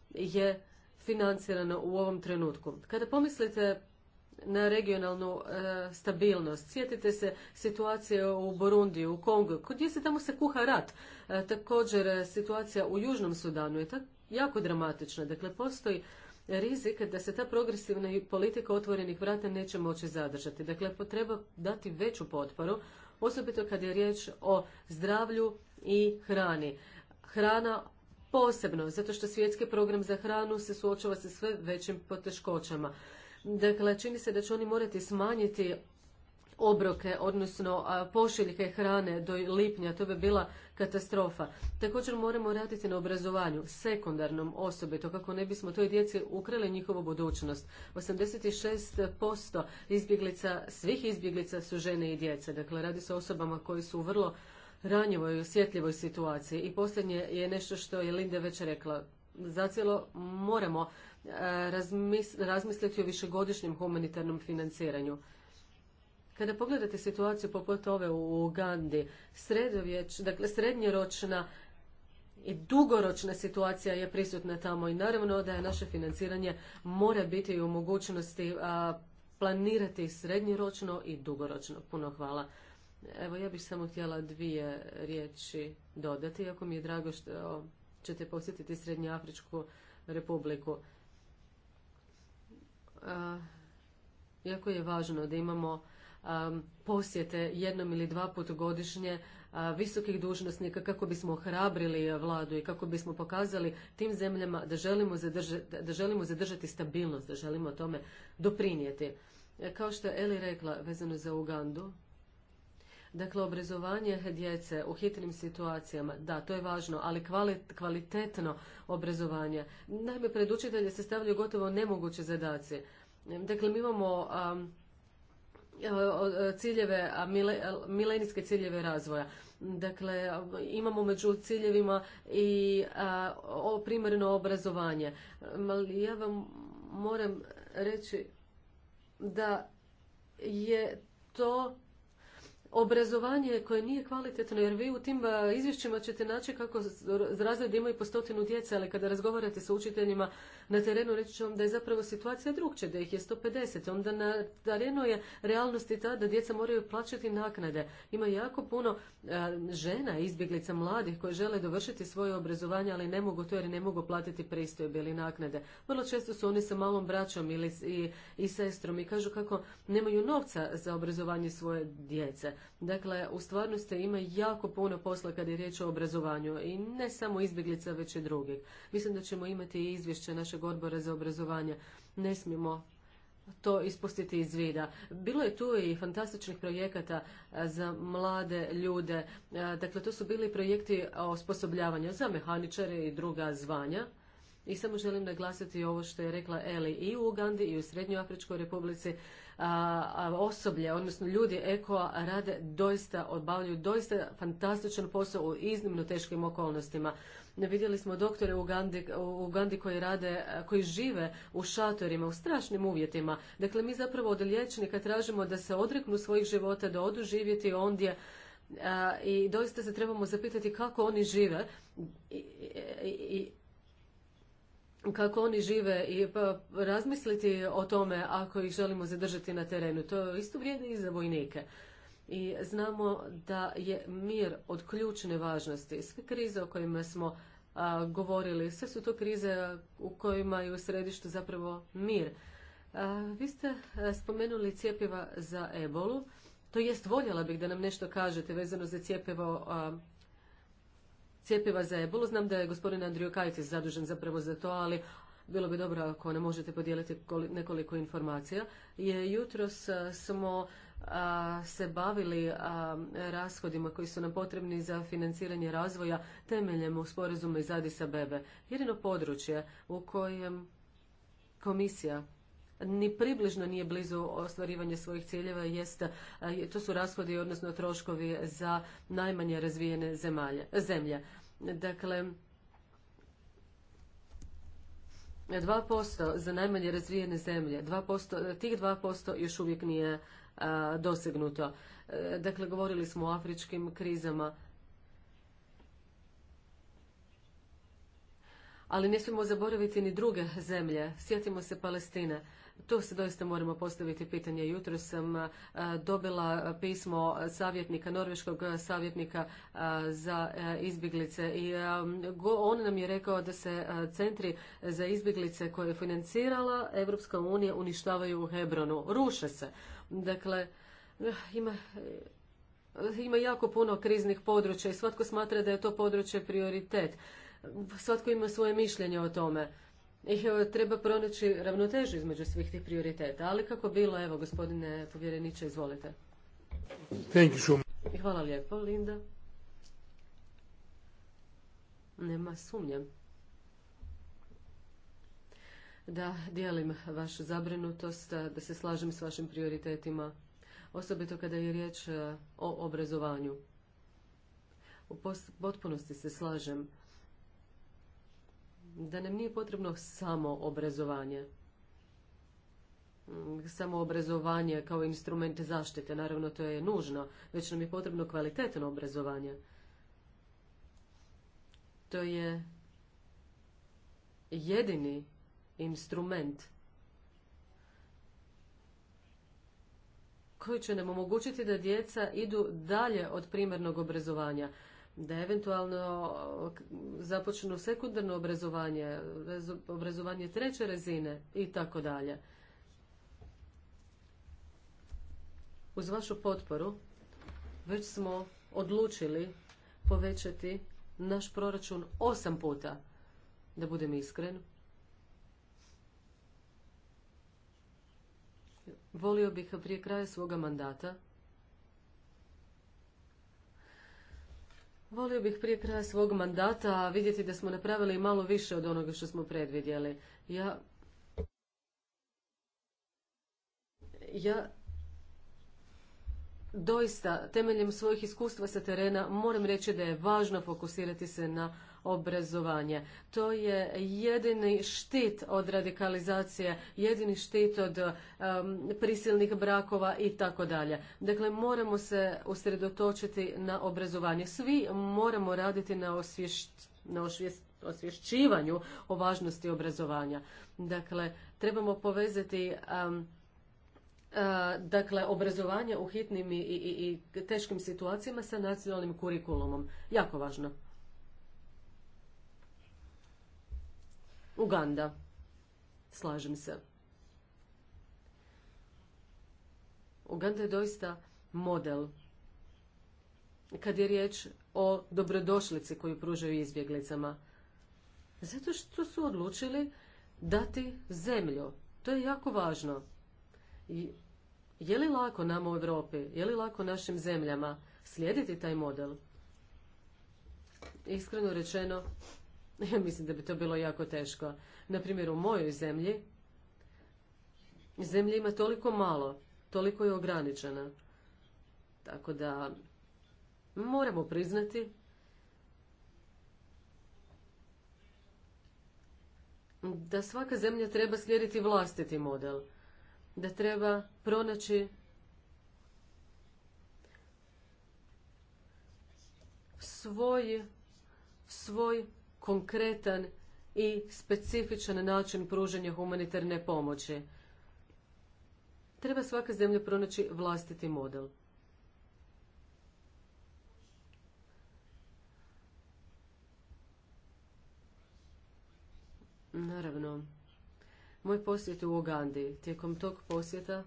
je financirano u ovom trenutku. Kada pomislite na regionalnu e, stabilnost. Sjetite se situacije u Borundiju, u Kongu, gdje se tamo se kuha rat. E, također e, situacija u Južnom Sudanu je tako jako dramatična. Dakle, postoji rizik da se ta progresivna politika otvorenih vrata neće moći zadržati. Dakle, treba dati veću potporu, osobito kad je riječ o zdravlju i hrani. Hrana posebno, zato što svjetski program za hranu se suočava sa sve većim poteškoćama. Dakle, čini se da će oni morati smanjiti obroke, odnosno pošiljke hrane do lipnja, to bi bila katastrofa. Također moramo raditi na obrazovanju, sekundarnom To kako ne bismo toj djeci ukrali njihovu budućnost. 86% izbjeglica, svih izbjeglica su žene i djece, dakle radi se o osobama koji su u vrlo ranjivoj i osjetljivoj situaciji. I posljednje je nešto što je Linda već rekla. Zacijelo moramo E, razmisliti o višegodišnjem humanitarnom financiranju. Kada pogledate situaciju poput ove u Ugandi, dakle srednjoročna i dugoročna situacija je prisutna tamo i naravno da je naše financiranje mora biti u mogućnosti planirati srednjoročno i dugoročno. Puno hvala. Evo, ja bih samo htjela dvije riječi dodati, ako mi je drago što ćete posjetiti Srednjoafričku republiku. Eh, jako je važno da imamo posjete jednom ili dva puta godišnje eh, visokih dužnosnika kako bismo ohrabrili vladu i kako bismo pokazali tim zemljama da želimo zadržati, da želimo zadržati stabilnost, da želimo tome doprinijeti. Eh, kao što je Eli rekla vezano za Ugandu, Dakle, obrazovanje djece u hitnim situacijama, da, to je važno, ali kvalitetno obrazovanje. Naime, pred učitelje se stavljaju gotovo nemoguće zadaci. Dakle, mi imamo e, ciljeve, ciljeve, e, milenijske ciljeve razvoja. Dakle, imamo među ciljevima i a, o, obrazovanje. ja vam moram reći da je to obrazovanje koje nije kvalitetno, jer vi u tim e, izvješćima ćete naći kako razred imaju po stotinu djece, ali kada razgovarate sa učiteljima na terenu reći ću vam da je zapravo situacija drugčija, da ih je 150. Onda na terenu je realnost i ta da djeca moraju plaćati naknade. Ima jako puno e, žena, izbjeglica mladih koje žele dovršiti svoje obrazovanje, ali ne mogu to jer ne mogu platiti pristojbe ili naknade. Vrlo često su oni sa malom braćom ili i, sestrom i kažu kako nemaju novca za obrazovanje svoje djece. Dakle, u stvarnosti ima jako puno posla kad je riječ o obrazovanju i ne samo izbjeglica, već i drugih. Mislim da ćemo imati i izvješće naše našeg odbora za obrazovanje. Ne smijemo to ispustiti iz vida. Bilo je tu i fantastičnih projekata e, za mlade ljude. E, dakle, to su bili projekti osposobljavanja za mehaničare i druga zvanja. I samo želim naglasiti ovo što je rekla Eli i u Ugandi i u Srednjoafričkoj republici. osoblje, odnosno ljudi EKO rade doista, obavljaju doista fantastičan posao u iznimno teškim okolnostima. Vidjeli smo doktore u Ugandi, u koji rade, e, koji žive u šatorima, u strašnim uvjetima. Dakle, mi zapravo od liječnika tražimo da se odreknu svojih života, da odu živjeti ondje i doista se trebamo zapitati kako oni žive i, kako oni žive i pa razmisliti o tome ako ih želimo zadržati na terenu. To isto vrijedi i za vojnike i znamo da je mir od ključne važnosti. Sve krize o kojima smo govorili, sve su to krize u kojima je u središtu zapravo mir. vi ste spomenuli cijepiva za ebolu. To jest, voljela bih da nam nešto kažete vezano za cijepivo cijepiva za ebolu. Znam da je gospodin Andriju Kajtis zadužen zapravo za to, ali bilo bi dobro ako ne možete podijeliti nekoliko informacija. Je, jutros smo se bavili rashodima koji su nam potrebni za financiranje razvoja temeljem u sporazumu iz Adisa Bebe. Jedino područje u kojem komisija ni približno nije blizu ostvarivanja svojih ciljeva jest, to su rashodi, odnosno troškovi za najmanje razvijene zemlje. Dakle, 2% za najmanje razvijene zemlje, 2%, tih 2% još uvijek nije dosegnuto. E, dakle, govorili smo o afričkim krizama, ali ne smijemo zaboraviti ni druge zemlje. Sjetimo se Palestine. Tu se doista moramo postaviti pitanje. Jutro sam dobila pismo savjetnika, norveškog savjetnika za e, izbjeglice i on nam je rekao da se centri za izbjeglice koje je financirala Evropska unija uništavaju u Hebronu. Ruše se. Dakle, ima, ima jako puno kriznih područja i svatko smatra da je to područje prioritet. Svatko ima svoje mišljenje o tome. I treba pronaći ravnotežu između svih tih prioriteta. Ali kako bilo, evo, gospodine povjereniče, izvolite. Thank you. Hvala lijepo, Linda. Nema sumnje. Da, dijelim vašu zabrinutost, da se slažem s vašim prioritetima, osobito kada je riječ e, o obrazovanju. U potpunosti se slažem da nam nije potrebno samo obrazovanje. Mm, samo obrazovanje kao instrument zaštite, naravno to je nužno, već nam je potrebno kvalitetno obrazovanje. To je jedini instrument koji će nam omogućiti da djeca idu dalje od primarnog obrazovanja, da eventualno započnu sekundarno obrazovanje, obrazovanje treće razine i tako dalje. Uz vašu potporu već smo odlučili povećati naš proračun osam puta, da budem iskren. volio bih prije kraja svoga mandata Volio bih prije kraja svog mandata vidjeti da smo napravili malo više od onoga što smo predvidjeli. Ja... Ja... Doista, temeljem svojih iskustva sa terena, moram reći da je važno fokusirati se na obrazovanje. To je jedini štit od radikalizacije, jedini štit od prisilnih brakova i tako dalje. Dakle, moramo se usredotočiti na obrazovanje. Svi moramo raditi na, osvješćivanju o važnosti obrazovanja. Dakle, trebamo povezati e, dakle, obrazovanje u hitnim i, i, i teškim situacijama sa nacionalnim kurikulumom. Jako važno. Uganda. Slažem se. Uganda je doista model kad je riječ o dobrodošlici koju pružaju izbjeglicama. Zato što su odlučili dati zemlju. To je jako važno. I je li lako nam u Europi, je li lako našim zemljama slijediti taj model? Iskreno rečeno, ja mislim da bi to bilo jako teško. Na primjer, u mojoj zemlji zemlja ima toliko malo, toliko je ograničena. Tako da moramo priznati da svaka zemlja treba slijediti vlastiti model, da treba pronaći svoj svoj konkretan i specifičan način pružanja humanitarne pomoći. Treba svaka zemlja pronaći vlastiti model. Naravno. Moj posjet u Ugandi, tijekom tog posjeta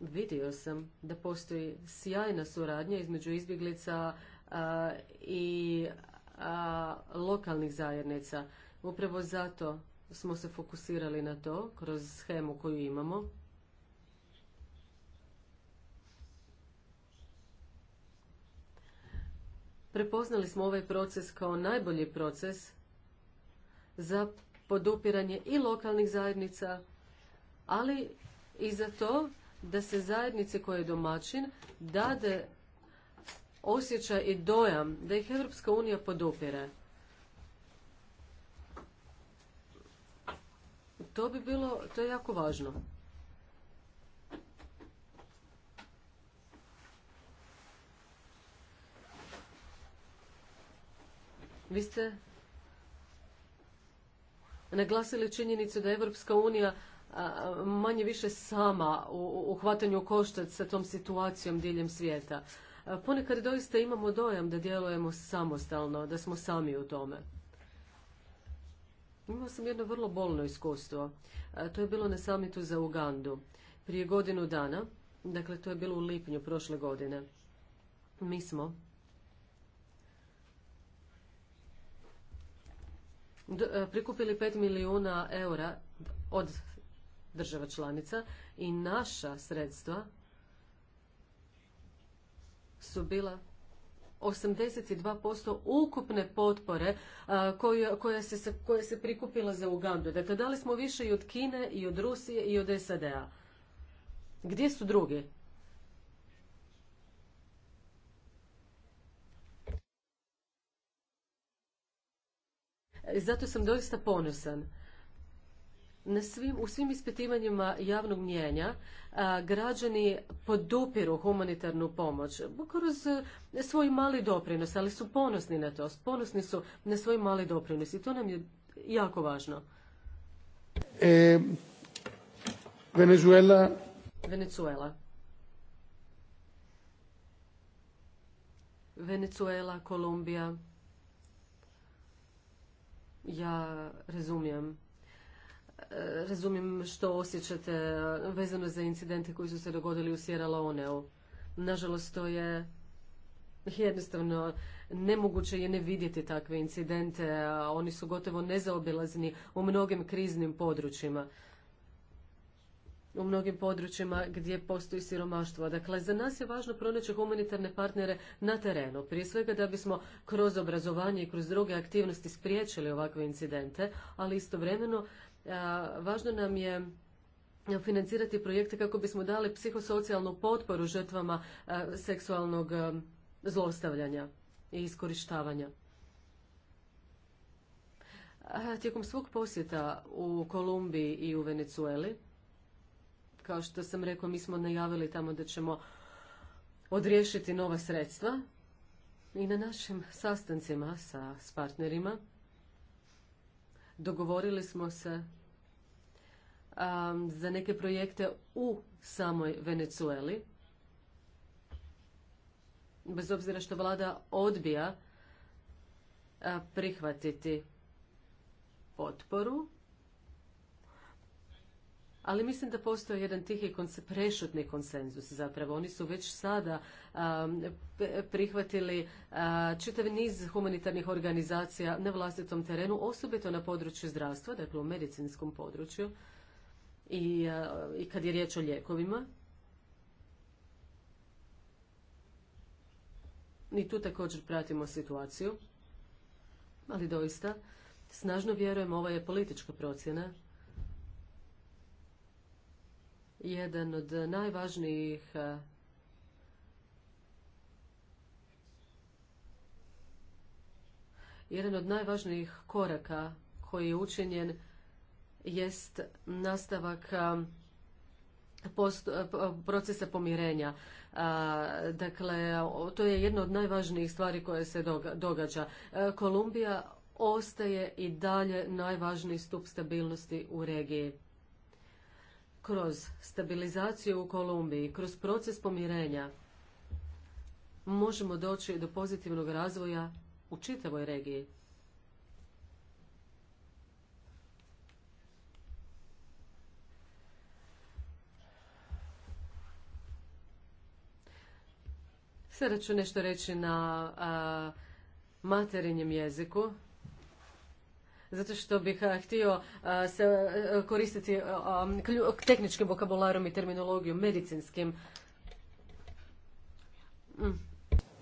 vidio sam da postoji sjajna suradnja između izbjeglica i lokalnih zajednica. Upravo zato smo se fokusirali na to kroz schemu koju imamo. Prepoznali smo ovaj proces kao najbolji proces za podupiranje i lokalnih zajednica, ali i za to da se zajednice koje je domaćin dade osjećaj i dojam da ih Europska unija podupire. To bi bilo, to je jako važno. Vi ste naglasili činjenicu da je Evropska unija manje više sama u hvatanju koštac sa tom situacijom diljem svijeta ponekad doista imamo dojam da djelujemo samostalno, da smo sami u tome. Imao sam jedno vrlo bolno iskustvo. To je bilo na samitu za Ugandu. Prije godinu dana, dakle to je bilo u lipnju prošle godine, mi smo e, prikupili pet milijuna eura od država članica i naša sredstva su bila 82% ukupne potpore koja se, se prikupila za Ugandu. Dakle, dali smo više i od Kine, i od Rusije, i od SAD-a. Gdje su drugi? Zato sam doista ponosan na svim, u svim ispitivanjima javnog mjenja građani podupiru humanitarnu pomoć kroz e, svoj mali doprinos, ali su ponosni na to, ponosni su na svoj mali doprinos i to nam je jako važno. E, Venezuela. Venezuela. Venezuela, Kolumbija. Ja razumijem razumijem što osjećate vezano za incidente koji su se dogodili u Sierra Leoneu. Nažalost, to je jednostavno nemoguće je ne vidjeti takve incidente, oni su gotovo nezaobilazni u mnogim kriznim područjima u mnogim područjima gdje postoji siromaštvo. Dakle, za nas je važno pronaći humanitarne partnere na terenu. Prije svega da bismo kroz obrazovanje i kroz druge aktivnosti spriječili ovakve incidente, ali istovremeno Važno nam je financirati projekte kako bismo dali psihosocijalnu potporu žrtvama seksualnog zlostavljanja i iskorištavanja. Tijekom svog posjeta u Kolumbiji i u Venecueli, kao što sam rekao, mi smo najavili tamo da ćemo odriješiti nova sredstva i na našim sastancima sa s partnerima dogovorili smo se um, za neke projekte u samoj Venecueli. Bez obzira što vlada odbija uh, prihvatiti potporu ali mislim da postoji jedan tihi prešutni konsenzus zapravo. Oni su već sada prihvatili čitav niz humanitarnih organizacija na vlastitom terenu, osobito na području zdravstva, dakle u medicinskom području i, i kad je riječ o lijekovima. I tu također pratimo situaciju, ali doista snažno vjerujem, ovo je politička procjena jedan od najvažnijih e, jedan od najvažnijih koraka koji je učinjen jest nastavak e, e, procesa pomirenja. Dakle, to je jedna od najvažnijih stvari koje se događa. Kolumbija ostaje i dalje najvažniji stup stabilnosti u regiji kroz stabilizaciju u Kolumbiji, kroz proces pomirenja, možemo doći do pozitivnog razvoja u čitavoj regiji. Sada ću nešto reći na materinjem jeziku zato što bih htio se koristiti tehničkim vokabularom i terminologijom medicinskim. Mm.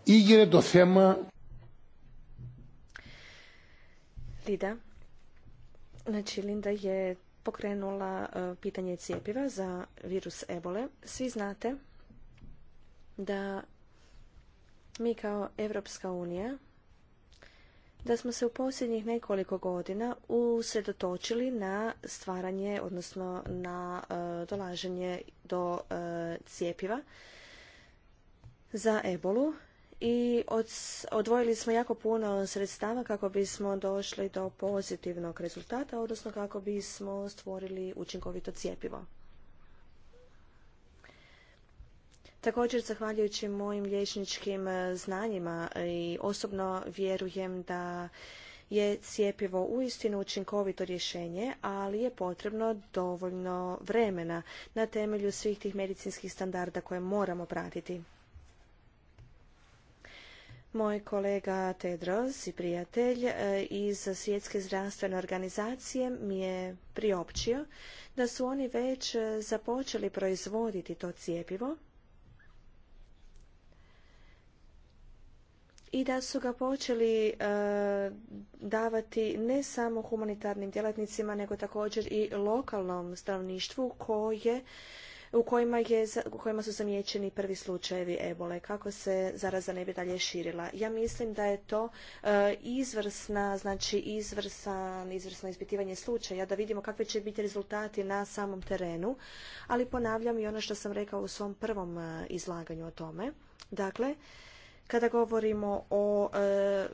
Igre do tema. Lida. Znači, Linda je pokrenula e, pitanje cijepiva za virus ebole. Svi znate da mi kao Evropska unija da smo se u posljednjih nekoliko godina usredotočili na stvaranje, odnosno na e, dolaženje do e, cijepiva za ebolu i odvojili smo jako puno sredstava kako bismo došli do pozitivnog rezultata, odnosno kako bismo stvorili učinkovito cijepivo. Također, zahvaljujući mojim liječničkim e, znanjima i osobno vjerujem da je cijepivo uistinu učinkovito rješenje, ali je potrebno dovoljno vremena na temelju svih tih medicinskih standarda koje moramo pratiti. Moj kolega Tedros i prijatelj e, iz Svjetske zdravstvene organizacije mi je priopćio da su oni već e, započeli proizvoditi to cijepivo i da su ga počeli e, davati ne samo humanitarnim djelatnicima nego također i lokalnom stanovništvu koje u kojima, je, u kojima su zamijećeni prvi slučajevi ebole, kako se zaraza ne bi dalje širila. Ja mislim da je to e, izvrsna, znači izvrsan, izvrsno ispitivanje slučaja, da vidimo kakvi će biti rezultati na samom terenu, ali ponavljam i ono što sam rekao u svom prvom e, izlaganju o tome. Dakle, kada govorimo o e,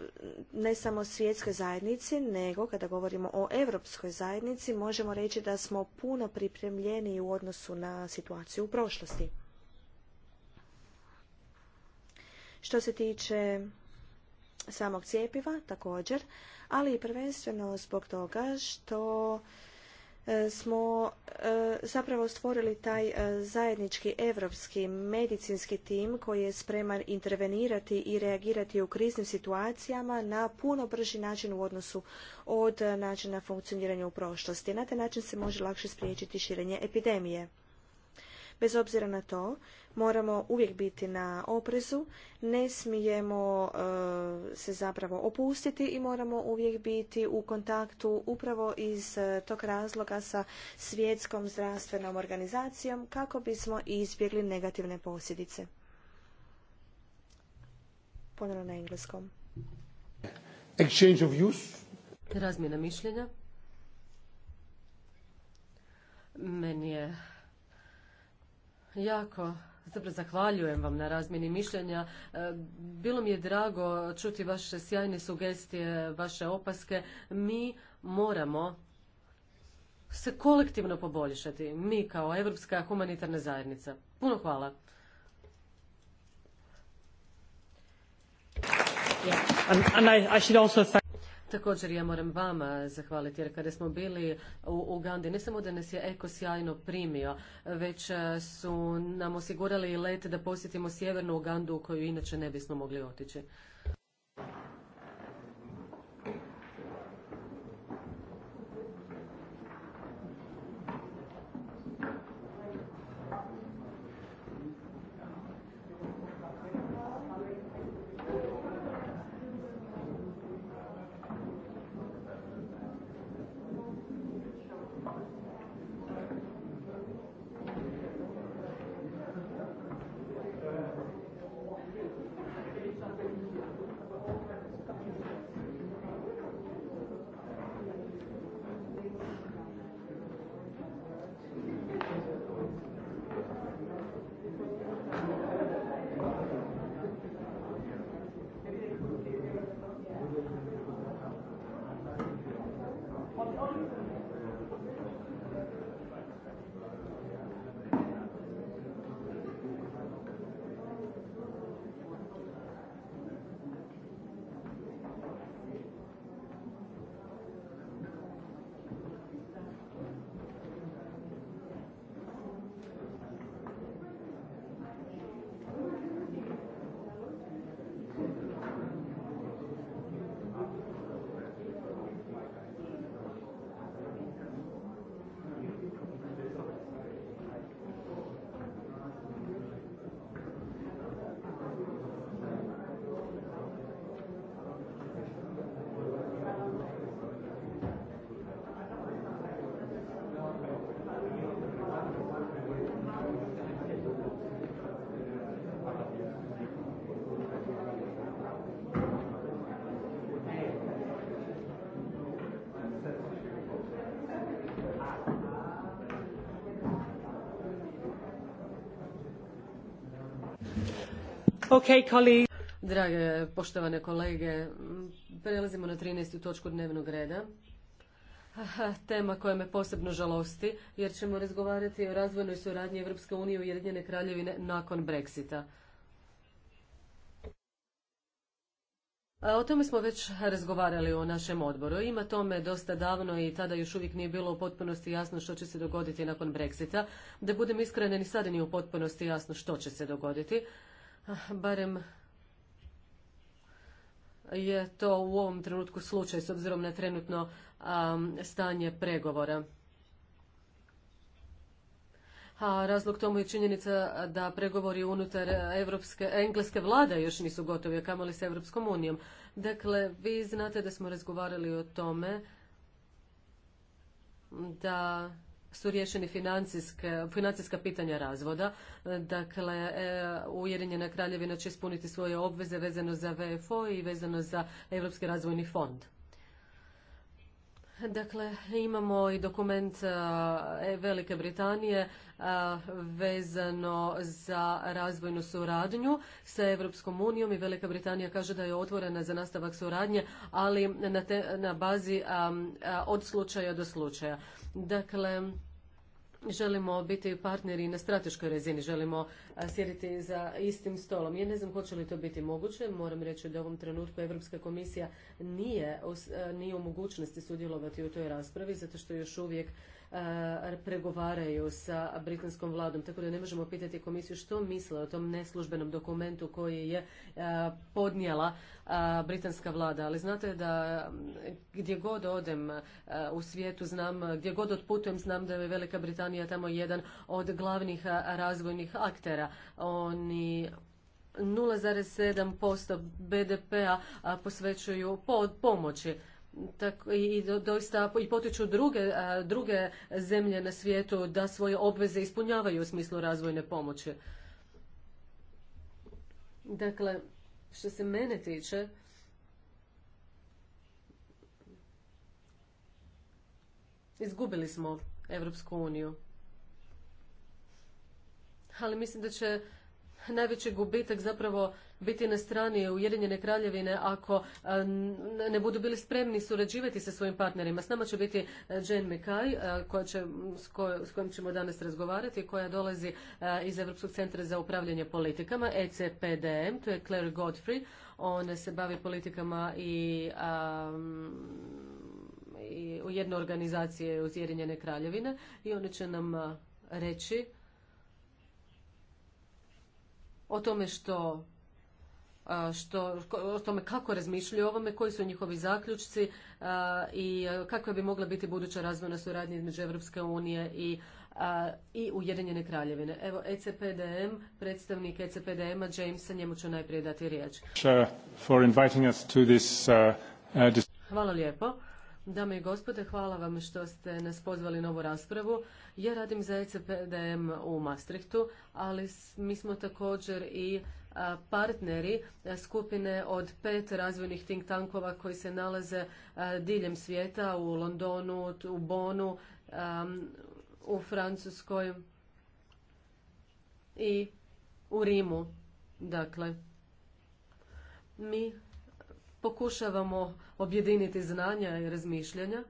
ne samo svjetskoj zajednici, nego kada govorimo o europskoj zajednici, možemo reći da smo puno pripremljeni u odnosu na situaciju u prošlosti. Što se tiče samog cjepiva također, ali i prvenstveno zbog toga što E, smo e, zapravo stvorili taj e, zajednički europski medicinski tim koji je spreman intervenirati i reagirati u kriznim situacijama na puno brži način u odnosu od načina funkcioniranja u prošlosti. Na taj način se može lakše spriječiti širenje epidemije. Bez obzira na to, moramo uvijek biti na oprezu, ne smijemo e, se zapravo opustiti i moramo uvijek biti u kontaktu upravo iz e, tog razloga sa svjetskom zdravstvenom organizacijom kako bismo izbjegli negativne posljedice. Ponovno na engleskom. of views. Razmjena mišljenja. Meni je jako dobro zahvaljujem vam na razmjeni mišljenja. E, bilo mi je drago čuti vaše sjajne sugestije, vaše opaske. Mi moramo se kolektivno poboljšati, mi kao Evropska humanitarna zajednica. Puno hvala. Yeah. Također ja moram vama zahvaliti jer kada smo bili u Ugandi ne samo da nas je Eko sjajno primio, već e, su nam osigurali let da posjetimo sjevernu Ugandu u koju inače ne bismo mogli otići. Drage poštovane kolege, prelazimo na 13. točku dnevnog reda. tema koja me posebno žalosti, jer ćemo razgovarati o razvojnoj suradnji Evropske unije i Ujedinjene kraljevine nakon Brexita. O tome smo već razgovarali o našem odboru. Ima tome dosta davno i tada još uvijek nije bilo u potpunosti jasno što će se dogoditi nakon Brexita. Da budem iskrena, ni sada nije u potpunosti jasno što će se dogoditi barem je to u ovom trenutku slučaj s obzirom na trenutno stanje pregovora. A razlog tomu je činjenica da pregovori unutar evropske, engleske vlade još nisu gotovi, a kamoli s Evropskom unijom. Dakle, vi znate da smo razgovarali o tome da su riješeni financijska pitanja razvoda. Dakle, e, Ujedinjena kraljevina će ispuniti svoje obveze vezano za VFO i vezano za Europski razvojni fond. Dakle, imamo i dokument e, Velike Britanije e, vezano za razvojnu suradnju sa Europskom unijom i Velika Britanija kaže da je otvorena za nastavak suradnje, ali na, na bazi od slučaja do slučaja. Dakle, želimo biti partneri na strateškoj razini, želimo sjediti za istim stolom. Ja ne znam hoće li to biti moguće, moram reći da u ovom trenutku Europska komisija nije, nije u mogućnosti sudjelovati u toj raspravi, zato što još uvijek pregovaraju sa britanskom vladom, tako da ne možemo pitati komisiju što misle o tom neslužbenom dokumentu koji je podnijela britanska vlada. Ali znate da gdje god odem u svijetu znam, gdje god otputujem znam da je Velika Britanija tamo jedan od glavnih razvojnih aktera. Oni 0,7% BDP-a posvećuju pomoći tako i doista i potiču druge, druge zemlje na svijetu da svoje obveze ispunjavaju u smislu razvojne pomoći. Dakle, što se mene tiče, izgubili smo Evropsku uniju. Ali mislim da će najveći gubitak zapravo biti na strani Ujedinjene kraljevine ako e, ne budu bili spremni surađivati sa svojim partnerima. S nama će biti e, Jane McKay e, koja će, s, kojom ćemo danas razgovarati koja dolazi iz Europskog centra za upravljanje politikama ECPDM, to je Claire Godfrey. Ona se bavi politikama i um, i u jednoj organizaciji Ujedinjene kraljevine i ona će nam reći o tome što što, o tome kako razmišljaju o ovome, koji su njihovi zaključci i kakva bi mogla biti buduća razvojna suradnja između Europske unije i i Ujedinjene kraljevine. Evo, ECPDM, predstavnik ECPDM-a, Jamesa, njemu ću najprije dati riječ. Uh, uh, Hvala lijepo Dame i gospode, hvala vam što ste nas pozvali na ovu raspravu. Ja radim za ECPDM u Maastrichtu, ali mi smo također i partneri skupine od pet razvojnih think tankova koji se nalaze diljem svijeta u Londonu, u Bonu, u Francuskoj i u Rimu. Dakle, mi pokušavamo objediniti znanja i razmišljanja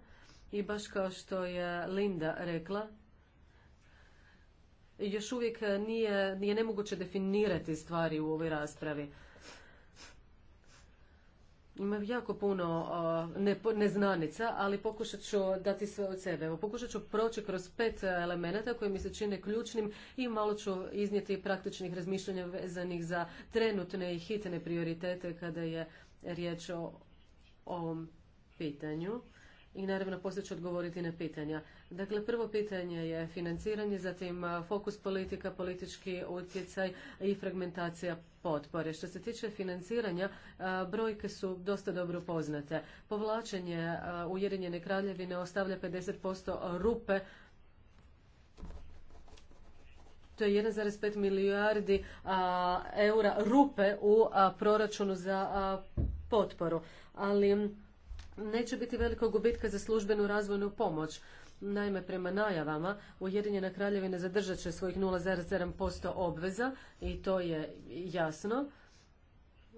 i baš kao što je Linda rekla, još uvijek nije, nije nemoguće definirati stvari u ovoj raspravi. ima jako puno ne, neznanica, ali pokušat ću dati sve od sebe. pokušat ću proći kroz pet elemenata koji mi se čine ključnim i malo ću iznijeti praktičnih razmišljanja vezanih za trenutne i hitne prioritete kada je riječ o ovom pitanju. I naravno poslije ću odgovoriti na pitanja. Dakle, prvo pitanje je financiranje, zatim fokus politika, politički utjecaj i fragmentacija potpore. Što se tiče financiranja, brojke su dosta dobro poznate. Povlačenje Ujedinjene kraljevine ostavlja 50% rupe to je 1,5 milijardi eura rupe u proračunu za potporu. Ali neće biti velikog gubitka za službenu razvojnu pomoć. Naime, prema najavama, Ujedinjena kraljevina zadržat će svojih 0,7% obveza i to je jasno.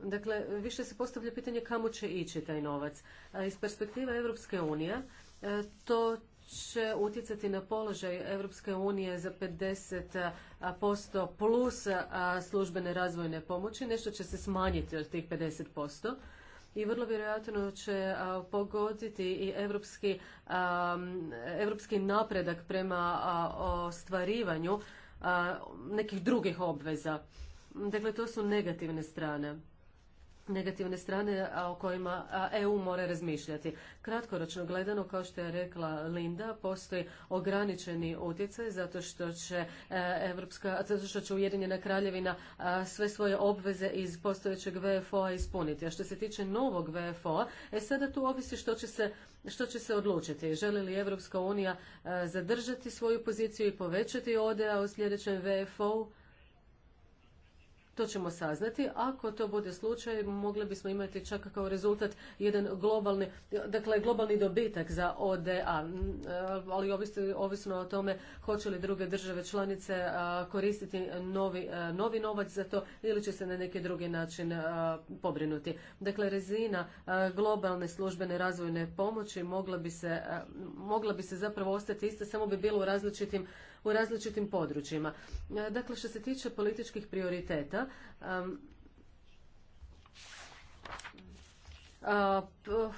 Dakle, više se postavlja pitanje kamo će ići taj novac. Iz perspektive Europske unije e, to će utjecati na položaj Europske unije za 50% plus službene razvojne pomoći. Nešto će se smanjiti od tih 50% i vrlo vjerojatno će pogoditi i europski, napredak prema ostvarivanju nekih drugih obveza. Dakle, to su negativne strane negativne strane a o kojima EU mora razmišljati. Kratkoročno gledano, kao što je rekla Linda, postoji ograničeni utjecaj zato što će e, Evropska, zato što će Ujedinjena kraljevina sve svoje obveze iz postojećeg VFO-a ispuniti. A što se tiče novog VFO-a, e sada tu ovisi što će se što će se odlučiti? Želi li Evropska unija e, zadržati svoju poziciju i povećati ODA u sljedećem VFO-u? To ćemo saznati. Ako to bude slučaj, mogli bismo imati čak kao rezultat jedan globalni, dakle globalni dobitak za ODA, mm, eh, ali ovisno o tome hoće li druge države članice eh, koristiti novi, eh, novi novac za to ili će se na neki drugi način pobrinuti. Dakle, rezina globalne službene razvojne pomoći mogla bi se, mogla bi se zapravo ostati ista, samo bi bilo u različitim u različitim područjima. E, dakle, što se tiče političkih prioriteta,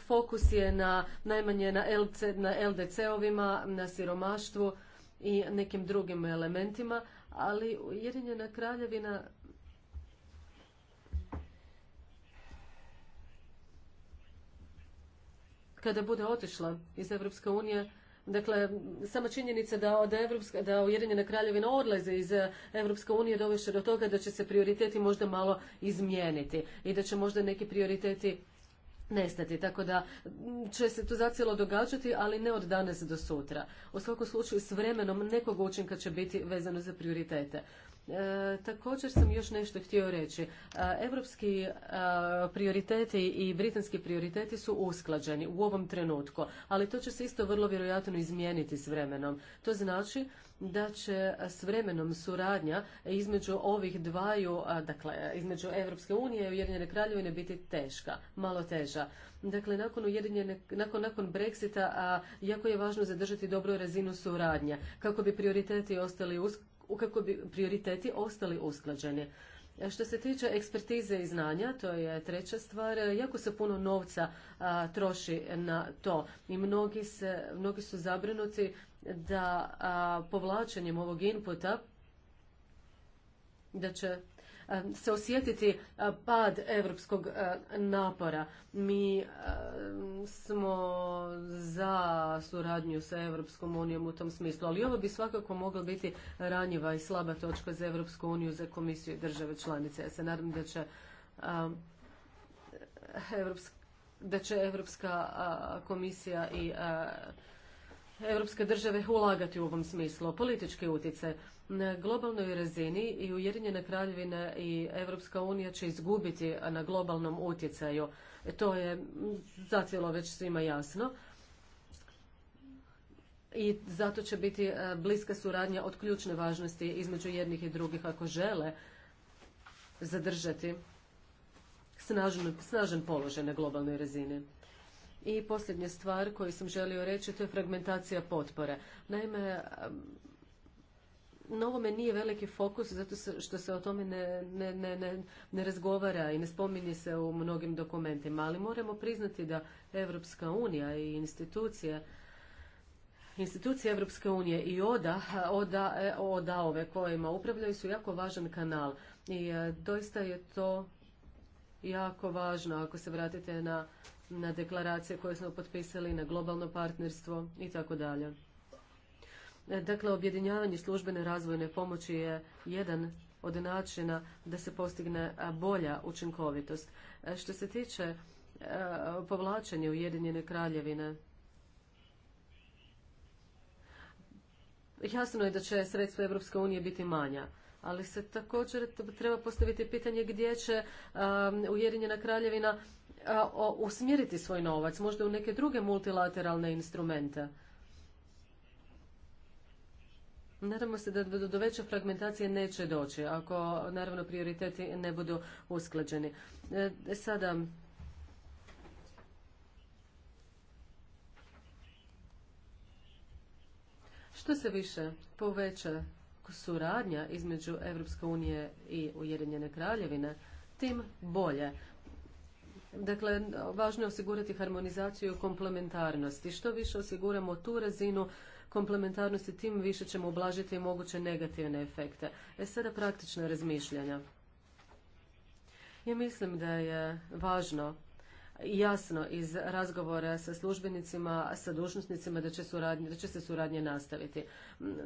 fokus je na najmanje na, LC, na LDC-ovima, na siromaštvu i nekim drugim elementima, ali Ujedinjena kraljevina kada bude otišla iz Europske unije Dakle, sama činjenica da od Evropska, da Ujedinjena kraljevina odlaze iz Evropske unije dovešće do toga da će se prioriteti možda malo izmijeniti i da će možda neki prioriteti nestati. Tako da će se to zacijelo događati, ali ne od danas do sutra. U svakom slučaju s vremenom nekog učinka će biti vezano za prioritete. E, također sam još nešto htio reći. Europski e, prioriteti i britanski prioriteti su usklađeni u ovom trenutku, ali to će se isto vrlo vjerojatno izmijeniti s vremenom. To znači da će s vremenom suradnja između ovih dvaju, dakle između Europske unije i Ujedinjene kraljevine biti teška, malo teža. Dakle, nakon, nakon, nakon Brexita a, jako je važno zadržati dobru razinu suradnje kako bi prioriteti ostali usklađeni, kako bi prioriteti ostali usklađeni. E, što se tiče ekspertize i znanja, to je treća stvar, e, jako se puno novca troši na to i mnogi, su zabrinuti da povlačenjem ovog inputa da će se osjetiti pad europskog napora. Mi smo za suradnju sa Evropskom unijom u tom smislu, ali ovo bi svakako moglo biti ranjiva i slaba točka za Evropsku uniju, za komisiju i države članice. Ja se nadam da će da će Europska komisija i europske države ulagati u ovom smislu. Politički utjecaj. Na globalnoj razini i Ujedinjena kraljevina i Europska unija će izgubiti na globalnom utjecaju. E, to je zacijelo već svima jasno. I zato će biti e, bliska suradnja od ključne važnosti između jednih i drugih ako žele zadržati snažan, snažan položaj na globalnoj razini. I posljednja stvar koju sam želio reći, to je fragmentacija potpore. Naime, na ovome nije veliki fokus zato što se o tome ne, ne, ne, ne razgovara i ne spominje se u mnogim dokumentima, ali moramo priznati da Evropska unija i institucije Institucije Evropske unije i ODA, ODA, e, ODA ove kojima upravljaju su jako važan kanal i e, doista je to jako važno ako se vratite na, na deklaracije koje smo potpisali, na globalno partnerstvo i tako dalje. Dakle, objedinjavanje službene razvojne pomoći je jedan od načina da se postigne bolja učinkovitost. E, što se tiče e, povlačenja Ujedinjene kraljevine, jasno je da će sredstva Europske unije biti manja. Ali se također treba postaviti pitanje gdje će Ujedinjena kraljevina usmjeriti svoj novac, možda u neke druge multilateralne instrumente. Nadamo se da do veće fragmentacije neće doći, ako naravno prioriteti ne budu usklađeni. E, sada, što se više poveća suradnja između Evropske unije i Ujedinjene kraljevine, tim bolje. Dakle, važno je osigurati harmonizaciju i komplementarnost. I što više osiguramo tu razinu komplementarnosti, tim više ćemo ublažiti moguće negativne efekte. E sada praktična razmišljanja. Ja mislim da je važno jasno iz razgovora sa službenicima, sa dužnosnicima da će, da će se suradnje nastaviti.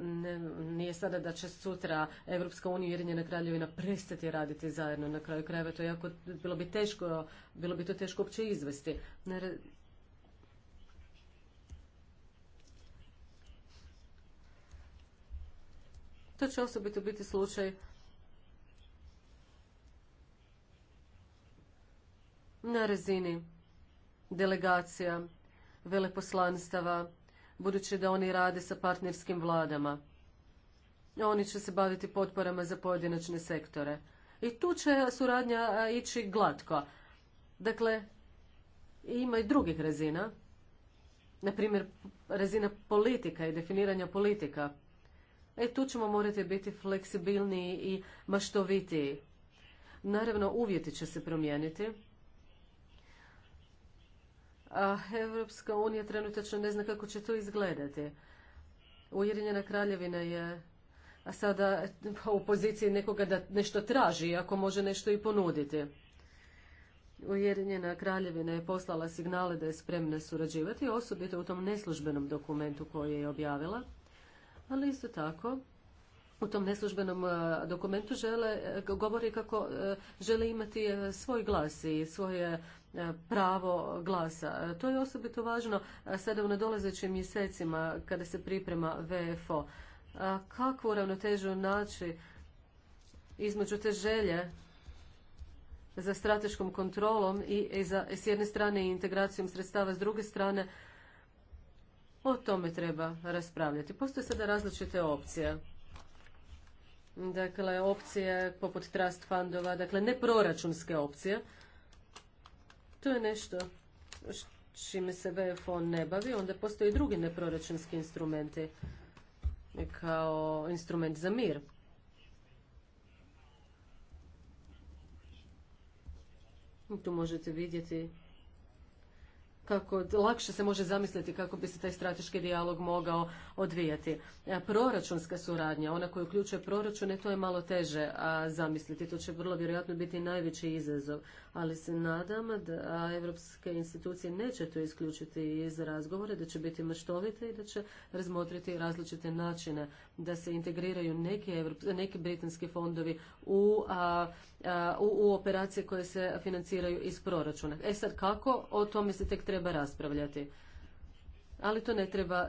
Ne, nije sada da će sutra Evropska unija i Ujedinjena kraljevina prestati raditi zajedno na kraju krajeva. To jako, bilo bi teško, bilo bi to teško uopće izvesti. To će osobito biti slučaj na razini delegacija, veleposlanstava, budući da oni rade sa partnerskim vladama. Oni će se baviti potporama za pojedinačne sektore. I tu će suradnja ići glatko. Dakle, ima i drugih razina. Naprimjer, razina politika i definiranja politika. E, tu ćemo morati biti fleksibilniji i maštovitiji. Naravno, uvjeti će se promijeniti. A Evropska unija trenutačno ne zna kako će to izgledati. Ujedinjena kraljevina je a sada u poziciji nekoga da nešto traži, ako može nešto i ponuditi. Ujedinjena kraljevina je poslala signale da je spremna surađivati, osobito u tom neslužbenom dokumentu koji je objavila ali isto tako u tom neslužbenom e, dokumentu žele, e, govori kako e, žele imati svoj glas i svoje pravo glasa. To je osobito važno sada u nadolazećim mjesecima kada se priprema VFO. Kakvu ravnotežu naći između te želje za strateškom kontrolom i za, s jedne strane integracijom sredstava, s druge strane o tome treba raspravljati. Postoje sada različite opcije. Dakle, opcije poput trust fundova, dakle, neproračunske opcije. To je nešto čime se VFO ne bavi. Onda postoje i drugi neproračunski instrumenti kao instrument za mir. Tu možete vidjeti kako lakše se može zamisliti kako bi se taj strateški dijalog mogao odvijati. E, proračunska suradnja, ona koja uključuje proračune, to je malo teže zamisliti. To će vrlo vjerojatno biti najveći izazov. Ali se nadam da evropske institucije neće to isključiti iz razgovora, da će biti maštovite i da će razmotriti različite načine da se integriraju neki, britanski fondovi u, u, u operacije koje se financiraju iz proračuna. E sad kako? O tome se tek treba treba raspravljati ali to ne treba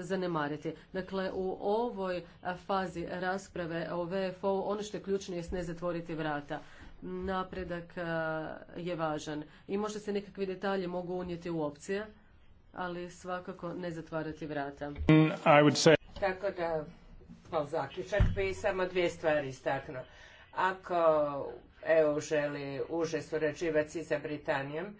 zanemariti. Dakle, u ovoj fazi rasprave o VFO ono što je ključno je ne zatvoriti vrata. Napredak je važan i možda se nekakvi detalji mogu unijeti u opcije, ali svakako ne zatvarati vrata. Mm, Tako da, kao zaključak bi samo dvije stvari istakno Ako EU želi uže surađivati sa Britanijom,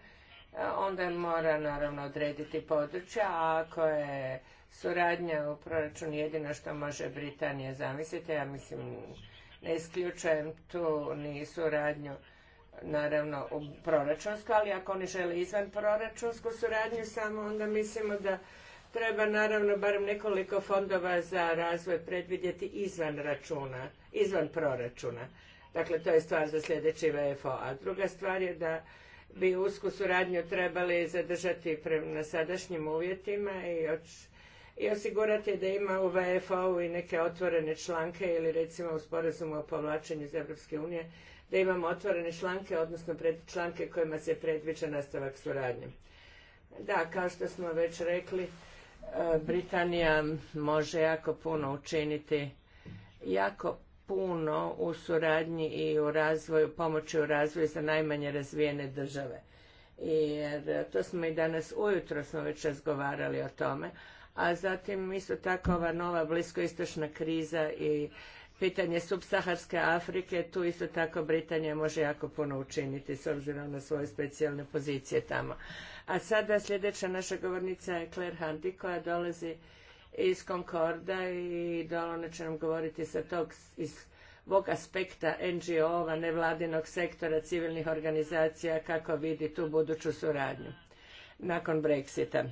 onda mora naravno odrediti područja, a ako je suradnja u proračunu jedino što može Britanija zamisliti, ja mislim ne isključujem tu ni suradnju naravno u proračunsku, ali ako oni žele izvan proračunsku suradnju samo onda mislimo da treba naravno barem nekoliko fondova za razvoj predvidjeti izvan računa, izvan proračuna. Dakle, to je stvar za sljedeći VFO. A druga stvar je da bi usku suradnju trebali zadržati na sadašnjim uvjetima i, osigurati da ima u VFO-u i neke otvorene članke ili recimo u sporazumu o povlačenju iz Europske unije da imamo otvorene članke, odnosno pred, članke kojima se predviđa nastavak suradnje. Da, kao što smo već rekli, e, Britanija može jako puno učiniti, jako puno u suradnji i u razvoju, pomoći u razvoju za najmanje razvijene države. Jer e, to smo i danas ujutro smo već razgovarali o tome. A zatim isto tako ova nova bliskoistočna kriza i pitanje subsaharske Afrike, tu isto tako Britanija može jako puno učiniti s obzirom na svoje specijalne pozicije tamo. A sada sljedeća naša govornica je Claire Handy koja dolazi iz Concorda i da će nam govoriti sa tog iz ovog aspekta NGO-ova, nevladinog sektora, civilnih organizacija, kako vidi tu buduću suradnju nakon Brexita.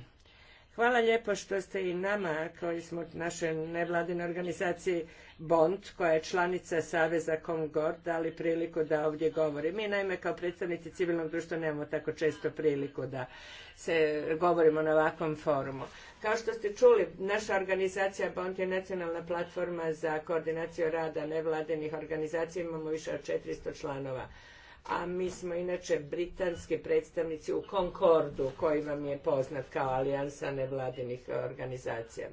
Hvala lijepo što ste i nama koji smo našoj nevladine organizaciji Bond, koja je članica Saveza Kongor, dali priliku da ovdje govori. Mi naime kao predstavnici civilnog društva nemamo tako često priliku da se govorimo na ovakvom forumu. Kao što ste čuli, naša organizacija Bond je nacionalna platforma za koordinaciju rada nevladinih organizacija, imamo više od 400 članova a mi smo inače britanski predstavnici u Concordu, koji vam je poznat kao alijansa nevladinih organizacija.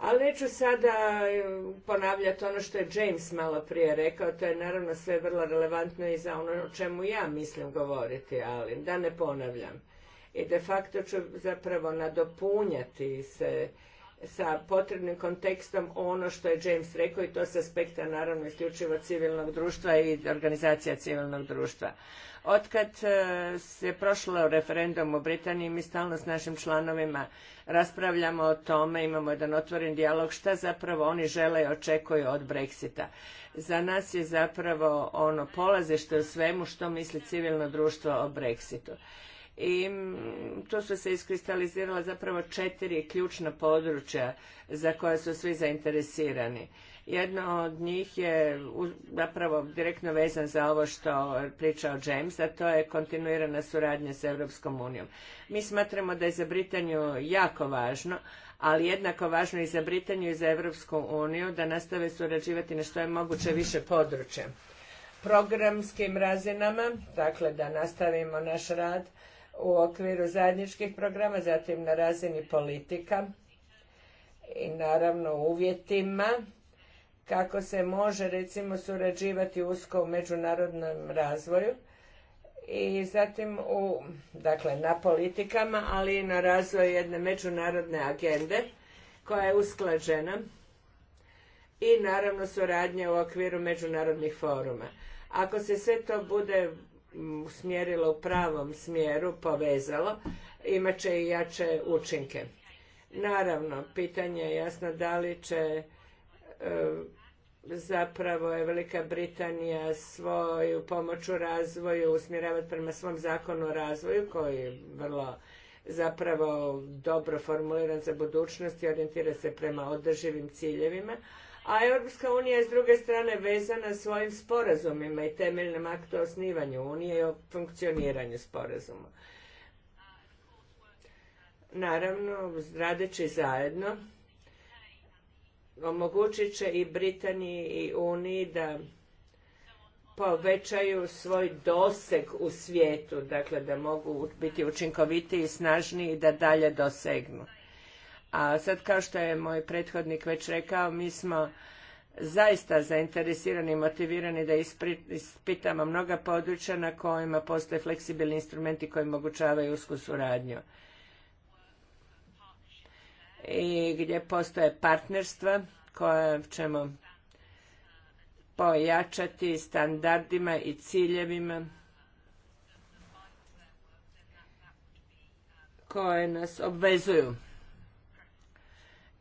Ali neću sada eh, ponavljati ono što je James malo prije rekao, to je naravno sve vrlo relevantno i za ono o čemu ja mislim govoriti, ali da ne ponavljam. I de facto ću zapravo nadopunjati se sa potrebnim kontekstom ono što je James rekao i to s aspekta naravno isključivo civilnog društva i organizacija civilnog društva. Otkad e, se prošlo referendum u Britaniji, mi stalno s našim članovima raspravljamo o tome, imamo jedan otvoren dijalog šta zapravo oni žele i očekuju od Brexita. Za nas je zapravo ono polazište u svemu što misli civilno društvo o Brexitu i tu su se iskristalizirala zapravo četiri ključna područja za koja su svi zainteresirani. Jedno od njih je zapravo direktno vezan za ovo što pričao James, a to je kontinuirana suradnja s Europskom unijom. Mi smatramo da je za Britaniju jako važno, ali jednako važno i za Britaniju i za Europsku uniju da nastave surađivati na što je moguće više područja. Programskim razinama, dakle da nastavimo naš rad u okviru zajedničkih programa, zatim na razini politika i naravno uvjetima kako se može recimo surađivati usko u međunarodnom razvoju i zatim u, dakle, na politikama, ali i na razvoju jedne međunarodne agende koja je usklađena i naravno suradnja u okviru međunarodnih foruma. Ako se sve to bude usmjerilo u pravom smjeru, povezalo, imat će i jače učinke. Naravno, pitanje je jasno da li će e, zapravo je Velika Britanija svoju pomoć u razvoju usmjeravati prema svom zakonu o razvoju koji je vrlo zapravo dobro formuliran za budućnost i orijentira se prema održivim ciljevima, a Europska unija je s druge strane vezana svojim sporazumima i temeljnim aktu o osnivanju unije i o funkcioniranju sporazuma. Naravno, radeći zajedno, omogućit će i Britaniji i Uniji da povećaju svoj doseg u svijetu, dakle da mogu biti učinkovitiji i snažniji i da dalje dosegnu. A sad kao što je moj prethodnik već rekao, mi smo zaista zainteresirani i motivirani da ispitamo mnoga područja na kojima postoje fleksibilni instrumenti koji omogućavaju usku suradnju. I gdje postoje partnerstva koja ćemo pojačati standardima i ciljevima koje nas obvezuju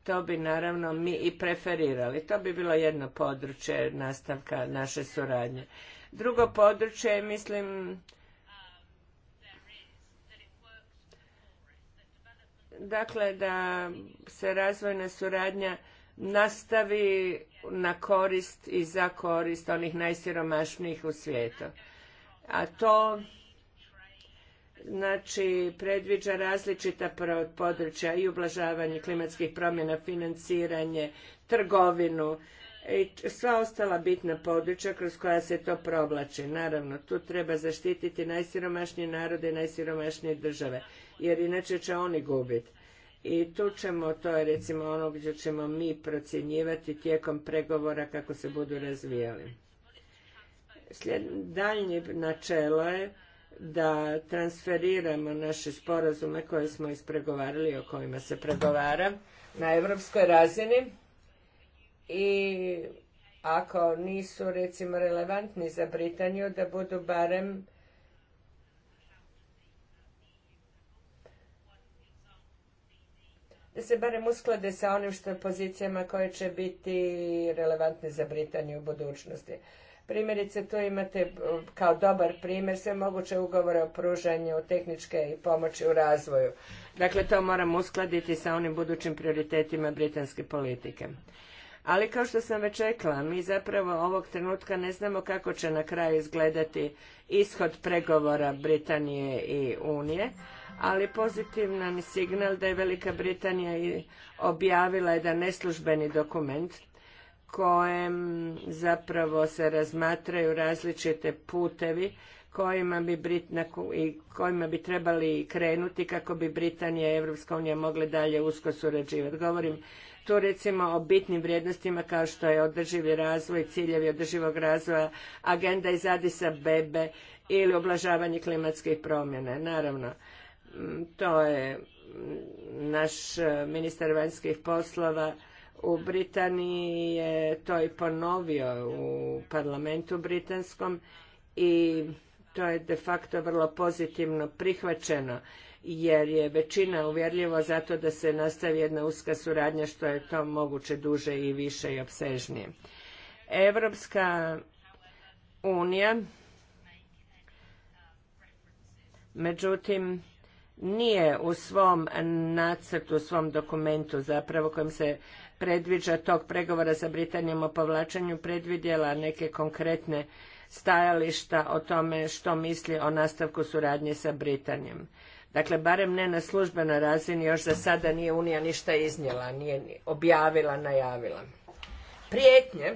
to bi naravno mi i preferirali. To bi bilo jedno područje nastavka naše suradnje. Drugo područje, mislim, dakle da se razvojna suradnja nastavi na korist i za korist onih najsiromašnijih u svijetu. A to znači predviđa različita područja i ublažavanje klimatskih promjena, financiranje, trgovinu i sva ostala bitna područja kroz koja se to provlači. Naravno, tu treba zaštititi najsiromašnije narode i najsiromašnije države, jer inače će oni gubiti. I tu ćemo, to je recimo ono gdje ćemo mi procjenjivati tijekom pregovora kako se budu razvijali. daljnje načelo je da transferiramo naše sporazume koje smo ispregovarali o kojima se pregovara na europskoj razini i ako nisu recimo relevantni za Britaniju da budu barem da se barem usklade sa onim što pozicijama koje će biti relevantne za Britaniju u budućnosti. Primjerice, tu imate e, kao dobar primjer sve moguće ugovore o pružanju tehničke i pomoći u razvoju. Dakle, to moramo uskladiti sa onim budućim prioritetima britanske politike. Ali kao što sam već rekla, mi zapravo ovog trenutka ne znamo kako će na kraju izgledati ishod pregovora Britanije i Unije, ali pozitivan signal da je Velika Britanija objavila jedan neslužbeni dokument kojem zapravo se razmatraju različite putevi kojima bi, i kojima bi trebali krenuti kako bi Britanija i Europska unija mogle dalje usko surađivati. Govorim tu recimo o bitnim vrijednostima kao što je održivi razvoj, ciljevi održivog razvoja, agenda iz Adisa Bebe ili oblažavanje klimatskih promjena. Naravno, to je naš e, ministar vanjskih poslova u Britaniji je to i ponovio u parlamentu britanskom i to je de facto vrlo pozitivno prihvaćeno jer je većina uvjerljivo zato da se nastavi jedna uska suradnja što je to moguće duže i više i opsežnije. Evropska unija međutim nije u svom nacrtu, u svom dokumentu zapravo kojim se predviđa tog pregovora sa Britanijom o povlačenju predvidjela neke konkretne stajališta o tome što misli o nastavku suradnje sa Britanijom. Dakle, barem ne na službenoj razini, još za sada nije Unija ništa iznijela, nije objavila, najavila. Prijetnje,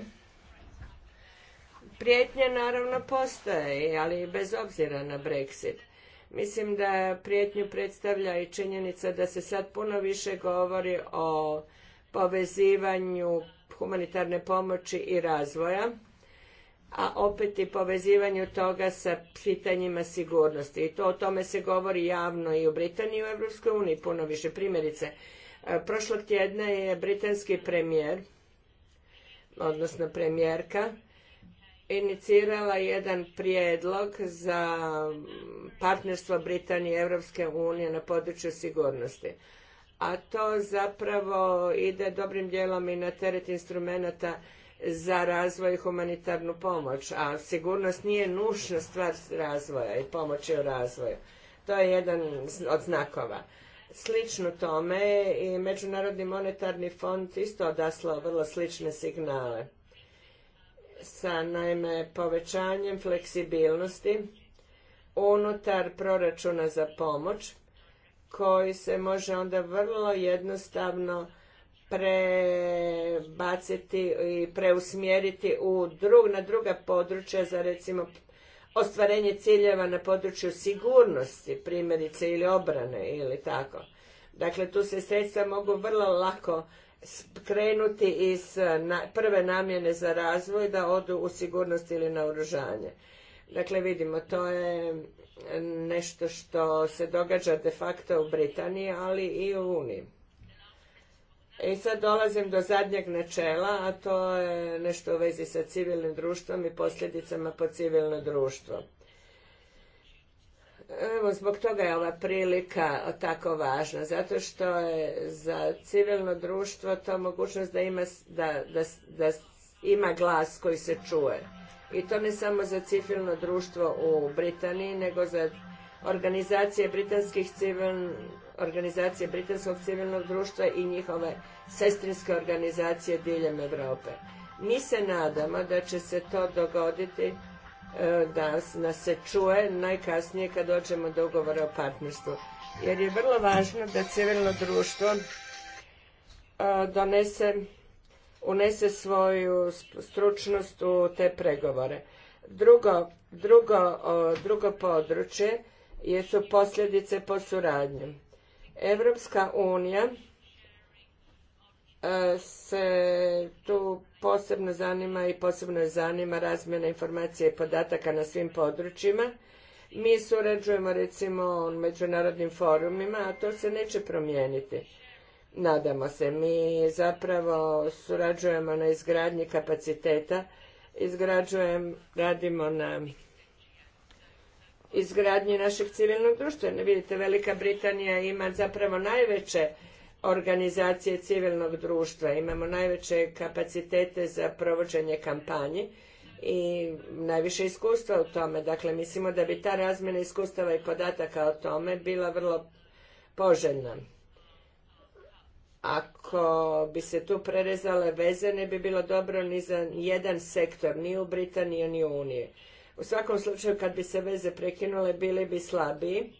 prijetnje naravno postoje, ali bez obzira na Brexit. Mislim da prijetnju predstavlja i činjenica da se sad puno više govori o povezivanju humanitarne pomoći i razvoja, a opet i povezivanju toga sa pitanjima sigurnosti. I to o tome se govori javno i u Britaniji i u EU, uniji puno više. Primjerice, e, prošlog tjedna je britanski premijer, odnosno premijerka, inicirala jedan prijedlog za partnerstvo Britanije i Europske unije na području sigurnosti a to zapravo ide dobrim dijelom i na teret instrumenata za razvoj i humanitarnu pomoć, a sigurnost nije nužna stvar razvoja i pomoći u razvoju. To je jedan od znakova. Slično tome i Međunarodni monetarni fond isto odaslao vrlo slične signale. Sa naime povećanjem fleksibilnosti unutar proračuna za pomoć koji se može onda vrlo jednostavno prebaciti i preusmjeriti u drug, na druga područja za recimo ostvarenje ciljeva na području sigurnosti, primjerice ili obrane ili tako. Dakle, tu se sredstva mogu vrlo lako krenuti iz prve namjene za razvoj da odu u sigurnost ili na oružanje. Dakle, vidimo, to je nešto što se događa de facto u Britaniji, ali i u Uniji. I sad dolazim do zadnjeg načela, a to je nešto u vezi sa civilnim društvom i posljedicama po civilno društvo. Evo, zbog toga je ova prilika tako važna, zato što je za civilno društvo to mogućnost da ima, da, da, da ima glas koji se čuje i to ne samo za civilno društvo u Britaniji, nego za organizacije britanskih civilnih organizacije britanskog civilnog društva i njihove sestrinske organizacije diljem Europe. Mi se nadamo da će se to dogoditi e, da nas se čuje najkasnije kad dođemo do ugovora o partnerstvu. Jer je vrlo važno da civilno društvo e, donese unese svoju stručnost u te pregovore. Drugo, drugo, drugo područje jesu posljedice po suradnju. Evropska unija e, se tu posebno zanima i posebno je zanima razmjena informacija i podataka na svim područjima. Mi surađujemo recimo u međunarodnim forumima, a to se neće promijeniti nadamo se. Mi zapravo surađujemo na izgradnji kapaciteta, izgrađujem, radimo na izgradnji našeg civilnog društva. Vidite, Velika Britanija ima zapravo najveće organizacije civilnog društva. Imamo najveće kapacitete za provođenje kampanji i najviše iskustva u tome. Dakle, mislimo da bi ta razmjena iskustava i podataka o tome bila vrlo poželjna. Ako bi se tu prerezale veze, ne bi bilo dobro ni za jedan sektor, ni u Britaniji, ni u Uniji. U svakom slučaju, kad bi se veze prekinule, bili bi slabiji,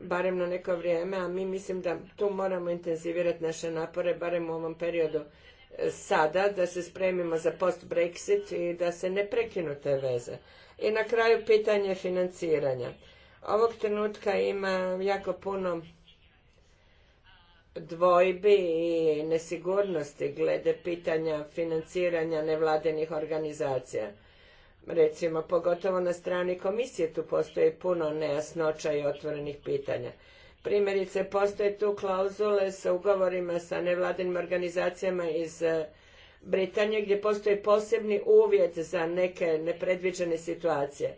barem na neko vrijeme, a mi mislim da tu moramo intenzivirati naše napore, barem u ovom periodu e, sada, da se spremimo za post-Brexit i da se ne prekinu te veze. I na kraju pitanje financiranja. Ovog trenutka ima jako puno dvojbi i nesigurnosti glede pitanja financiranja nevladinih organizacija. Recimo, pogotovo na strani komisije tu postoji puno nejasnoća i otvorenih pitanja. Primjerice, postoje tu klauzule sa ugovorima sa nevladinim organizacijama iz eh, Britanije gdje postoji posebni uvjet za neke nepredviđene situacije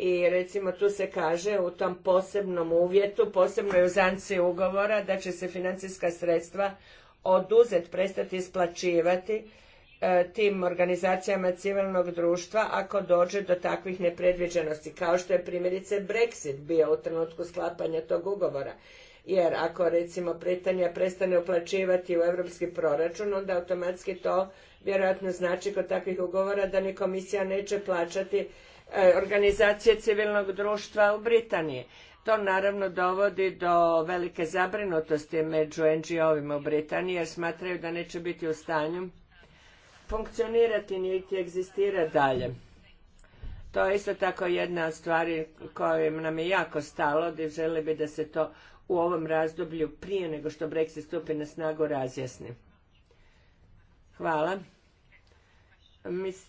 i recimo tu se kaže u tom posebnom uvjetu, posebnoj uzanci ugovora da će se financijska sredstva oduzet, prestati isplaćivati e, tim organizacijama civilnog društva ako dođe do takvih nepredviđenosti, kao što je primjerice Brexit bio u trenutku sklapanja tog ugovora. Jer ako recimo Britanija prestane uplaćivati u europski proračun, onda automatski to vjerojatno znači kod takvih ugovora da ni komisija neće plaćati E, organizacije civilnog društva u Britaniji. To naravno dovodi do velike zabrinutosti među NGO-ovima u Britaniji jer smatraju da neće biti u stanju funkcionirati niti egzistira dalje. To je isto tako jedna od stvari kojim nam je jako stalo, da žele bi da se to u ovom razdoblju prije nego što Brexit stupi na snagu razjasni. Hvala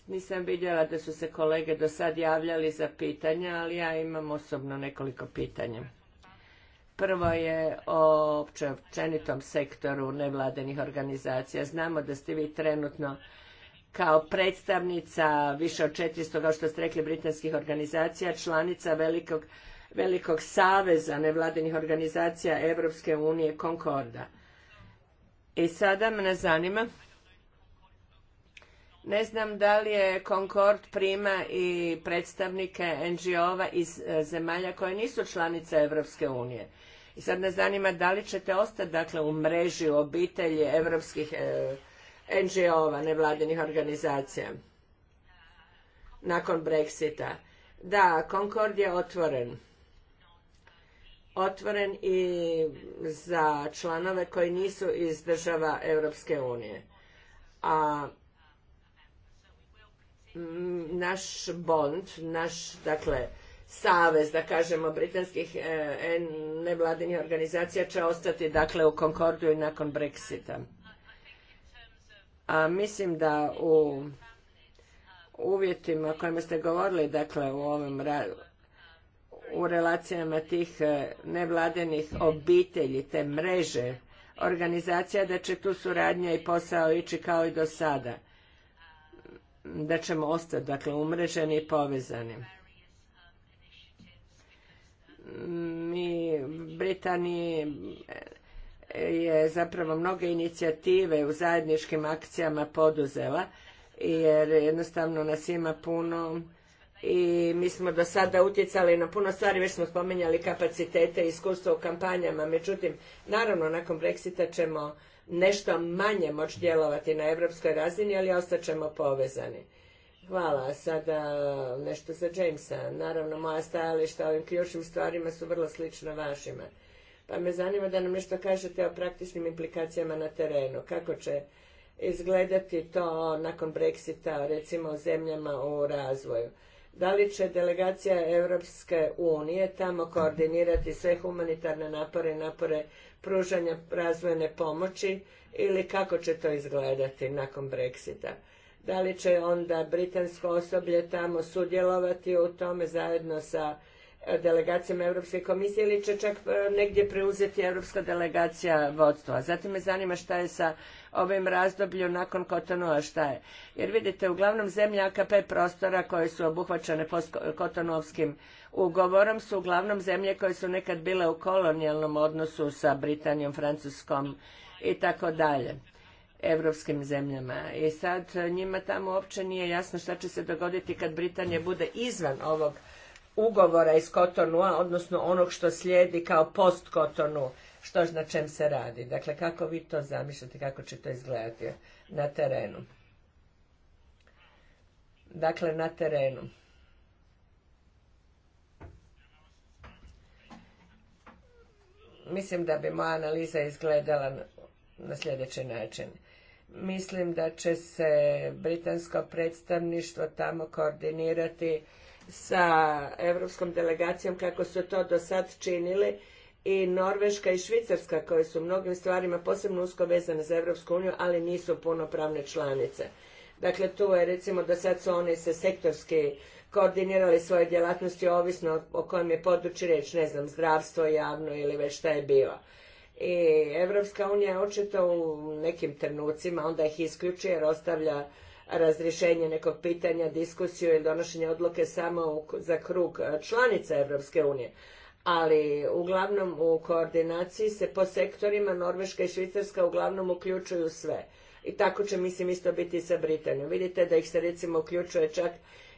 nisam vidjela da su se kolege do sad javljali za pitanja, ali ja imam osobno nekoliko pitanja. Prvo je o općenitom sektoru nevladenih organizacija. Znamo da ste vi trenutno kao predstavnica više od 400, kao što ste rekli, britanskih organizacija, članica velikog, velikog saveza nevladinih organizacija Evropske unije Concorda. I sada me zanima ne znam da li je Concord prima i predstavnike NGO-ova iz e, zemalja koje nisu članice Evropske unije. I sad nas zanima da li ćete ostati dakle u mreži u obitelji europskih e, NGO-ova, nevladinih organizacija nakon Brexita. Da, Concord je otvoren. Otvoren i za članove koji nisu iz država Evropske unije. A naš bond, naš, dakle, savez, da kažemo, britanskih e, nevladinih organizacija će ostati, dakle, u konkordu i nakon Brexita. A mislim da u uvjetima o kojima ste govorili, dakle, u ovom u relacijama tih e, nevladenih obitelji, te mreže, organizacija, da će tu suradnja i posao ići kao i do sada da ćemo ostati dakle umreženi i povezani. Mi Britaniji je zapravo mnoge inicijative u zajedničkim akcijama poduzela jer jednostavno nas ima puno i mi smo do sada utjecali na puno stvari, već smo spominjali kapacitete i iskustvo u kampanjama, međutim, naravno, nakon Brexita ćemo nešto manje moći djelovati na europskoj razini, ali ćemo povezani. Hvala. Sada nešto za Jamesa. Naravno, moja stajališta o ovim ključnim stvarima su vrlo slična vašima. Pa me zanima da nam nešto kažete o praktičnim implikacijama na terenu. Kako će izgledati to nakon Brexita, recimo, u zemljama u razvoju? Da li će delegacija Europske unije tamo koordinirati sve humanitarne napore i napore pružanja razvojne pomoći ili kako će to izgledati nakon Brexita. Da li će onda britansko osoblje tamo sudjelovati u tome zajedno sa e, delegacijom Europske komisije ili će čak e, negdje preuzeti Europska delegacija vodstva. Zatim me zanima šta je sa ovim razdobljem nakon kotonova, šta je. Jer vidite, uglavnom zemlje AKP prostora koje su obuhvaćene post Kotonovskim ugovorom su uglavnom zemlje koje su nekad bile u kolonijalnom odnosu sa Britanijom, Francuskom i tako dalje evropskim zemljama. I sad e, njima tamo uopće nije jasno šta će se dogoditi kad Britanija bude izvan ovog ugovora iz Kotonua, odnosno onog što slijedi kao post Kotonu, što na čem se radi. Dakle, kako vi to zamišljate, kako će to izgledati na terenu? Dakle, na terenu. mislim da bi moja analiza izgledala na sljedeći način. Mislim da će se britansko predstavništvo tamo koordinirati sa europskom delegacijom kako su to do sad činili i Norveška i Švicarska koje su mnogim stvarima posebno usko vezane za Evropsku uniju, ali nisu punopravne članice. Dakle, tu je recimo do sad su oni se sektorski koordinirali svoje djelatnosti ovisno o kojem je području riječ, ne znam, zdravstvo javno ili već šta je bilo. I Evropska unija je očito u nekim trenucima, onda ih isključi jer ostavlja razrješenje nekog pitanja, diskusiju ili donošenje odluke samo za krug e, članica Evropske unije. Ali uglavnom u koordinaciji se po sektorima Norveška i Švicarska uglavnom uključuju sve. I tako će mislim isto biti i sa Britanijom. Vidite da ih se recimo uključuje čak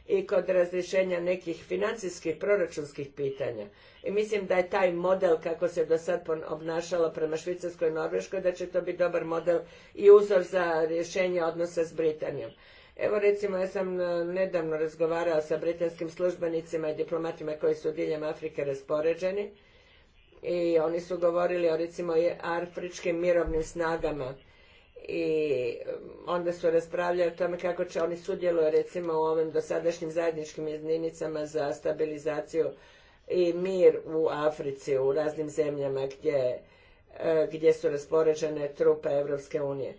i kod razrješenja nekih financijskih, proračunskih pitanja. I mislim da je taj model kako se do sad obnašalo prema Švicarskoj i Norveškoj, da će to biti dobar model i uzor za rješenje odnosa s Britanijom. Evo recimo ja sam e, nedavno razgovarao sa britanskim službenicima i diplomatima koji su diljem Afrike raspoređeni i oni su govorili o recimo afričkim mirovnim snagama i onda su raspravljali o tome kako će oni sudjeluju recimo u ovim dosadašnjim zajedničkim jedinicama za stabilizaciju i mir u Africi, u raznim zemljama gdje, e, gdje su raspoređene trupe Europske unije.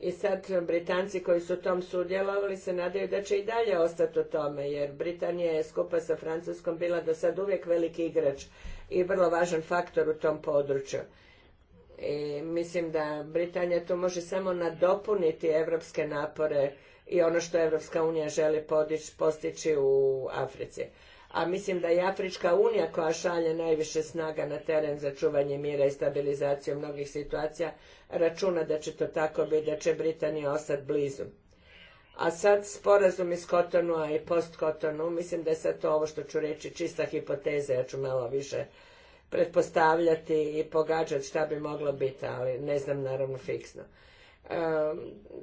I sad Britanci koji su u tom sudjelovali se nadaju da će i dalje ostati u tome, jer Britanija je skupa sa Francuskom bila do sad uvijek veliki igrač i vrlo važan faktor u tom području. I mislim da Britanija tu može samo nadopuniti evropske napore i ono što Evropska unija želi podići, postići u Africi. A mislim da je Afrička unija koja šalje najviše snaga na teren za čuvanje mira i stabilizaciju mnogih situacija računa da će to tako biti, da će Britanija ostati blizu. A sad sporazum iz Kotonu, a i post Kotonu, mislim da je sad to ovo što ću reći čista hipoteza, ja ću malo više pretpostavljati i pogađati šta bi moglo biti, ali ne znam naravno fiksno.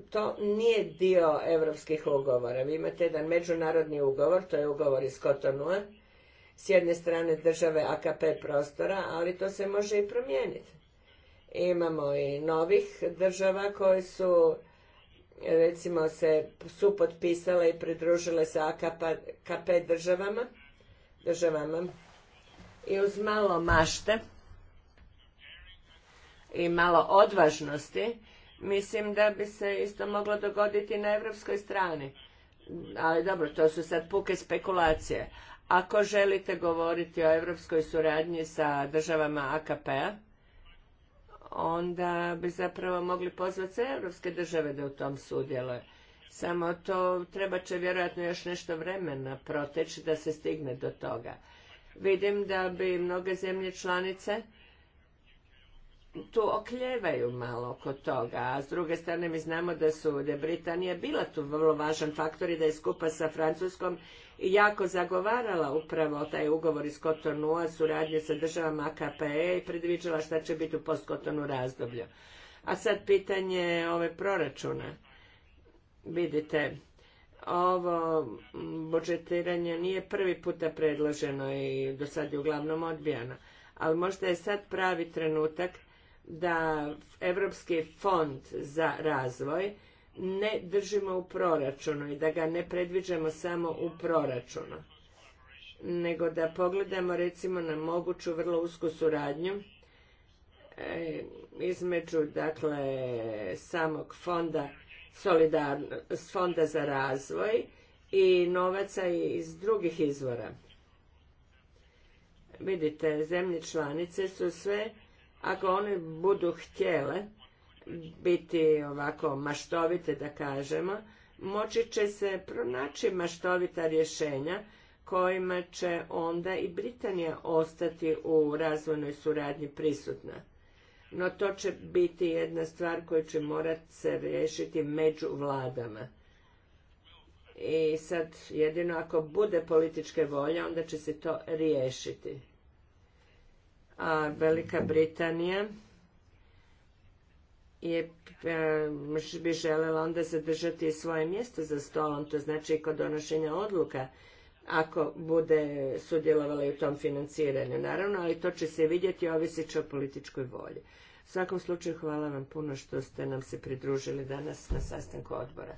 to nije dio evropskih ugovora. Vi imate jedan međunarodni ugovor, to je ugovor iz Kotonua, s jedne strane države AKP prostora, ali to se može i promijeniti. Imamo i novih država koje su recimo se su potpisale i pridružile sa AKP državama, državama i uz malo mašte i malo odvažnosti, mislim da bi se isto moglo dogoditi na evropskoj strani. Ali dobro, to su sad puke spekulacije. Ako želite govoriti o evropskoj suradnji sa državama AKP-a, onda bi zapravo mogli pozvati sve evropske države da u tom sudjeluje. Samo to treba će vjerojatno još nešto vremena proteći da se stigne do toga vidim da bi mnoge zemlje članice tu okljevaju malo oko toga, a s druge strane mi znamo da su da je Britanija bila tu vrlo važan faktor i da je skupa sa Francuskom jako zagovarala upravo taj ugovor iz Kotonua, suradnje sa državama AKPE i predviđala šta će biti u postkotonu razdoblju. A sad pitanje ove proračuna. Vidite, ovo budžetiranje nije prvi puta predloženo i do sad je uglavnom odbijano. Ali možda je sad pravi trenutak da Europski fond za razvoj ne držimo u proračunu i da ga ne predviđamo samo u proračunu, nego da pogledamo recimo na moguću vrlo usku suradnju e, između dakle samog fonda solidarnost, fonda za razvoj i novaca iz drugih izvora. Vidite, zemlje članice su sve, ako one budu htjele biti ovako maštovite, da kažemo, moći će se pronaći maštovita rješenja kojima će onda i Britanija ostati u razvojnoj suradnji prisutna no to će biti jedna stvar koju će morati se riješiti među vladama. I sad jedino ako bude političke volje, onda će se to riješiti. A Velika Britanija je, e, bi željela onda zadržati svoje mjesto za stolom, to znači kod donošenja odluka ako bude sudjelovala i u tom financiranju, naravno, ali to će se vidjeti, ovisit će o političkoj volji. U svakom slučaju hvala vam puno što ste nam se pridružili danas na sastanku odbora.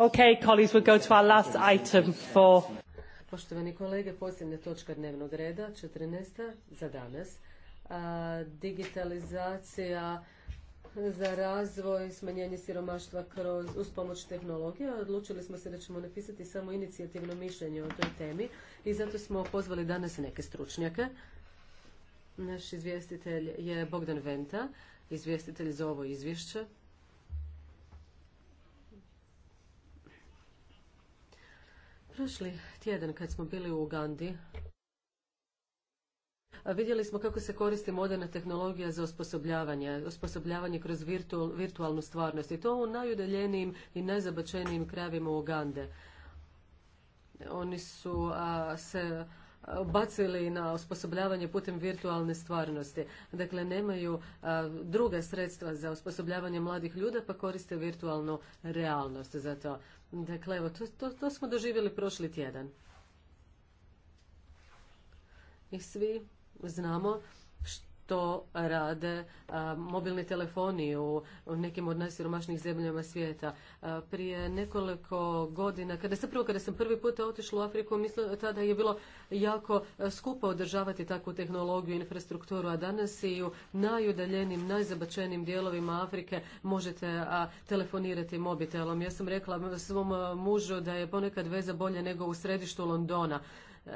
Okay, colleagues, last item Poštovani kolege, posljednja točka dnevnog reda, 14. za danas. digitalizacija za razvoj, smanjenje siromaštva kroz, uz pomoć tehnologije. Odlučili smo se da ćemo napisati samo inicijativno mišljenje o toj temi i zato smo pozvali danas neke stručnjake. Naš izvjestitelj je Bogdan Venta, izvjestitelj za ovo izvješće. Prošli tjedan kad smo bili u Ugandi, vidjeli smo kako se koristi moderna tehnologija za osposobljavanje, osposobljavanje kroz virtualnu stvarnost i to u najudaljenijim i najzabačenijim krajevima Ugande. Oni su se bacili na osposobljavanje putem virtualne stvarnosti. Dakle, nemaju druga sredstva za osposobljavanje mladih ljuda, pa koriste virtualnu realnost za to. Dakle, evo, to, to, to smo doživjeli prošli tjedan. I svi znamo to rade mobilni telefoni u, nekim od najsiromašnijih zemljama svijeta. prije nekoliko godina, kada sam prvo, kada sam prvi puta otišla u Afriku, mislim, tada je bilo jako skupo održavati takvu tehnologiju, i infrastrukturu, a danas i u najudaljenim, najzabačenim dijelovima Afrike možete telefonirati mobitelom. Ja sam rekla svom mužu da je ponekad veza bolje nego u središtu Londona. E,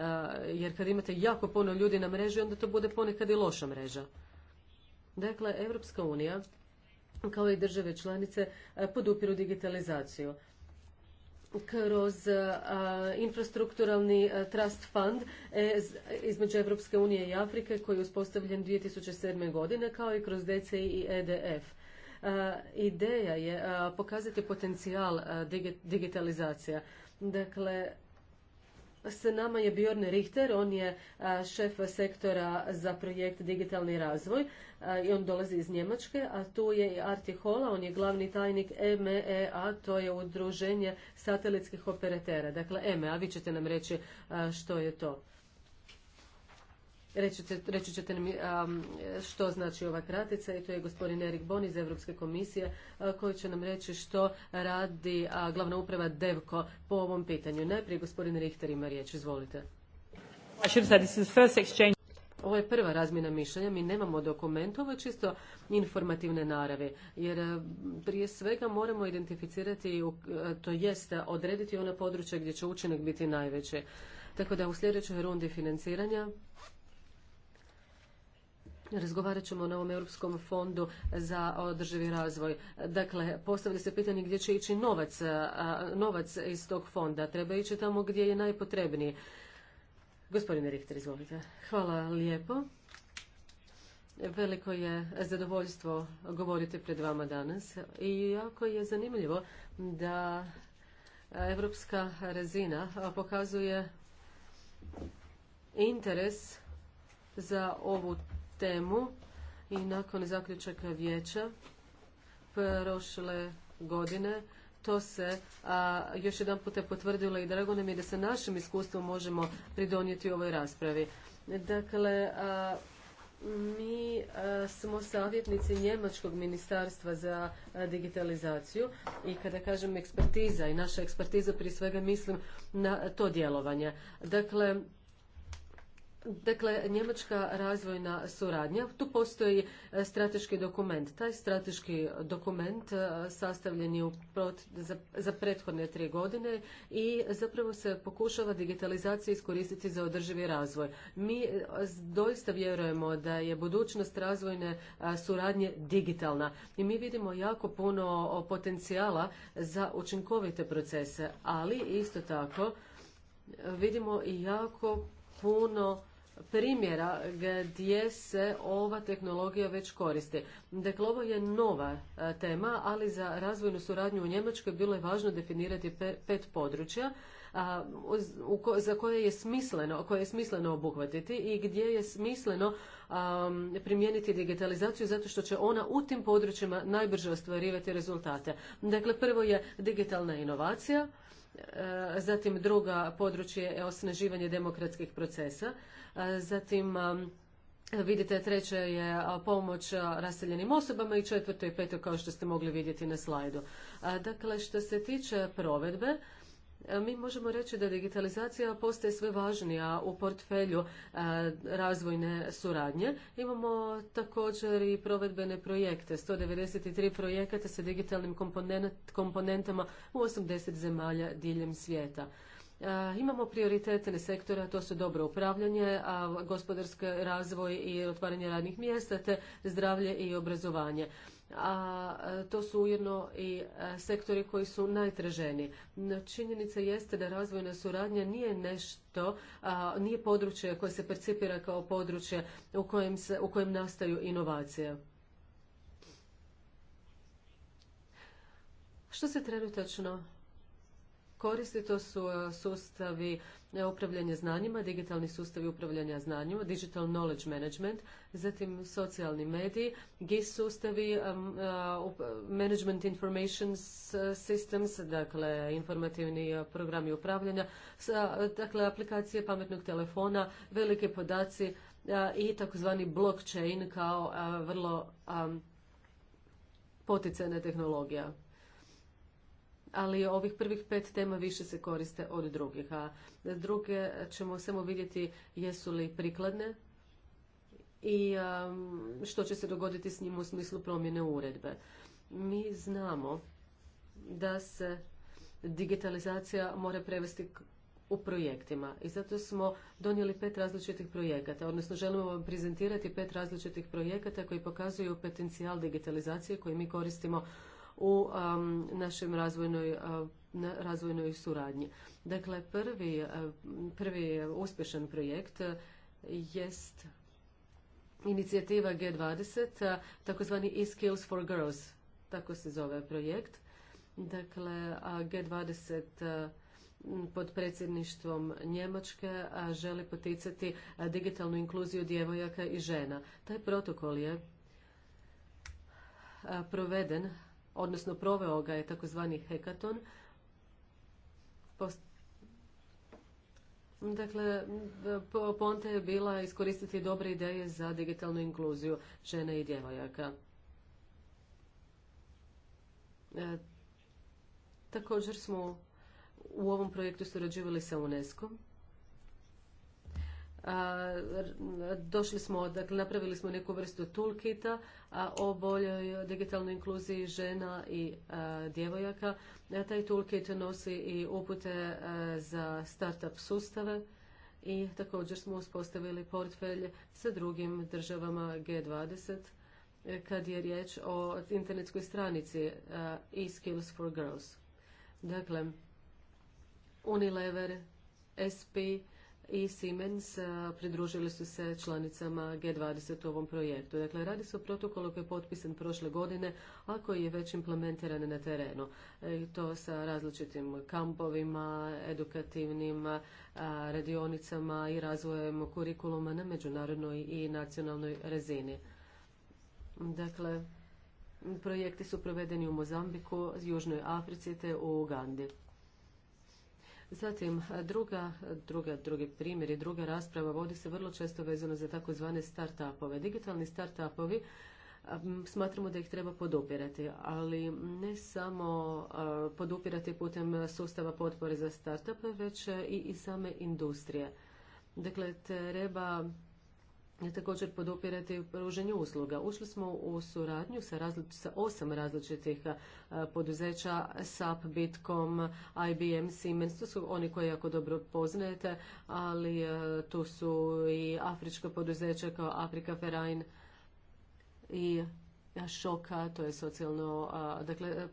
jer kad imate jako puno ljudi na mreži, onda to bude ponekad i loša mreža. Dakle, Europska unija, kao i države članice, e, podupiru digitalizaciju kroz e, infrastrukturalni trust fund između Europske unije i Afrike koji je uspostavljen 2007. godine kao i kroz DCI i EDF. ideja je pokazati potencijal digitalizacija. Dakle, s nama je Bjorn Richter, on je šef sektora za projekt Digitalni razvoj i on dolazi iz Njemačke, a tu je i Arti Hola, on je glavni tajnik MEA, to je udruženje satelitskih operatera. Dakle, EMEA, vi ćete nam reći što je to. Reći ćete mi što znači ova kratica i to je gospodin Erik Bon iz Europske komisije koji će nam reći što radi glavna uprava DEVKO po ovom pitanju. Najprije gospodin Richter ima riječ, izvolite. Ovo je prva razmjena mišljenja, mi nemamo dokument, ovo je čisto informativne naravi, jer prije svega moramo identificirati, to jest odrediti ona područja gdje će učinak biti najveći. Tako da u sljedećoj rundi financiranja Razgovarat ćemo o novom Europskom fondu za održivi razvoj. Dakle, postavlja se pitanje gdje će ići novac, novac iz tog fonda. Treba ići tamo gdje je najpotrebniji. Gospodine Richter, izvolite. Hvala lijepo. Veliko je zadovoljstvo govoriti pred vama danas i jako je zanimljivo da evropska razina pokazuje interes za ovu temu i nakon zaključaka vijeća prošle godine to se a, još jedan je potvrdilo i drago nam je da sa našim iskustvom možemo pridonijeti ovoj raspravi. Dakle, mi smo savjetnici Njemačkog ministarstva za digitalizaciju i kada kažem ekspertiza i naša ekspertiza prije svega mislim na to djelovanje. Dakle, Dakle, njemačka razvojna suradnja, tu postoji e, strateški dokument. Taj strateški dokument e, sastavljen je za prethodne tri godine i zapravo se pokušava digitalizacija iskoristiti za održivi razvoj. Mi e, doista vjerujemo da je budućnost razvojne suradnje digitalna i mi vidimo jako puno potencijala za učinkovite procese, ali isto tako vidimo i jako puno primjera gdje se ova tehnologija već koristi. Dakle, ovo je nova e, tema, ali za razvojnu suradnju u Njemačkoj bilo je važno definirati pet područja za koje je smisleno, koje je smisleno obuhvatiti i gdje je smisleno primijeniti digitalizaciju zato što će ona u tim područjima najbrže ostvarivati rezultate. Dakle, prvo je digitalna inovacija, e, zatim druga područje je osnaživanje demokratskih procesa, Zatim um, vidite treće je pomoć raseljenim osobama i četvrto i peto kao što ste mogli vidjeti na slajdu. Dakle, što se tiče provedbe, mi možemo reći da digitalizacija postaje sve važnija u portfelju razvojne suradnje. Imamo također i provedbene projekte. 193 projekata sa digitalnim komponentama u 80 zemalja diljem svijeta. E, imamo prioritetne sektore, a to su dobro upravljanje, a gospodarski razvoj i otvaranje radnih mjesta, te zdravlje i obrazovanje. A e, to su ujedno i e, sektori koji su najtraženi. Činjenica jeste da razvojna suradnja nije nešto, nije područje koje se percipira kao područje u kojem nastaju inovacije. Što se trenutačno koristi. To su e, sustavi e, upravljanja znanjima, digitalni sustavi upravljanja znanjima, digital knowledge management, zatim socijalni mediji, GIS sustavi, e, management information systems, dakle informativni programi upravljanja, dakle aplikacije pametnog telefona, velike podaci i takozvani blockchain kao vrlo poticajna tehnologija ali ovih prvih pet tema više se koriste od drugih, a druge ćemo samo vidjeti jesu li prikladne i um, što će se dogoditi s njim u smislu promjene uredbe. Mi znamo da se digitalizacija mora prevesti u projektima i zato smo donijeli pet različitih projekata, odnosno želimo vam prezentirati pet različitih projekata koji pokazuju potencijal digitalizacije koji mi koristimo u našem razvojnoj razvojnoj suradnji. Dakle, prvi, uspješan projekt jest inicijativa G20, takozvani e-skills for girls, tako se zove projekt. Dakle, G20 pod predsjedništvom Njemačke želi poticati digitalnu inkluziju djevojaka i žena. Taj protokol je proveden odnosno proveo ga je takozvani hekaton. Dakle, ponte je bila iskoristiti dobre ideje za digitalnu inkluziju žena i djevojaka. E, također smo u ovom projektu surađivali sa UNESCO-om došli smo, dakle napravili smo neku vrstu toolkita o boljoj digitalnoj inkluziji žena i djevojaka. Taj toolkit nosi i upute za start-up sustave i također smo uspostavili portfelj sa drugim državama G20 e, kad je riječ o internetskoj stranici eSkills for girls. Dakle, Unilever, SP, i Siemens e, pridružili su se članicama G20 u ovom projektu. Dakle, radi se o protokolu koji je potpisan prošle godine, a koji je već implementiran na terenu. E, I to sa različitim kampovima, edukativnim e, radionicama i razvojem kurikuluma na međunarodnoj i nacionalnoj razini. Dakle, projekti su provedeni u Mozambiku, Južnoj Africi te u Ugandi. Zatim, druga, druga, drugi primjer i druga rasprava vodi se vrlo često vezano za takozvane start-upove. Digitalni start-upovi smatramo da ih treba podupirati, ali ne samo podupirati putem sustava potpore za startupe, već i, i same industrije. Dakle, treba također podupirati pruženju usluga. Ušli smo u suradnju sa, osam različitih e, poduzeća, SAP, Bitkom, IBM, Siemens, to su oni koji jako dobro poznajete, ali e, tu su i afrička poduzeća kao Afrika Ferain i šoka, to je socijalno, dakle,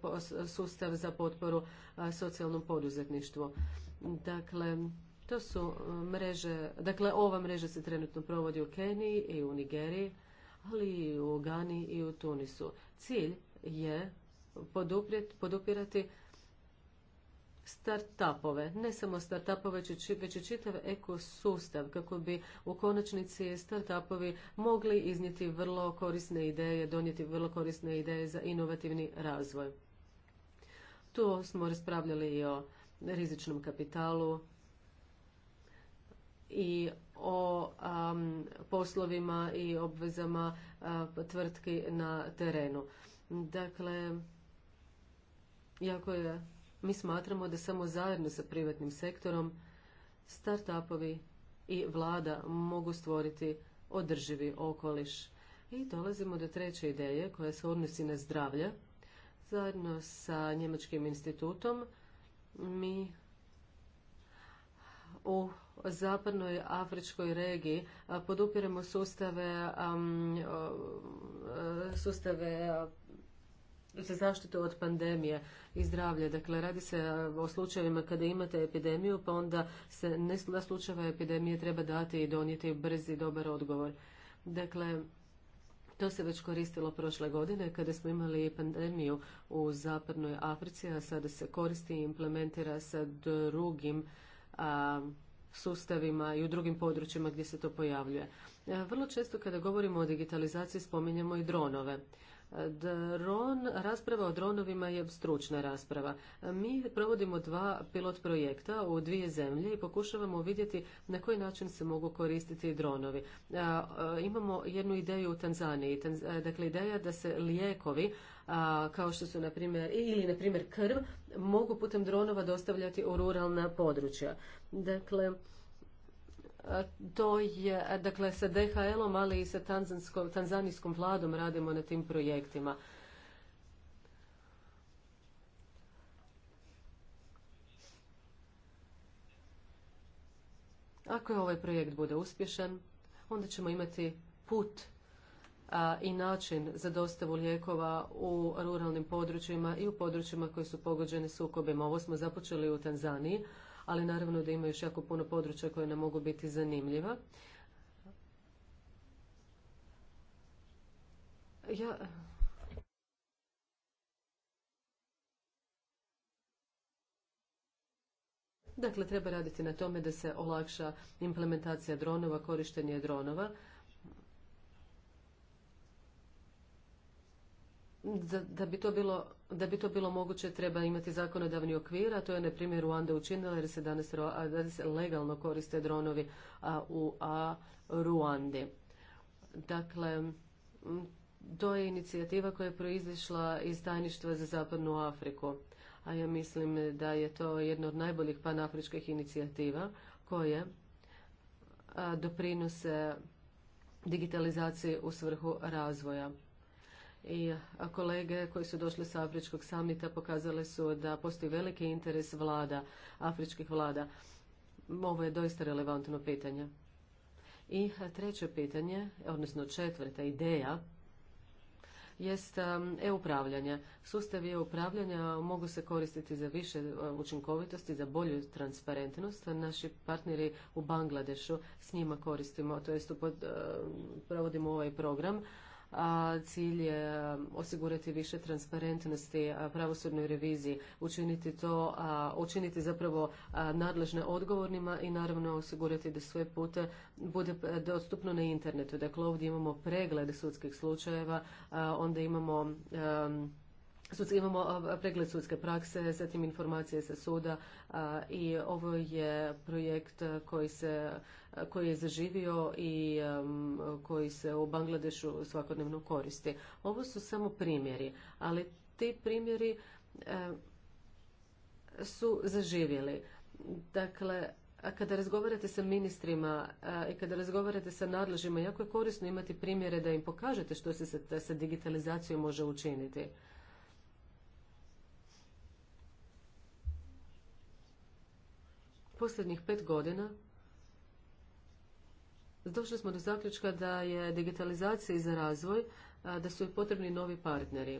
sustav za potporu socijalnom poduzetništvu. Dakle, to su e, mreže, dakle ova mreža se trenutno provodi u Keniji i u Nigeriji, ali i u Gani i u Tunisu. Cilj je podupirati startupove, ne samo startupove, već i čitav ekosustav kako bi u konačnici startupovi mogli iznijeti vrlo korisne ideje, donijeti vrlo korisne ideje za inovativni razvoj. Tu smo raspravljali i o rizičnom kapitalu, i o poslovima i obvezama tvrtki na terenu. Dakle, jako je, mi smatramo da samo zajedno sa privatnim sektorom start-upovi i vlada mogu stvoriti održivi okoliš. I dolazimo do treće ideje koja se odnosi na zdravlje. Zajedno sa Njemačkim institutom mi u zapadnoj afričkoj regiji podupiremo sustave e, sustave za zaštitu od pandemije i zdravlje. Dakle, radi se o slučajevima kada imate epidemiju, pa onda se na slučajeva epidemije treba dati i donijeti brzi i dobar odgovor. Dakle, to se već koristilo prošle godine kada smo imali pandemiju u zapadnoj Africi, a sada se koristi i implementira sa drugim sustavima i u drugim područjima gdje se to pojavljuje. E, vrlo često kada govorimo o digitalizaciji spominjemo i dronove. E, dron, rasprava o dronovima je stručna rasprava. E, mi provodimo dva pilot projekta u dvije zemlje i pokušavamo vidjeti na koji način se mogu koristiti dronovi. Imamo jednu ideju u Tanzaniji. Dakle, ideja da se lijekovi kao što su na primjer ili na primjer krv mogu putem dronova dostavljati u ruralna područja. Dakle, to je, dakle, sa DHL-om, ali i sa tanzanijskom vladom radimo na tim projektima. Ako je ovaj projekt bude uspješan, onda ćemo imati put i način za dostavu lijekova u ruralnim područjima i u područjima koji su pogođeni sukobima. Ovo smo započeli u Tanzaniji, ali naravno da ima još jako puno područja koje nam mogu biti zanimljiva. Ja... Dakle, treba raditi na tome da se olakša implementacija dronova, korištenje dronova. Da, da, bi to bilo, da bi to bilo moguće treba imati zakonodavni okvir, a to je na primjer Ruanda učinila jer se danas, legalno koriste dronovi a, u a, Ruandi. Dakle, to je inicijativa koja je proizišla iz tajništva za zapadnu Afriku. A ja mislim da je to jedna od najboljih panafričkih inicijativa koje a, doprinose digitalizaciji u svrhu razvoja i kolege koji su došli sa Afričkog samita pokazale su da postoji veliki interes vlada, afričkih vlada. Ovo je doista relevantno pitanje. I treće pitanje, odnosno četvrta ideja, jest um, e-upravljanje. Sustavi e-upravljanja mogu se koristiti za više uh, učinkovitosti, za bolju transparentnost. Naši partneri u Bangladešu s njima koristimo, to jest uh, provodimo ovaj program Cilj je um, osigurati više transparentnosti pravosudnoj reviziji, učiniti to, učiniti zapravo nadležne odgovornima i naravno osigurati da sve pute bude e, dostupno na internetu. Dakle, ovdje imamo pregled sudskih slučajeva, onda imamo um, imamo pregled sudske prakse, zatim informacije sa suda i ovo je projekt koji, se, koji je zaživio i koji se u Bangladešu svakodnevno koristi. Ovo su samo primjeri, ali ti primjeri su zaživjeli. Dakle, kada razgovarate sa ministrima i kada razgovarate sa nadležima, jako je korisno imati primjere da im pokažete što se sa digitalizacijom može učiniti. posljednjih pet godina došli smo do zaključka da je digitalizacija za razvoj, da su joj potrebni novi partneri.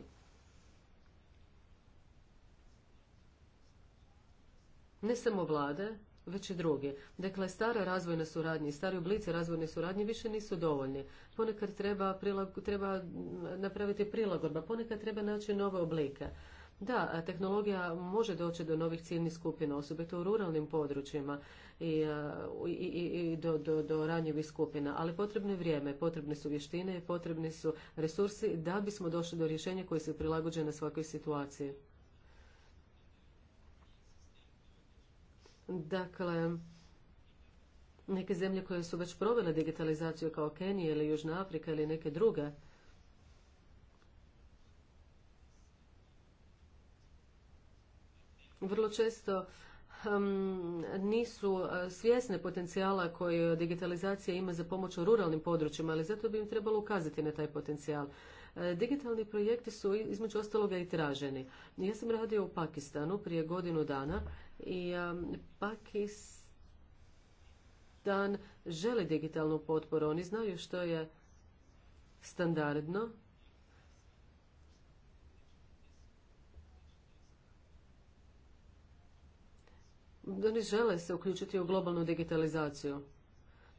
Ne samo vlade, već i drugi. Dakle, stara razvojna suradnje, i stari oblici razvojne suradnje više nisu dovoljni. Ponekad treba, treba napraviti prilagodba, ponekad treba naći nove oblike. Da, tehnologija može doći do novih ciljnih skupina, osobito u ruralnim područjima i, i, do, do, do ranjivih skupina, ali potrebno je vrijeme, potrebne su vještine i potrebni su resursi da bismo došli do rješenja koje se prilagođe na svakoj situaciji. Dakle, neke zemlje koje su već provele digitalizaciju kao Kenija ili Južna Afrika ili neke druge, vrlo često nisu e, svjesne potencijala koje digitalizacija ima za pomoć u ruralnim područjima, ali zato bi im trebalo ukazati na taj potencijal. E, digitalni projekti su između ostaloga i traženi. Ja sam radio u Pakistanu prije godinu dana i Pakistan želi digitalnu potporu. Oni znaju što je standardno da žele se uključiti u globalnu digitalizaciju.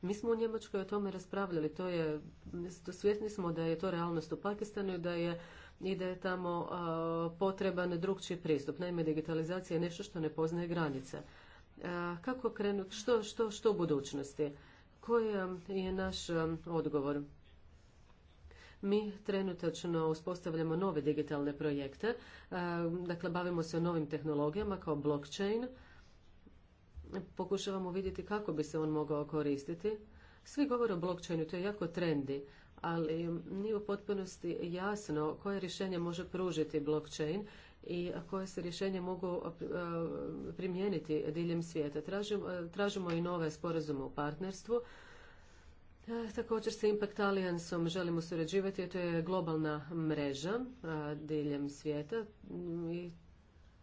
Mi smo u Njemačkoj o tome raspravljali, to je, svjesni smo da je to realnost u Pakistanu i da je i tamo potreban drugčiji pristup. Naime, digitalizacija je nešto što ne poznaje granice. kako krenu, što, što, što u budućnosti? Koji je naš odgovor? Mi trenutačno uspostavljamo nove digitalne projekte, dakle bavimo se novim tehnologijama kao blockchain, pokušavamo vidjeti kako bi se on mogao koristiti. Svi govore o blockchainu, to je jako trendi, ali nije u potpunosti jasno koje rješenje može pružiti blockchain i koje se rješenje mogu eh, primijeniti diljem svijeta. Eh, tražimo, i nove sporazume u partnerstvu. Eh, također sa Impact Alliance-om želimo surađivati, to je globalna mreža diljem svijeta mm, i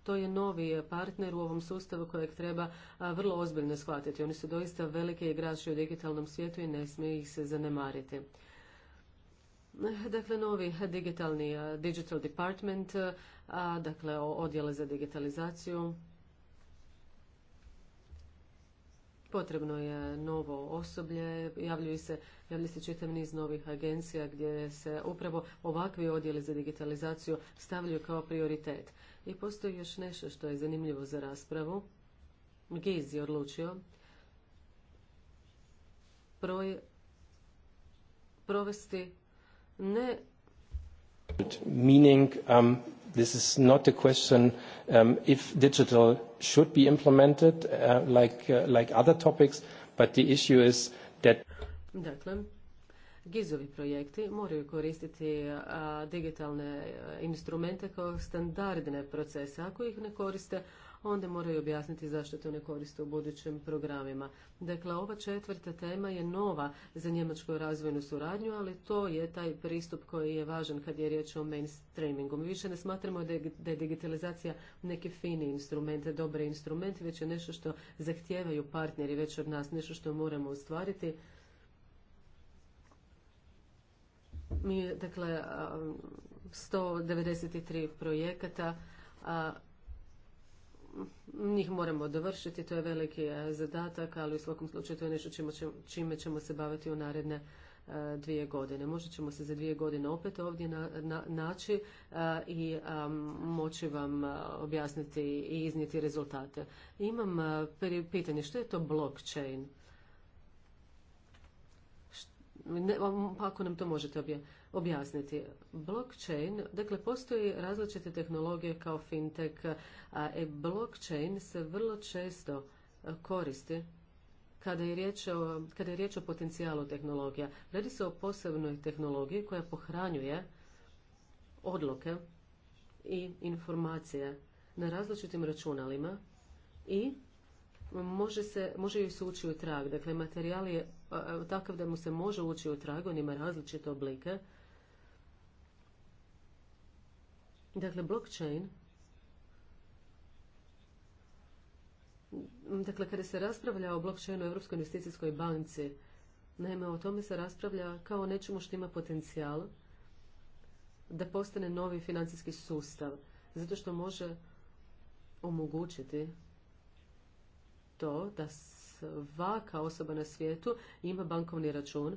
to je novi partner u ovom sustavu kojeg treba vrlo ozbiljno shvatiti. Oni su doista veliki igrači u digitalnom svijetu i ne smije ih se zanemariti. Dakle, novi digitalni digital department, dakle, odjele za digitalizaciju. Potrebno je novo osoblje, javljuju se, javlja se čitav niz novih agencija gdje se upravo ovakvi odjeli za digitalizaciju stavljaju kao prioritet. I postoji još nešto što je zanimljivo za raspravu. Giz je odlučio proj provesti ne meaning um, this is not a question um, if digital should be implemented uh, like, uh, like other topics, but the issue is that... Dakle, Gizovi projekti moraju koristiti digitalne e, instrumente kao standardne procese. Ako ih ne koriste, onda moraju objasniti zašto to ne koriste u budućim programima. Dakle, ova četvrta tema je nova za njemačku razvojnu suradnju, ali to je taj pristup koji je važan kad je riječ o mainstreamingu. Mi više ne smatramo da je digitalizacija neki fini instrument, dobar instrument, već je nešto što zahtijevaju partneri već od nas, nešto što moramo ostvariti Mi, dakle, 193 projekata, njih moramo dovršiti, to je veliki zadatak, ali u svakom slučaju to je nešto čime ćemo, se baviti u naredne dvije godine. Možda ćemo se za dvije godine opet ovdje na, naći i moći vam objasniti i iznijeti rezultate. Imam pitanje, što je to blockchain? ne, pa, pa ako nam to možete objasniti. Blockchain, dakle postoji različite tehnologije kao fintech, a e blockchain se vrlo često e, koristi kada je riječ o, kada je riječ o potencijalu tehnologija. Radi se o posebnoj tehnologiji koja pohranjuje odluke i informacije na različitim računalima i može, se, može ju se ući u trag. Dakle, materijal je takav da mu se može ući u trag, ima različite oblike. Dakle, blockchain, dakle, kada se raspravlja o blockchainu u Europskoj investicijskoj banci, naime, o tome se raspravlja kao o nečemu što ima potencijal da postane novi financijski sustav, zato što može omogućiti to da svaka osoba na svijetu ima bankovni račun,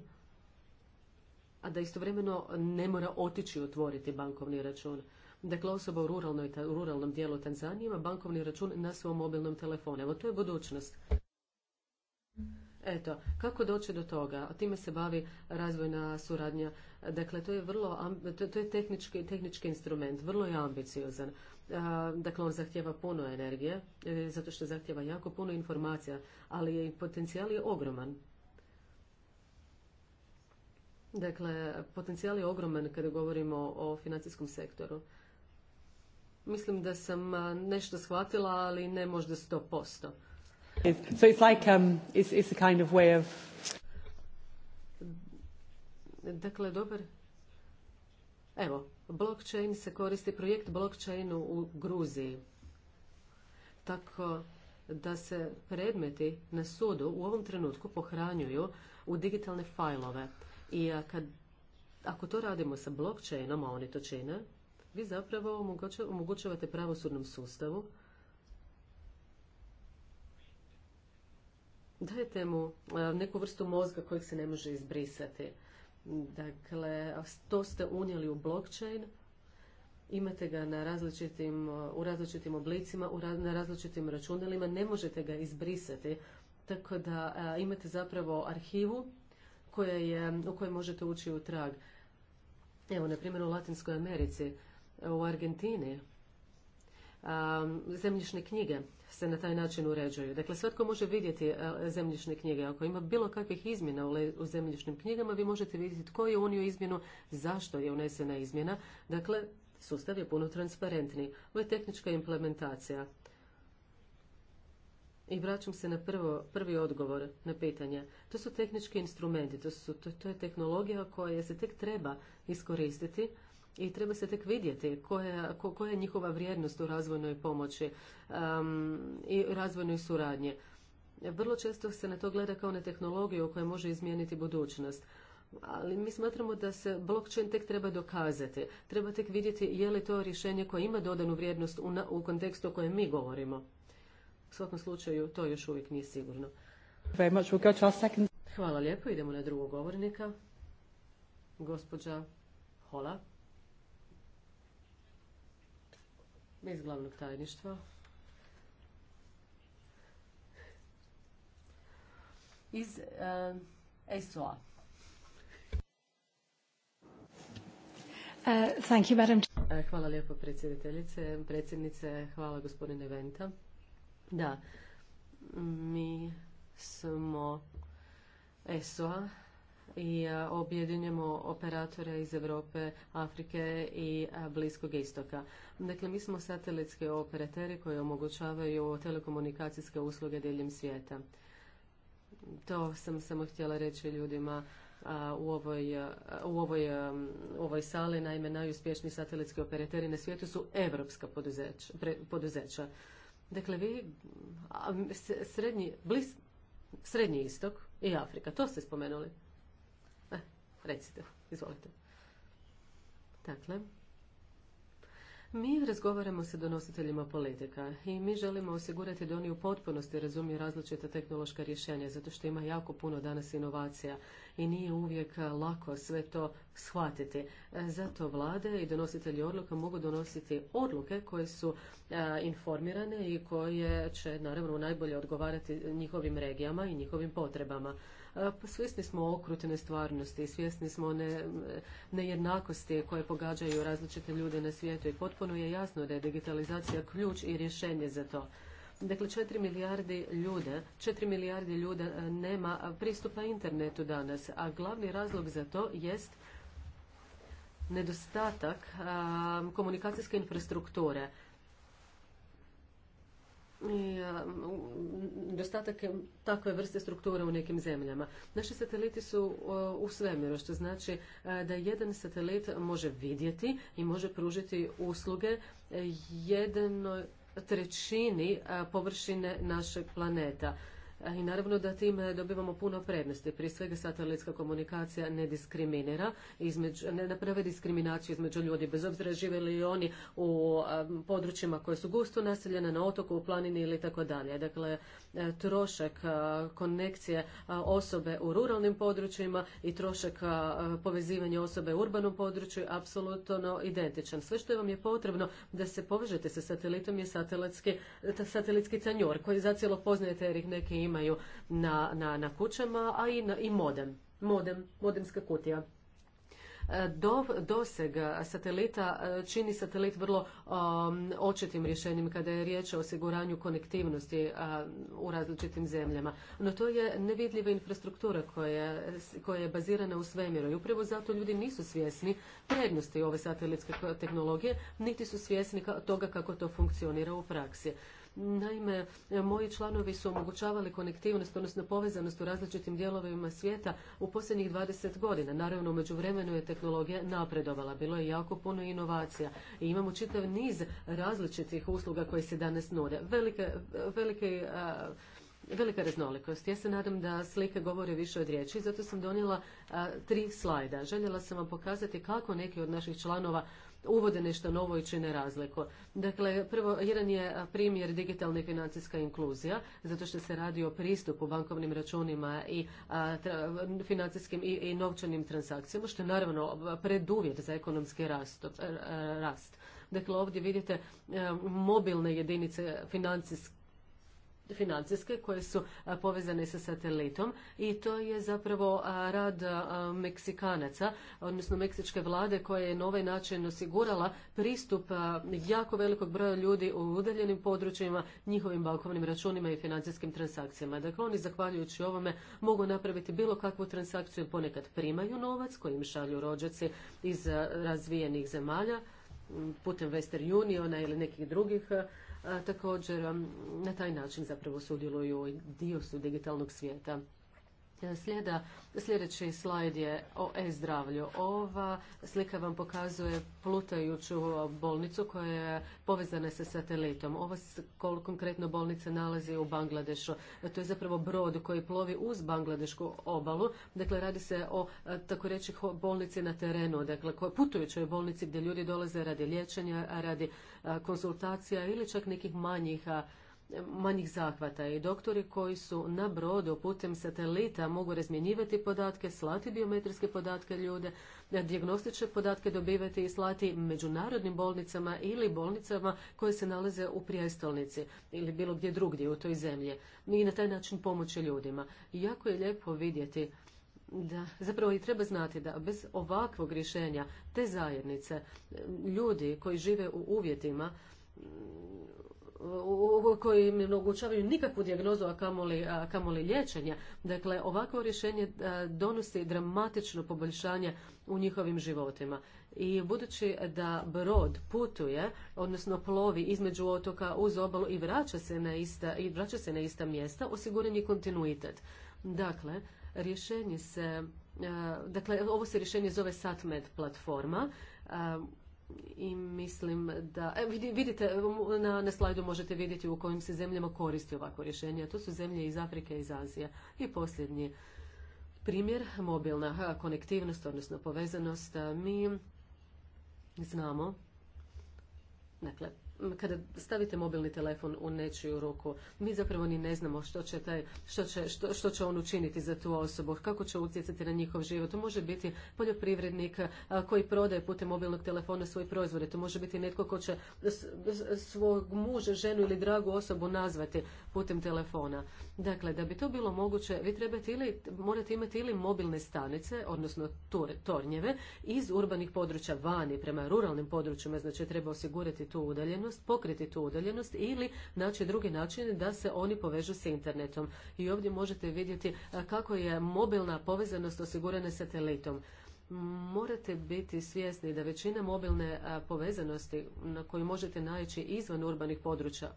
a da istovremeno ne mora otići otvoriti bankovni račun. Dakle, osoba u, u ruralnom dijelu Tanzanije ima bankovni račun na svom mobilnom telefonu. Evo, to je budućnost. Eto, kako doći do toga? Time se bavi razvojna suradnja. Dakle, to je vrlo, to je tehnički, tehnički instrument, vrlo je ambiciozan. Dakle, on zahtjeva puno energije, e, zato što zahtjeva jako puno informacija, ali je, potencijal je ogroman. Dakle, potencijal je ogroman kada govorimo o financijskom sektoru. Mislim da sam nešto shvatila, ali ne možda posto So it's like um, it's, it's a kind of way of... Dakle, dobar... Evo, blockchain se koristi, projekt blockchain u Gruziji. Tako da se predmeti na sudu u ovom trenutku pohranjuju u digitalne fajlove. I kad, ako to radimo sa blockchainom, a oni to čine, vi zapravo omogućavate pravosudnom sustavu dajete mu e, neku vrstu mozga kojeg se ne može izbrisati. Dakle, to ste unijeli u blockchain, imate ga na različitim, e, u različitim oblicima, u, na različitim računalima, ne možete ga izbrisati. Tako da e, imate zapravo arhivu koja je, u kojoj možete ući u trag. Evo, na primjer, u Latinskoj Americi, u Argentini, zemljišne knjige se na taj način uređuju. Dakle, svatko može vidjeti e, zemljišne knjige. Ako ima bilo kakvih izmjena u zemljišnim knjigama, vi možete vidjeti tko je unio izmjenu, zašto je unesena izmjena. Dakle, sustav je puno transparentniji. Ovo je tehnička implementacija. I vraćam se na prvo, prvi odgovor na pitanje. To su tehnički instrumenti, to, su, to je tehnologija koja se tek treba iskoristiti i treba se tek vidjeti koja, je njihova vrijednost u razvojnoj pomoći um, i razvojnoj suradnji. Vrlo često se na to gleda kao na tehnologiju koja može izmijeniti budućnost. Ali mi smatramo da se blockchain tek treba dokazati. Treba tek vidjeti je li to rješenje koje ima dodanu vrijednost u, kontekstu o kojem mi govorimo. U svakom slučaju to još uvijek nije sigurno. Hvala lijepo. Idemo na drugog govornika. Gospođa Hola. iz glavnog tajništva. Iz eh, SOA. Eh, eh, hvala lijepo predsjediteljice. Predsjednice, hvala gospodine Venta. Da, mi smo S.O.A i e, objedinjemo operatore iz Europe, Afrike i e, Bliskog istoka. Dakle, mi smo satelitski operateri koji omogućavaju telekomunikacijske usluge diljem svijeta. To sam samo htjela reći ljudima e, u ovoj, u ovoj, sali. Naime, najuspješniji satelitski operateri na svijetu su evropska poduzeća. Dakle, vi, srednji, srednji istok i Afrika, to ste spomenuli. Recite, izvolite. Dakle, mi razgovaramo sa donositeljima politika i mi želimo osigurati da oni u potpunosti razumiju različita tehnološka rješenja, zato što ima jako puno danas inovacija i nije uvijek e, lako sve to shvatiti. E, zato vlade i donositelji odluka mogu donositi odluke koje su e, informirane i koje će naravno najbolje odgovarati njihovim regijama i njihovim potrebama. Pa svjesni smo okrutne stvarnosti, svjesni smo nejednakosti koje pogađaju različite ljude na svijetu i potpuno je jasno da je digitalizacija ključ i rješenje za to. Dakle, 4 milijardi ljude, milijardi nema pristupa internetu danas, a glavni razlog za to jest nedostatak komunikacijske infrastrukture i e, dostatak takve vrste strukture u nekim zemljama. Naši sateliti su e, u svemiru, što znači e, da jedan satelit može vidjeti i može pružiti usluge jednoj trećini površine našeg planeta. I naravno da tim e, dobivamo puno prednosti. Prije svega satelitska komunikacija ne diskriminira, između, ne naprave diskriminaciju između ljudi, bez obzira žive li oni u e, područjima koje su gusto naseljene, na otoku, u planini ili tako dalje. Dakle, E, trošak e, konekcije e, osobe u ruralnim područjima i trošak povezivanja osobe u urbanom području apsolutno identičan. Sve što vam je potrebno da se povežete sa satelitom je satelitski, satelitski tanjur koji zacijelo poznajete jer ih neki imaju na, na, na kućama, a i, na, i modem, modem, modemska kutija. E, Do, doseg e, satelita e, čini satelit vrlo um, očitim rješenjem kada je riječ o osiguranju konektivnosti u različitim zemljama. No to je nevidljiva infrastruktura koja, koja je bazirana u svemiru i upravo zato ljudi nisu svjesni prednosti ove satelitske tehnologije, niti su svjesni toga kako to funkcionira u praksi. Naime, moji članovi su omogućavali konektivnost, odnosno povezanost u različitim dijelovima svijeta u posljednjih 20 godina. Naravno, u međuvremenu je tehnologija napredovala, bilo je jako puno inovacija i imamo čitav niz različitih usluga koje se danas nude. Velika raznolikost. Ja se nadam da slike govore više od riječi, zato sam donijela tri slajda. Željela sam vam pokazati kako neki od naših članova uvode nešto novo i čine razliku. Dakle, prvo, jedan je primjer digitalna i financijska inkluzija, zato što se radi o pristupu bankovnim računima i financijskim i, novčanim transakcijama, što je naravno preduvjet za ekonomski rast. rast. Dakle, ovdje vidite e, mobilne jedinice financijske financijske koje su povezane sa satelitom i to je zapravo rad Meksikanaca, odnosno Meksičke vlade koja je na ovaj način osigurala pristup jako velikog broja ljudi u udaljenim područjima, njihovim bankovnim računima i financijskim transakcijama. Dakle, oni zahvaljujući ovome mogu napraviti bilo kakvu transakciju, ponekad primaju novac koji im šalju rođaci iz razvijenih zemalja putem Western Uniona ili nekih drugih također na taj način zapravo sudjeluju dio su digitalnog svijeta. Slijeda, sljedeći slajd je o e-zdravlju. Ova slika vam pokazuje plutajuću bolnicu koja je povezana sa satelitom. Ova konkretno bolnica nalazi u Bangladešu. To je zapravo brod koji plovi uz bangladešku obalu. Dakle, radi se o e, tako reći bolnici na terenu, dakle putujućoj bolnici gdje ljudi dolaze radi liječenja, radi e, konsultacija ili čak nekih manjih manjih zahvata i doktori koji su na brodu putem satelita mogu razmjenjivati podatke, slati biometrijske podatke ljude, dijagnostičke podatke dobivati i slati međunarodnim bolnicama ili bolnicama koje se nalaze u prijestolnici ili bilo gdje drugdje u toj zemlji i na taj način pomoći ljudima. jako je lijepo vidjeti da, zapravo i treba znati da bez ovakvog rješenja te zajednice, ljudi koji žive u uvjetima koji ne omogućavaju nikakvu dijagnozu, a kamoli, liječenja. Dakle, ovakvo rješenje donosi dramatično poboljšanje u njihovim životima. I budući da brod putuje, odnosno plovi između otoka uz obalu i vraća se na ista, i vraća se na ista mjesta, osiguran je kontinuitet. Dakle, rješenje se, dakle, ovo se rješenje zove SatMed platforma, i mislim da... E, vidite, na, na slajdu možete vidjeti u kojim se zemljama koristi ovako rješenje. To su zemlje iz Afrike i iz Azije. I posljednji primjer, mobilna konektivnost, odnosno povezanost. Mi znamo, dakle, kada stavite mobilni telefon u nečiju ruku, mi zapravo ni ne znamo što će, taj, što, će, što, će on učiniti za tu osobu, kako će utjecati na njihov život. To može biti poljoprivrednik koji prodaje putem mobilnog telefona svoje proizvode, to može biti netko ko će svog muža, ženu ili dragu osobu nazvati putem telefona. Dakle, da bi to bilo moguće, vi trebate ili, morate imati ili mobilne stanice, odnosno tornjeve, iz urbanih područja vani prema ruralnim područjima, znači treba osigurati tu udaljenost, pokriti tu udaljenost ili naći drugi način da se oni povežu s internetom. I ovdje možete vidjeti kako je mobilna povezanost osigurana satelitom morate biti svjesni da većina mobilne povezanosti na koju možete naići izvan urbanih područja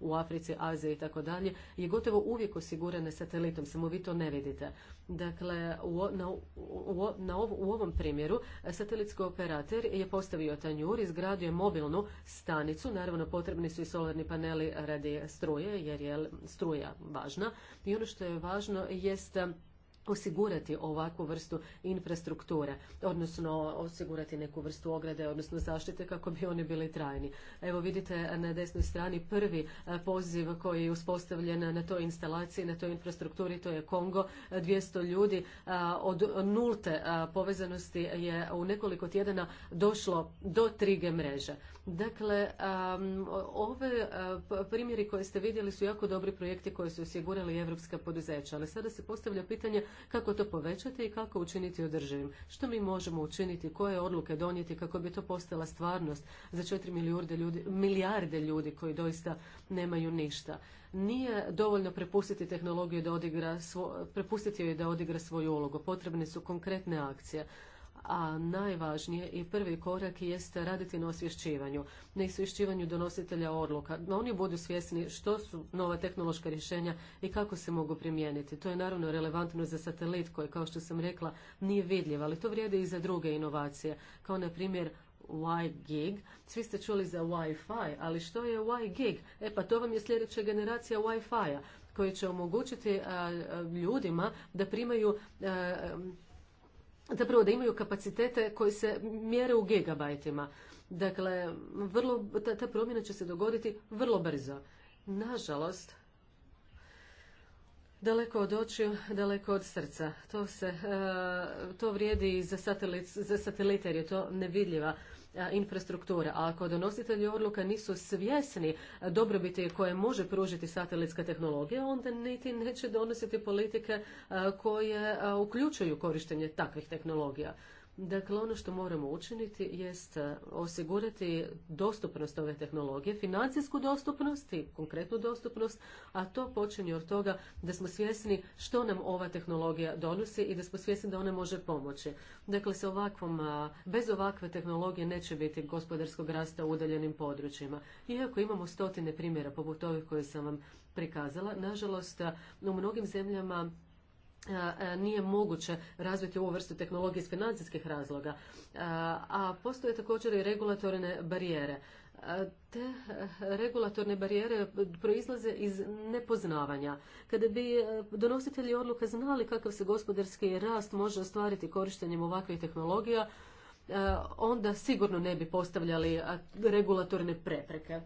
u Africi, Aziji i tako dalje je gotovo uvijek osigurana satelitom, samo vi to ne vidite. Dakle, u, na, ovom primjeru satelitski operator je postavio tanjur, izgradio je mobilnu stanicu, naravno potrebni su i solarni paneli radi struje, jer je struja važna. I ono što je važno jest osigurati ovakvu vrstu infrastrukture, odnosno osigurati neku vrstu ograde, odnosno zaštite kako bi oni bili trajni. Evo vidite na desnoj strani prvi e, poziv koji je uspostavljen na toj instalaciji, na toj infrastrukturi, to je Kongo, 200 ljudi. E, od nulte e, povezanosti je u nekoliko tjedana došlo do 3G mreže. Dakle, ove primjeri koje ste vidjeli su jako dobri projekti koji su osigurali evropska poduzeća, ali sada se postavlja pitanje kako to povećati i kako učiniti održivim. Što mi možemo učiniti, koje odluke donijeti kako bi to postala stvarnost za 4 milijarde ljudi, milijarde ljudi koji doista nemaju ništa. Nije dovoljno prepustiti tehnologiju da odigra prepustiti joj da odigra svoju ulogu. Potrebne su konkretne akcije a najvažnije i prvi korak jeste raditi na osvješćivanju, na osvješćivanju donositelja odluka, da oni budu svjesni što su nova tehnološka rješenja i kako se mogu primijeniti. To je naravno relevantno za satelit koji, kao što sam rekla, nije vidljiv, ali to vrijedi i za druge inovacije, kao na primjer Y-gig. Svi ste čuli za Wi-Fi, ali što je Y-gig? E pa to vam je sljedeća generacija Wi-Fi-a koji će omogućiti ljudima da primaju zapravo da imaju kapacitete koji se mjere u gigabajtima. Dakle, vrlo, ta, promjena će se dogoditi vrlo brzo. Nažalost, daleko od očiju, daleko od srca. To, se, e, to vrijedi i za, satelit, za satelite jer je to nevidljiva infrastrukture. A ako donositelji odluka nisu svjesni dobrobiti koje može pružiti satelitska tehnologija, onda niti neće donositi politike koje uključuju korištenje takvih tehnologija. Dakle, ono što moramo učiniti jest e, osigurati dostupnost ove tehnologije, financijsku dostupnost i konkretnu dostupnost, a to počinje od toga da smo svjesni što nam ova tehnologija donosi i da smo svjesni da ona može pomoći. Dakle, sa ovakvom, bez ovakve tehnologije neće biti gospodarskog rasta u udaljenim područjima. Iako imamo stotine primjera poput ovih koje sam vam prikazala, nažalost, u mnogim zemljama nije moguće razviti ovu vrstu tehnologije iz financijskih razloga, a postoje također i regulatorne barijere. Te e, regulatorne barijere proizlaze iz nepoznavanja. Kada bi e, donositelji odluka znali kakav se gospodarski rast može ostvariti korištenjem ovakvih tehnologija, e, onda sigurno ne bi postavljali regulatorne prepreke.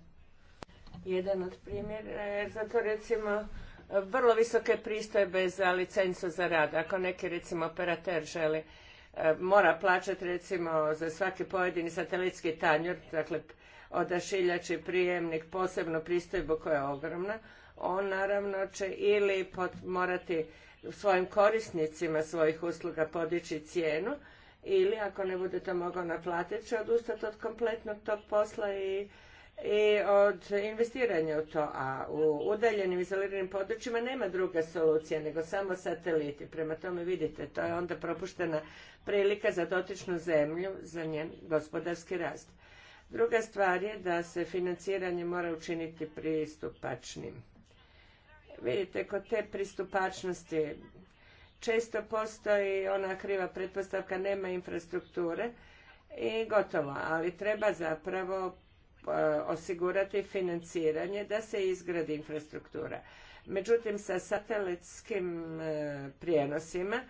Jedan od primjera je zato recimo vrlo visoke pristojbe za licencu za rad. Ako neki recimo operater želi e, mora plaćati recimo za svaki pojedini satelitski tanjur, dakle odašiljač i prijemnik posebnu pristojbu koja je ogromna, on naravno će ili morati svojim korisnicima svojih usluga podići cijenu ili ako ne bude to mogao naplatiti će odustati od kompletnog tog posla i i od investiranja u to, a u udaljenim izoliranim područjima nema druga solucija nego samo sateliti. Prema tome vidite, to je onda propuštena prilika za dotičnu zemlju, za njen gospodarski rast. Druga stvar je da se financiranje mora učiniti pristupačnim. Vidite, kod te pristupačnosti često postoji ona kriva pretpostavka nema infrastrukture i gotovo, ali treba zapravo Eh, osigurati financiranje da se izgradi infrastruktura. Međutim, sa satelitskim eh, prijenosima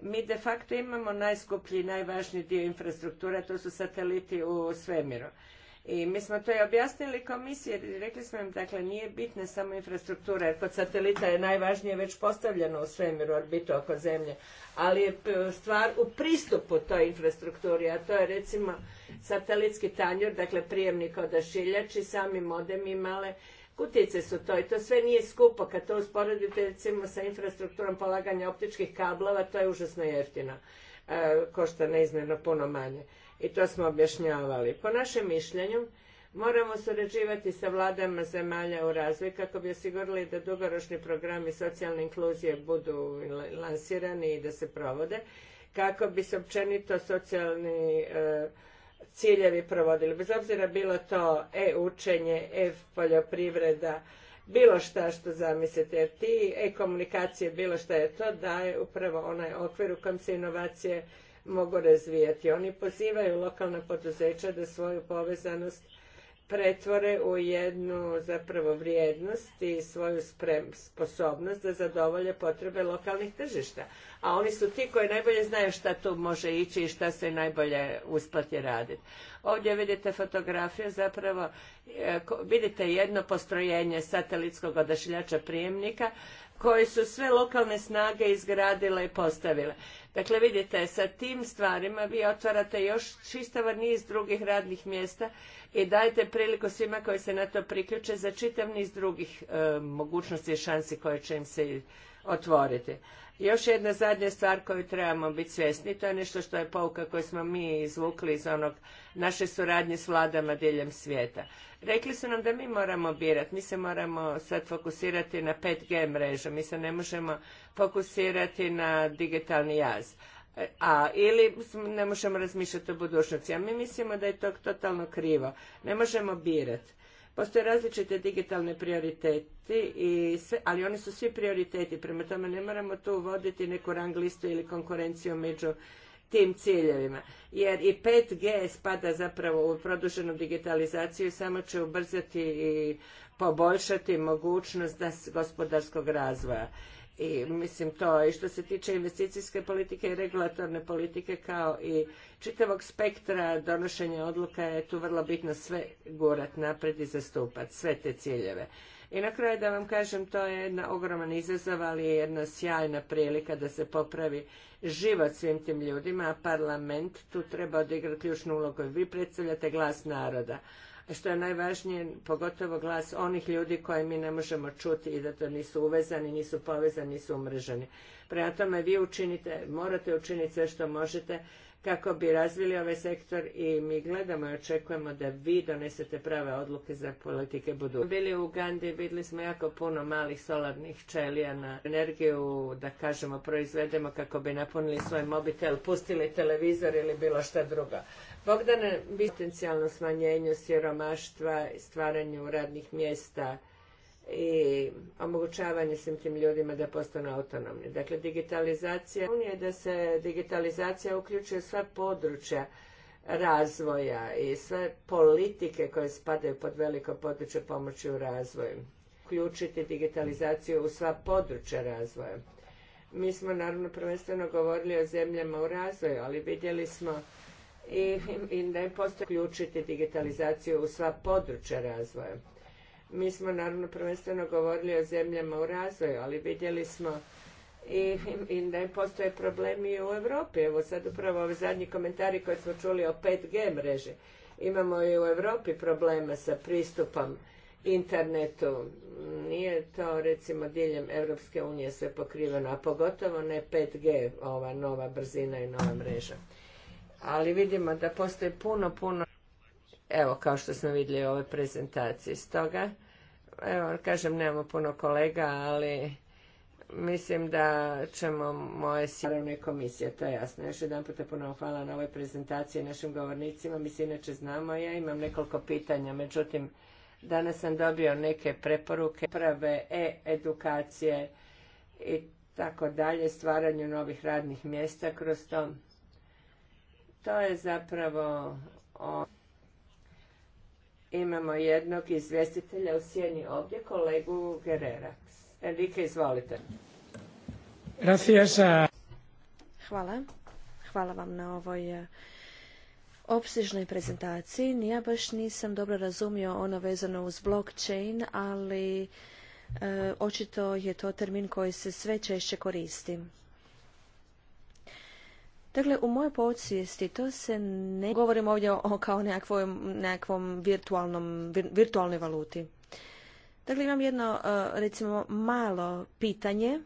mi de facto imamo najskuplji i najvažniji dio infrastruktura, to su sateliti u svemiru. I mi smo to i objasnili komisiji, rekli smo im, dakle, nije bitna samo infrastruktura, jer kod satelita je najvažnije već postavljeno u svemiru orbitu oko zemlje, ali je e, stvar u pristupu toj infrastrukturi, a to je recimo satelitski tanjur, dakle prijemnik odašiljač i sami modem i male kutice su to i to sve nije skupo kad to usporedite recimo sa infrastrukturom polaganja optičkih kablova, to je užasno jeftino. E, košta neizmjerno puno manje i to smo objašnjavali. Po našem mišljenju moramo surađivati sa vladama zemalja u razvoju kako bi osigurali da dugoročni programi socijalne inkluzije budu lansirani i da se provode kako bi se općenito socijalni e, ciljevi provodili. Bez obzira bilo to e-učenje, e-poljoprivreda, bilo šta što zamislite, jer e-komunikacije, bilo šta je to, daje upravo onaj okvir u kojem se inovacije mogu razvijati. Oni pozivaju lokalna poduzeća da svoju povezanost pretvore u jednu zapravo vrijednost i svoju sposobnost da zadovolje potrebe lokalnih tržišta. A oni su ti koji najbolje znaju šta tu može ići i šta se najbolje usplati raditi. Ovdje vidite fotografiju zapravo, e, vidite jedno postrojenje satelitskog odašiljača prijemnika koje su sve lokalne snage izgradile i postavile. Dakle, vidite, sa tim stvarima vi otvarate još čistava niz drugih radnih mjesta i dajete priliku svima koji se na to priključe za čitav niz drugih e, mogućnosti i šansi koje će im se otvoriti. Još jedna zadnja stvar koju trebamo biti svjesni, to je nešto što je pouka koju smo mi izvukli iz onog naše suradnje s vladama diljem svijeta. Rekli su nam da mi moramo birati, mi se moramo sad fokusirati na 5G mrežu, mi se ne možemo fokusirati na digitalni jaz. E, a ili ne možemo razmišljati o budućnosti, a mi mislimo da je to totalno krivo. Ne možemo birati. Postoje različite digitalne prioriteti, ali oni su svi prioriteti, prema tome ne moramo tu uvoditi neku rang listu ili konkurenciju među tim ciljevima. Jer i 5G spada zapravo u produženu digitalizaciju i samo će ubrzati i poboljšati mogućnost gospodarskog razvoja i mislim to i što se tiče investicijske politike i regulatorne politike kao i čitavog spektra donošenja odluka je tu vrlo bitno sve gurat naprijed i zastupat, sve te ciljeve. I na kraju da vam kažem, to je jedna ogroman izazov, ali je jedna sjajna prilika da se popravi život svim tim ljudima, a parlament tu treba odigrati ključnu ulogu. Vi predstavljate glas naroda, E, što je najvažnije, pogotovo glas onih ljudi koje mi ne možemo čuti i da to nisu uvezani, nisu povezani, nisu umreženi. Prema tome, vi učinite, morate učiniti sve što možete kako bi razvili ovaj sektor i mi gledamo i očekujemo da vi donesete prave odluke za politike budućnosti. Bili u Ugandi, vidjeli smo jako puno malih solarnih čelija na energiju, da kažemo, proizvedemo kako bi napunili svoj mobitel, pustili televizor ili bilo šta drugo. Bogdane, potencijalno smanjenju siromaštva, stvaranju radnih mjesta, i omogućavanje svim tim ljudima da postanu autonomni. Dakle, digitalizacija je da se digitalizacija uključuje sva područja razvoja i sve politike koje spadaju pod veliko područje pomoći u razvoju. Uključiti digitalizaciju u sva područja razvoja. Mi smo naravno prvenstveno govorili o zemljama u razvoju, ali vidjeli smo i, i da postoje uključiti digitalizaciju u sva područja razvoja. Mi smo naravno prvenstveno govorili o zemljama u razvoju, ali vidjeli smo i, i da postoje problemi u Europi. Evo sad upravo ovi zadnji komentari koje smo čuli o 5G mreži. Imamo i u Europi problema sa pristupom internetu. Nije to recimo diljem Europske unije sve pokriveno, a pogotovo ne 5G, ova nova brzina i nova mreža. Ali vidimo da postoji puno, puno Evo, kao što smo vidjeli u ovoj prezentaciji. Stoga, evo, kažem, nemamo puno kolega, ali mislim da ćemo moje sjerovne komisije, to je jasno. Još jedan puta puno hvala na ovoj prezentaciji našim govornicima. Mi se inače znamo, ja imam nekoliko pitanja, međutim, danas sam dobio neke preporuke, prve e-edukacije i tako dalje, stvaranju novih radnih mjesta kroz to. To je zapravo imamo jednog izvjestitelja u sjeni ovdje, kolegu Gerera. Enrique, izvolite. Hvala. Hvala vam na ovoj e, opsežnoj prezentaciji. Ja baš nisam dobro razumio ono vezano uz blockchain, ali e, očito je to termin koji se sve češće koristi. Dakle, u mojoj podsvijesti to se ne... Govorim ovdje o kao nekakvom, virtualnom, virtualnoj valuti. Dakle, imam jedno, e, recimo, malo pitanje.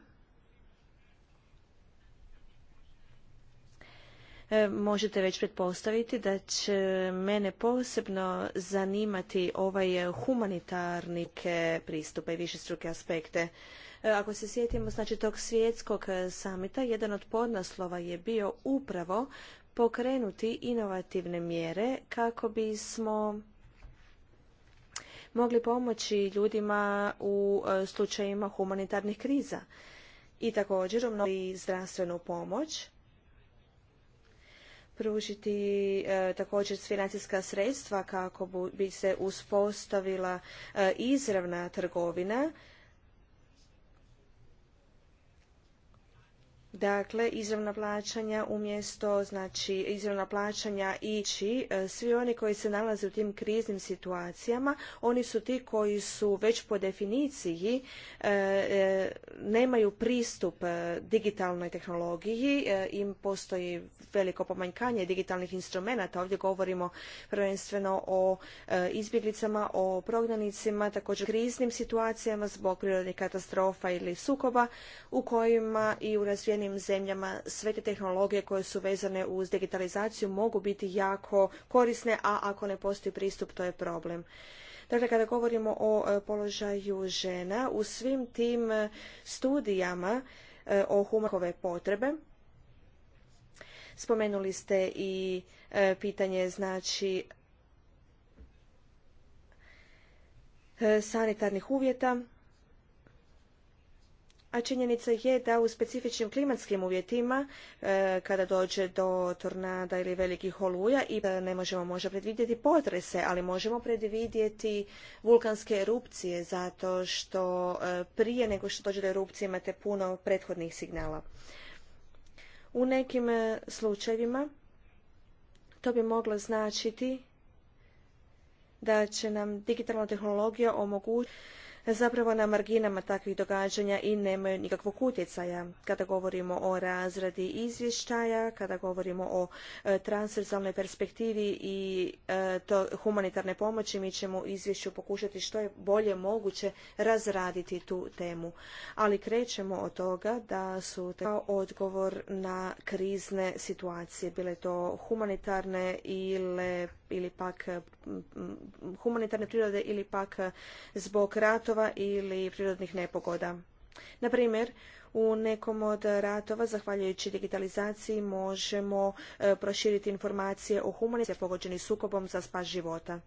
E, možete već pretpostaviti da će mene posebno zanimati ovaj humanitarnike pristupe i višestruke aspekte. E, ako se sjetimo znači tog svjetskog e, samita, jedan od podnaslova je bio upravo pokrenuti inovativne mjere kako bismo mogli pomoći ljudima u e, slučajevima humanitarnih kriza i također i zdravstvenu pomoć pružiti također financijska sredstva kako bi se uspostavila izravna trgovina Dakle, izravna plaćanja umjesto, znači, izravna plaćanja ići, e, svi oni koji se nalaze u tim kriznim situacijama, oni su ti koji su već po definiciji e, e, nemaju pristup digitalnoj tehnologiji, im postoji veliko pomanjkanje digitalnih instrumenata, ovdje govorimo prvenstveno o izbjeglicama, o prognanicima, također kriznim situacijama zbog prirodnih katastrofa ili sukoba u kojima i u razvijenim zemljama sve te tehnologije koje su vezane uz digitalizaciju mogu biti jako korisne, a ako ne postoji pristup to je problem. Dakle, kada govorimo o e, položaju žena, u svim tim e, studijama e, o humakove potrebe, spomenuli ste i pitanje znači sanitarnih uvjeta a činjenica je da u specifičnim klimatskim uvjetima e, kada dođe do tornada ili velikih oluja i ne možemo možda predvidjeti potrese, ali možemo predvidjeti vulkanske erupcije zato što e, prije nego što dođe do erupcije imate puno prethodnih signala. U nekim e, slučajevima to bi moglo značiti da će nam digitalna tehnologija omogućiti zapravo na marginama takvih događanja i nemaju nikakvog utjecaja. Kada govorimo o razradi izvještaja, kada govorimo o e, transverzalnoj perspektivi i e, to humanitarne pomoći, mi ćemo u izvješću pokušati što je bolje moguće razraditi tu temu. Ali krećemo od toga da su kao odgovor na krizne situacije, bile to humanitarne ili ili pak eh, humanitarne prirode ili pak eh, zbog ratova ili prirodnih nepogoda. Na primjer, u nekom od ratova, zahvaljujući digitalizaciji, možemo eh, proširiti informacije o humanitarnih pogođeni sukobom za spas života.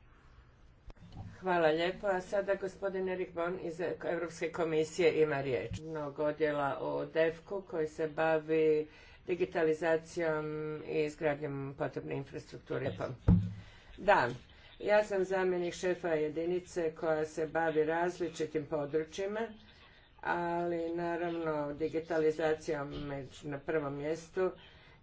Hvala lijepo. A sada gospodin Erik Bon iz Europske komisije ima riječ. Mnogo odjela o devku koji se bavi digitalizacijom i izgradnjom potrebne infrastrukture. Da, ja sam zamjenik šefa jedinice koja se bavi različitim područjima, ali naravno digitalizacijom na prvom mjestu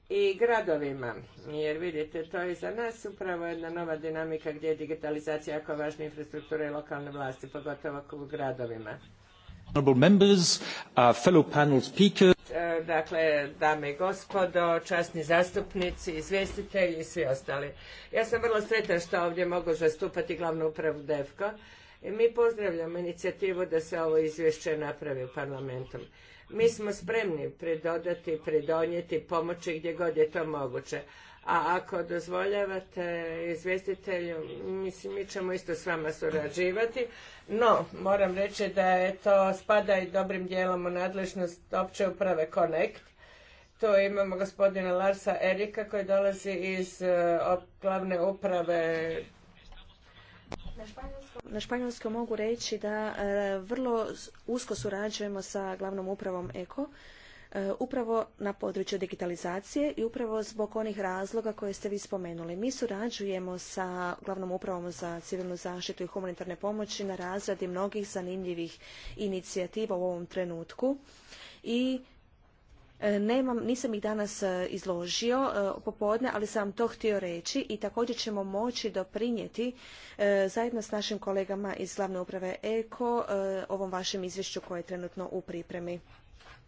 i gradovima, jer vidite, to je za nas upravo jedna nova dinamika gdje je digitalizacija jako važna infrastruktura i lokalne vlasti, pogotovo u gradovima. E, dakle, dame i gospodo, časni zastupnici, izvjestitelji i svi ostali. Ja sam vrlo sretan što ovdje mogu zastupati glavnu upravu DEFKO i mi pozdravljamo inicijativu da se ovo izvješće napravi u parlamentu. Mi smo spremni pridodati, pridonijeti, pomoći gdje god je to moguće a ako dozvoljavate izvjestitelju, mislim, mi ćemo isto s vama surađivati. No, moram reći da je to spada i dobrim dijelom u nadležnost opće uprave Connect. Tu imamo gospodina Larsa Erika koji dolazi iz e, glavne uprave na španjolskom, mogu reći da e, vrlo usko surađujemo sa glavnom upravom EKO E, upravo na području digitalizacije i upravo zbog onih razloga koje ste vi spomenuli. Mi surađujemo sa glavnom upravom za civilnu zaštitu i humanitarne pomoći na razradi mnogih zanimljivih inicijativa u ovom trenutku i e, Nemam, nisam ih danas e, izložio popodne, ali sam to htio reći i također ćemo moći doprinijeti zajedno s našim kolegama iz glavne uprave EKO ovom vašem izvješću koje je trenutno u pripremi.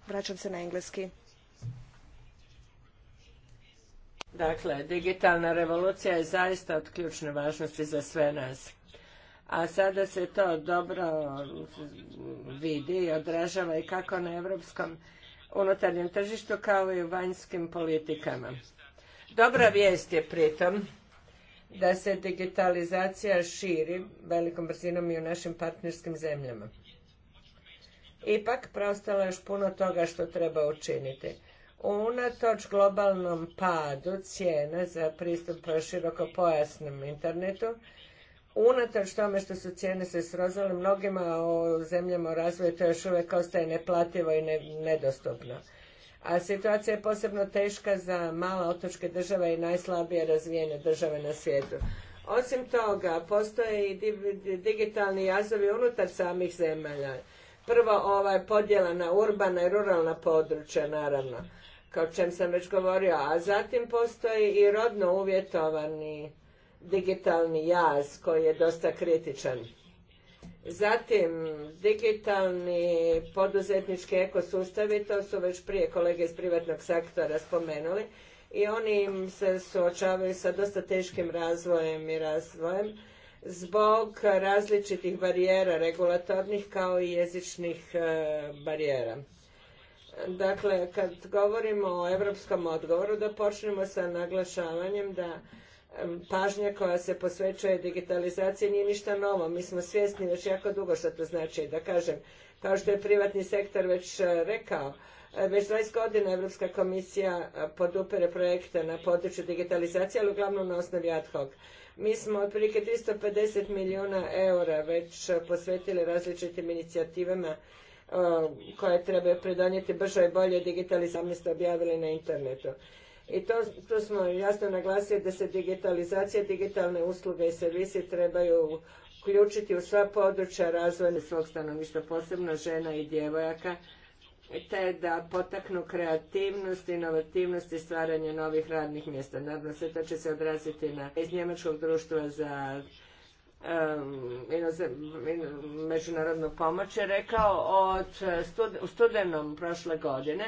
Vraćam se na engleski. Dakle, digitalna revolucija je zaista od ključne važnosti za sve nas. A sada se to dobro vidi i odražava i kako na evropskom unutarnjem tržištu kao i u vanjskim politikama. Dobra vijest je pritom da se digitalizacija širi velikom brzinom i u našim partnerskim zemljama. Ipak, preostalo je još puno toga što treba učiniti. Unatoč globalnom padu cijena za pristup širokopojasnom internetu, unatoč tome što su cijene se srozale, mnogima u zemljama u razvoju to još uvijek ostaje neplativo i nedostupno. A situacija je posebno teška za mala otočke države i najslabije razvijene države na svijetu. Osim toga, postoje i digitalni jazovi unutar samih zemalja Prvo ovaj podjela na urbana i ruralna područja naravno, kao čem sam već govorio, a zatim postoji i rodno uvjetovani digitalni jaz koji je dosta kritičan. Zatim, digitalni poduzetnički ekosustavi, to su već prije kolege iz privatnog sektora spomenuli, i oni se suočavaju sa dosta teškim razvojem i razvojem zbog različitih barijera regulatornih kao i jezičnih e, barijera. Dakle, kad govorimo o europskom odgovoru, da počnemo sa naglašavanjem da e, pažnja koja se posvećuje digitalizaciji nije ništa novo. Mi smo svjesni već jako dugo što to znači. Da kažem, kao što je privatni sektor već e, rekao, već 20 godina Europska komisija podupere projekte na području digitalizacije, ali uglavnom na osnovi ad hoc. Mi smo otprilike 350 milijuna eura već eh, posvetili različitim inicijativama eh, koje treba pridonijeti brže i bolje digitalizaciji ste objavili na internetu. I to, tu smo jasno naglasili da se digitalizacija, digitalne usluge i servisi trebaju uključiti u sva područja razvoja svog stanovništva, posebno žena i djevojaka te da potaknu kreativnost, inovativnost i stvaranje novih radnih mjesta. Nadam se to će se odraziti na iz Njemačkog društva za međunarodnu pomoć je rekao od u studenom prošle godine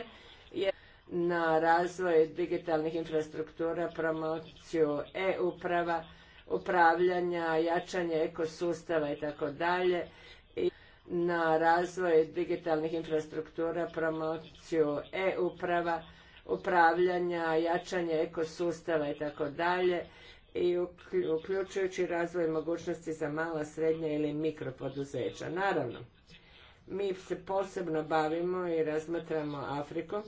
je na razvoj digitalnih infrastruktura, promociju e-uprava, upravljanja, jačanje ekosustava i tako dalje na razvoj digitalnih infrastruktura, promociju e-uprava, upravljanja, jačanje ekosustava i tako dalje i uključujući razvoj mogućnosti za mala, srednja ili mikro poduzeća. Naravno, mi se posebno bavimo i razmatramo Afriku